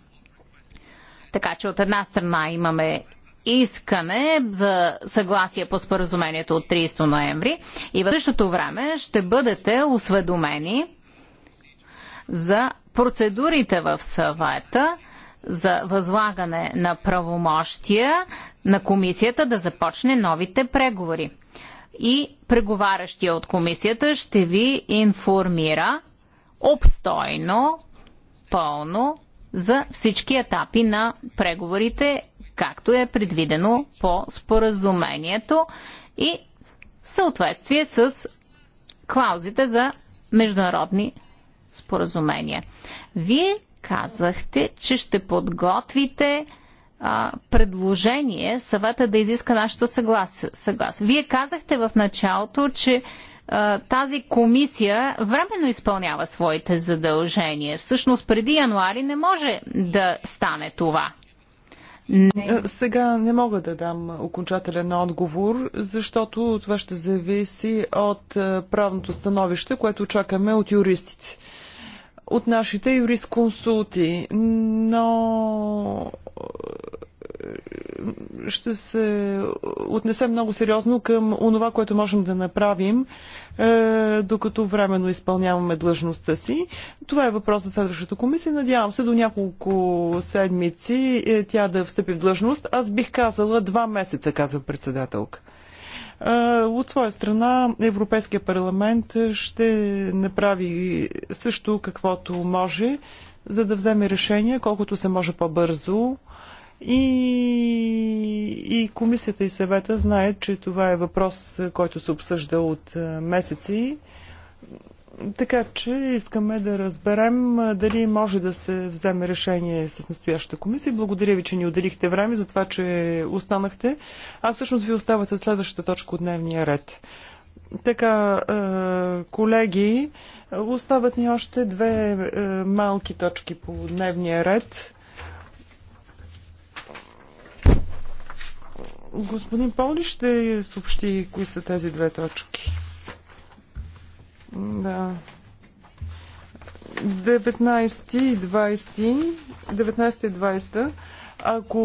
Speaker 1: Така че от една страна имаме искане за съгласие по споразумението от 30 ноември и в същото време ще бъдете осведомени за процедурите в съвета – за възлагане на правомощия на комисията да започне новите преговори. И преговарящия от комисията ще ви информира обстойно, пълно за всички етапи на преговорите, както е предвидено по споразумението и в съответствие с клаузите за международни споразумения. Вие казахте, че ще подготвите а, предложение съвета да изиска нашето съгласие. Съглас. Вие казахте в началото, че а, тази комисия временно изпълнява своите задължения. Всъщност преди януари не може да стане това.
Speaker 2: Не. Е, сега не мога да дам окончателен отговор, защото това ще зависи от е, правното становище, което чакаме от юристите от нашите юрисконсулти, но е, ще се отнесем много сериозно към онова, което можем да направим, е, докато временно изпълняваме длъжността си. Това е въпрос за следващата комисия. Надявам се до няколко седмици е, тя да встъпи в длъжност. Аз бих казала два месеца, казва председателка. От своя страна Европейския парламент ще направи също каквото може, за да вземе решение колкото се може по-бързо. И, и комисията и съвета знаят, че това е въпрос, който се обсъжда от месеци. Така че искаме да разберем дали може да се вземе решение с настоящата комисия. Благодаря ви, че ни отделихте време за това, че останахте. А всъщност ви оставате следващата точка от дневния ред. Така, колеги, остават ни още две малки точки по дневния ред. Господин Поли ще съобщи кои са тези две точки. Да. 19 и 20. 19 и 20. Ако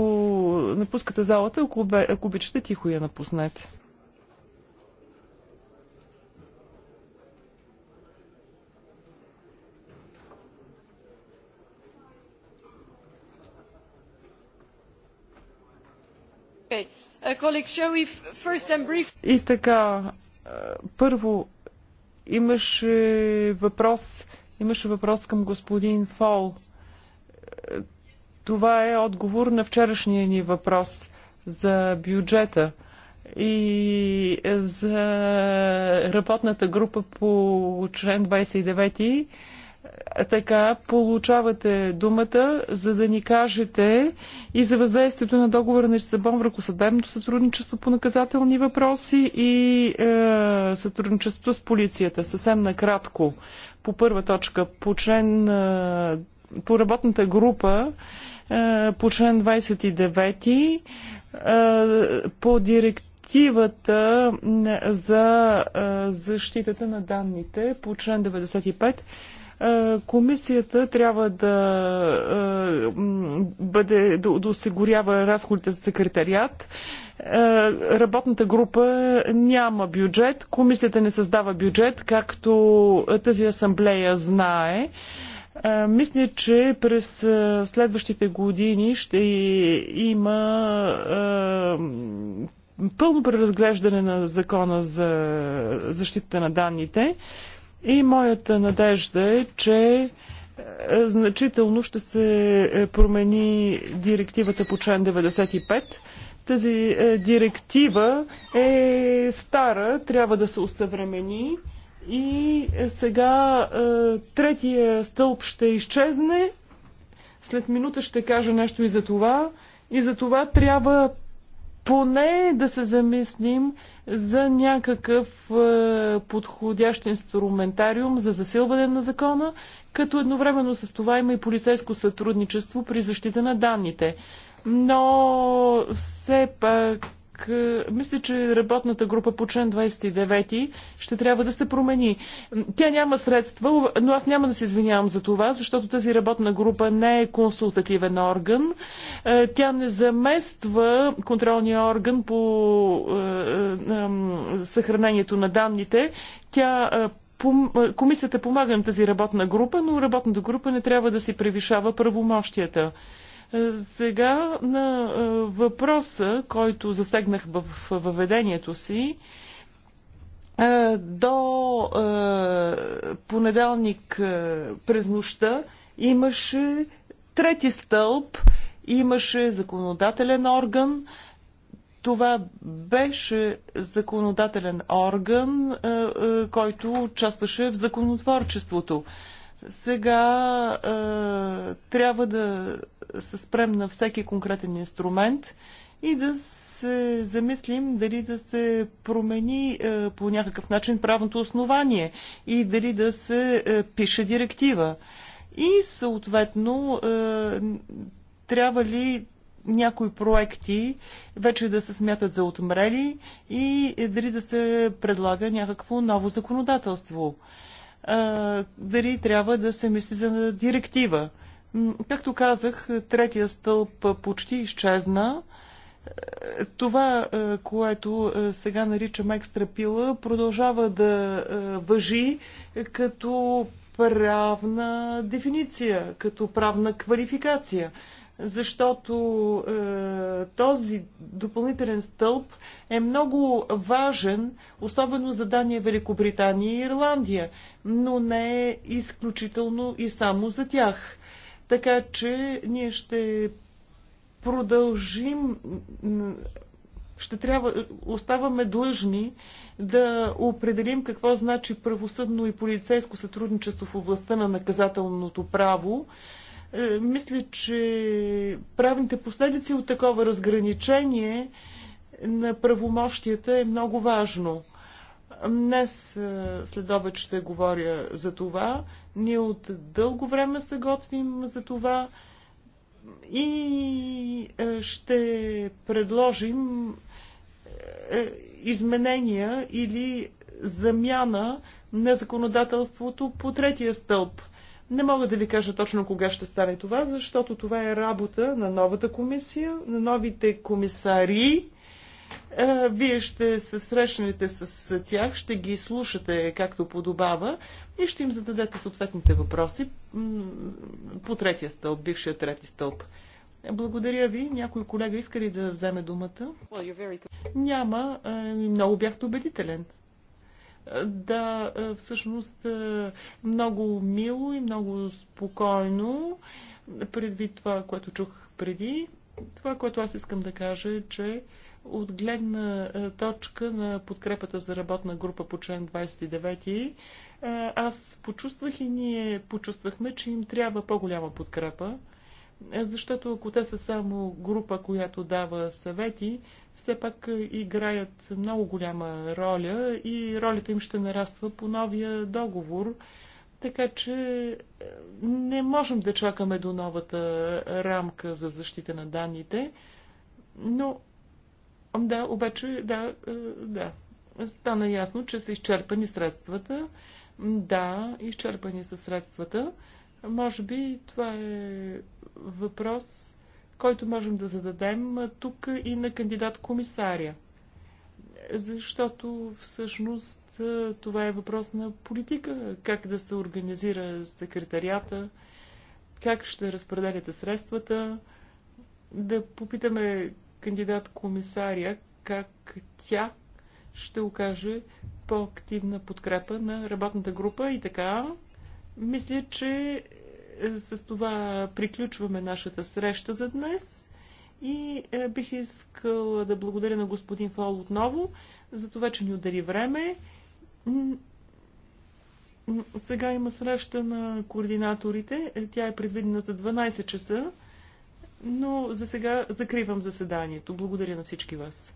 Speaker 2: напускате залата, ако, обе, ако обичате, тихо я напуснете. Uh, и така, първо Имаше въпрос, имаше въпрос към господин Фол. Това е отговор на вчерашния ни въпрос за бюджета и за работната група по член 29 така, получавате думата, за да ни кажете и за въздействието на договора на Лисабон върху съдебното сътрудничество по наказателни въпроси и е, сътрудничеството с полицията. Съвсем накратко, по първа точка, по член, е, по работната група, е, по член 29, е, по директивата за е, защитата на данните по член 95 е, комисията трябва да, е, бъде, да, да осигурява разходите за секретариат. Е, работната група няма бюджет. Комисията не създава бюджет, както тази асамблея знае. Мисля, че през следващите години ще има пълно преразглеждане на закона за защита на данните. И моята надежда е, че е, значително ще се е, промени директивата по член 95. Тази е, директива е стара, трябва да се усъвремени и сега третия стълб ще изчезне. След минута ще кажа нещо и за това. И за това трябва поне да се замислим за някакъв е, подходящ инструментариум за засилване на закона, като едновременно с това има и полицейско сътрудничество при защита на данните. Но все пак е, мисля, че работната група по член 29 ще трябва да се промени. Тя няма средства, но аз няма да се извинявам за това, защото тази работна група не е консултативен орган. Е, тя не замества контролния орган по е, съхранението на данните. Тя Комисията помага на тази работна група, но работната група не трябва да си превишава правомощията. Е, сега на е, въпроса, който засегнах в въведението си, е, до понеделник през нощта имаше трети стълб, имаше законодателен орган. Това беше законодателен орган, който участваше в законотворчеството. Сега трябва да се спрем на всеки конкретен инструмент и да се замислим дали да се промени е, по някакъв начин правното основание и дали да се е, пише директива. И съответно е, трябва ли някои проекти вече да се смятат за отмрели и дали да се предлага някакво ново законодателство. Дали трябва да се мисли за директива. Както казах, третия стълб почти изчезна. Е, това, е, което е, сега наричам екстрапила, продължава да въжи като правна дефиниция, като правна квалификация, защото е, този допълнителен стълб е много важен, особено за Дания, Великобритания и Ирландия, но не е изключително и само за тях. Така че ние ще продължим, ще трябва, оставаме длъжни да определим какво значи правосъдно и полицейско сътрудничество в областта на наказателното право. Е, мисля, че правните последици от такова разграничение на правомощията е много важно. Днес е, след обед ще говоря за това. Ние от дълго време се готвим за това и е, ще предложим е, изменения или замяна на законодателството по третия стълб. Не мога да ви кажа точно кога ще стане това, защото това е работа на новата комисия, на новите комисари е, вие ще се срещнете с тях, ще ги слушате както подобава и ще им зададете съответните въпроси по третия стълб, бившия трети стълб. Благодаря ви. Някой колега иска ли да вземе думата? Няма. Е, много бяхте убедителен. Е, да, всъщност много мило и много спокойно, предвид това, което чух преди. Това, което аз искам да кажа е, че от гледна е, точка на подкрепата за работна група по член 29, е, аз почувствах и ние почувствахме, че им трябва по-голяма подкрепа, е, защото ако те са само група, която дава съвети, все пак играят много голяма роля и ролята им ще нараства по новия договор. Така че не можем да чакаме до новата рамка за защита на данните, но да, обаче, да, е, да. Стана ясно, че са изчерпани средствата. Да, изчерпани са средствата. Може би това е въпрос, който можем да зададем тук и на кандидат комисаря. Защото всъщност е, това е въпрос на политика, как да се организира секретарията, как ще разпределяте средствата, да попитаме кандидат комисаря, как тя ще окаже по-активна подкрепа на работната група и така. Мисля, че е, с това приключваме нашата среща за днес и е, бих искала да благодаря на господин Фол отново за това, че ни удари време. Сега има среща на координаторите. Е, тя е предвидена за 12 часа. Но за сега закривам заседанието. Благодаря на всички вас.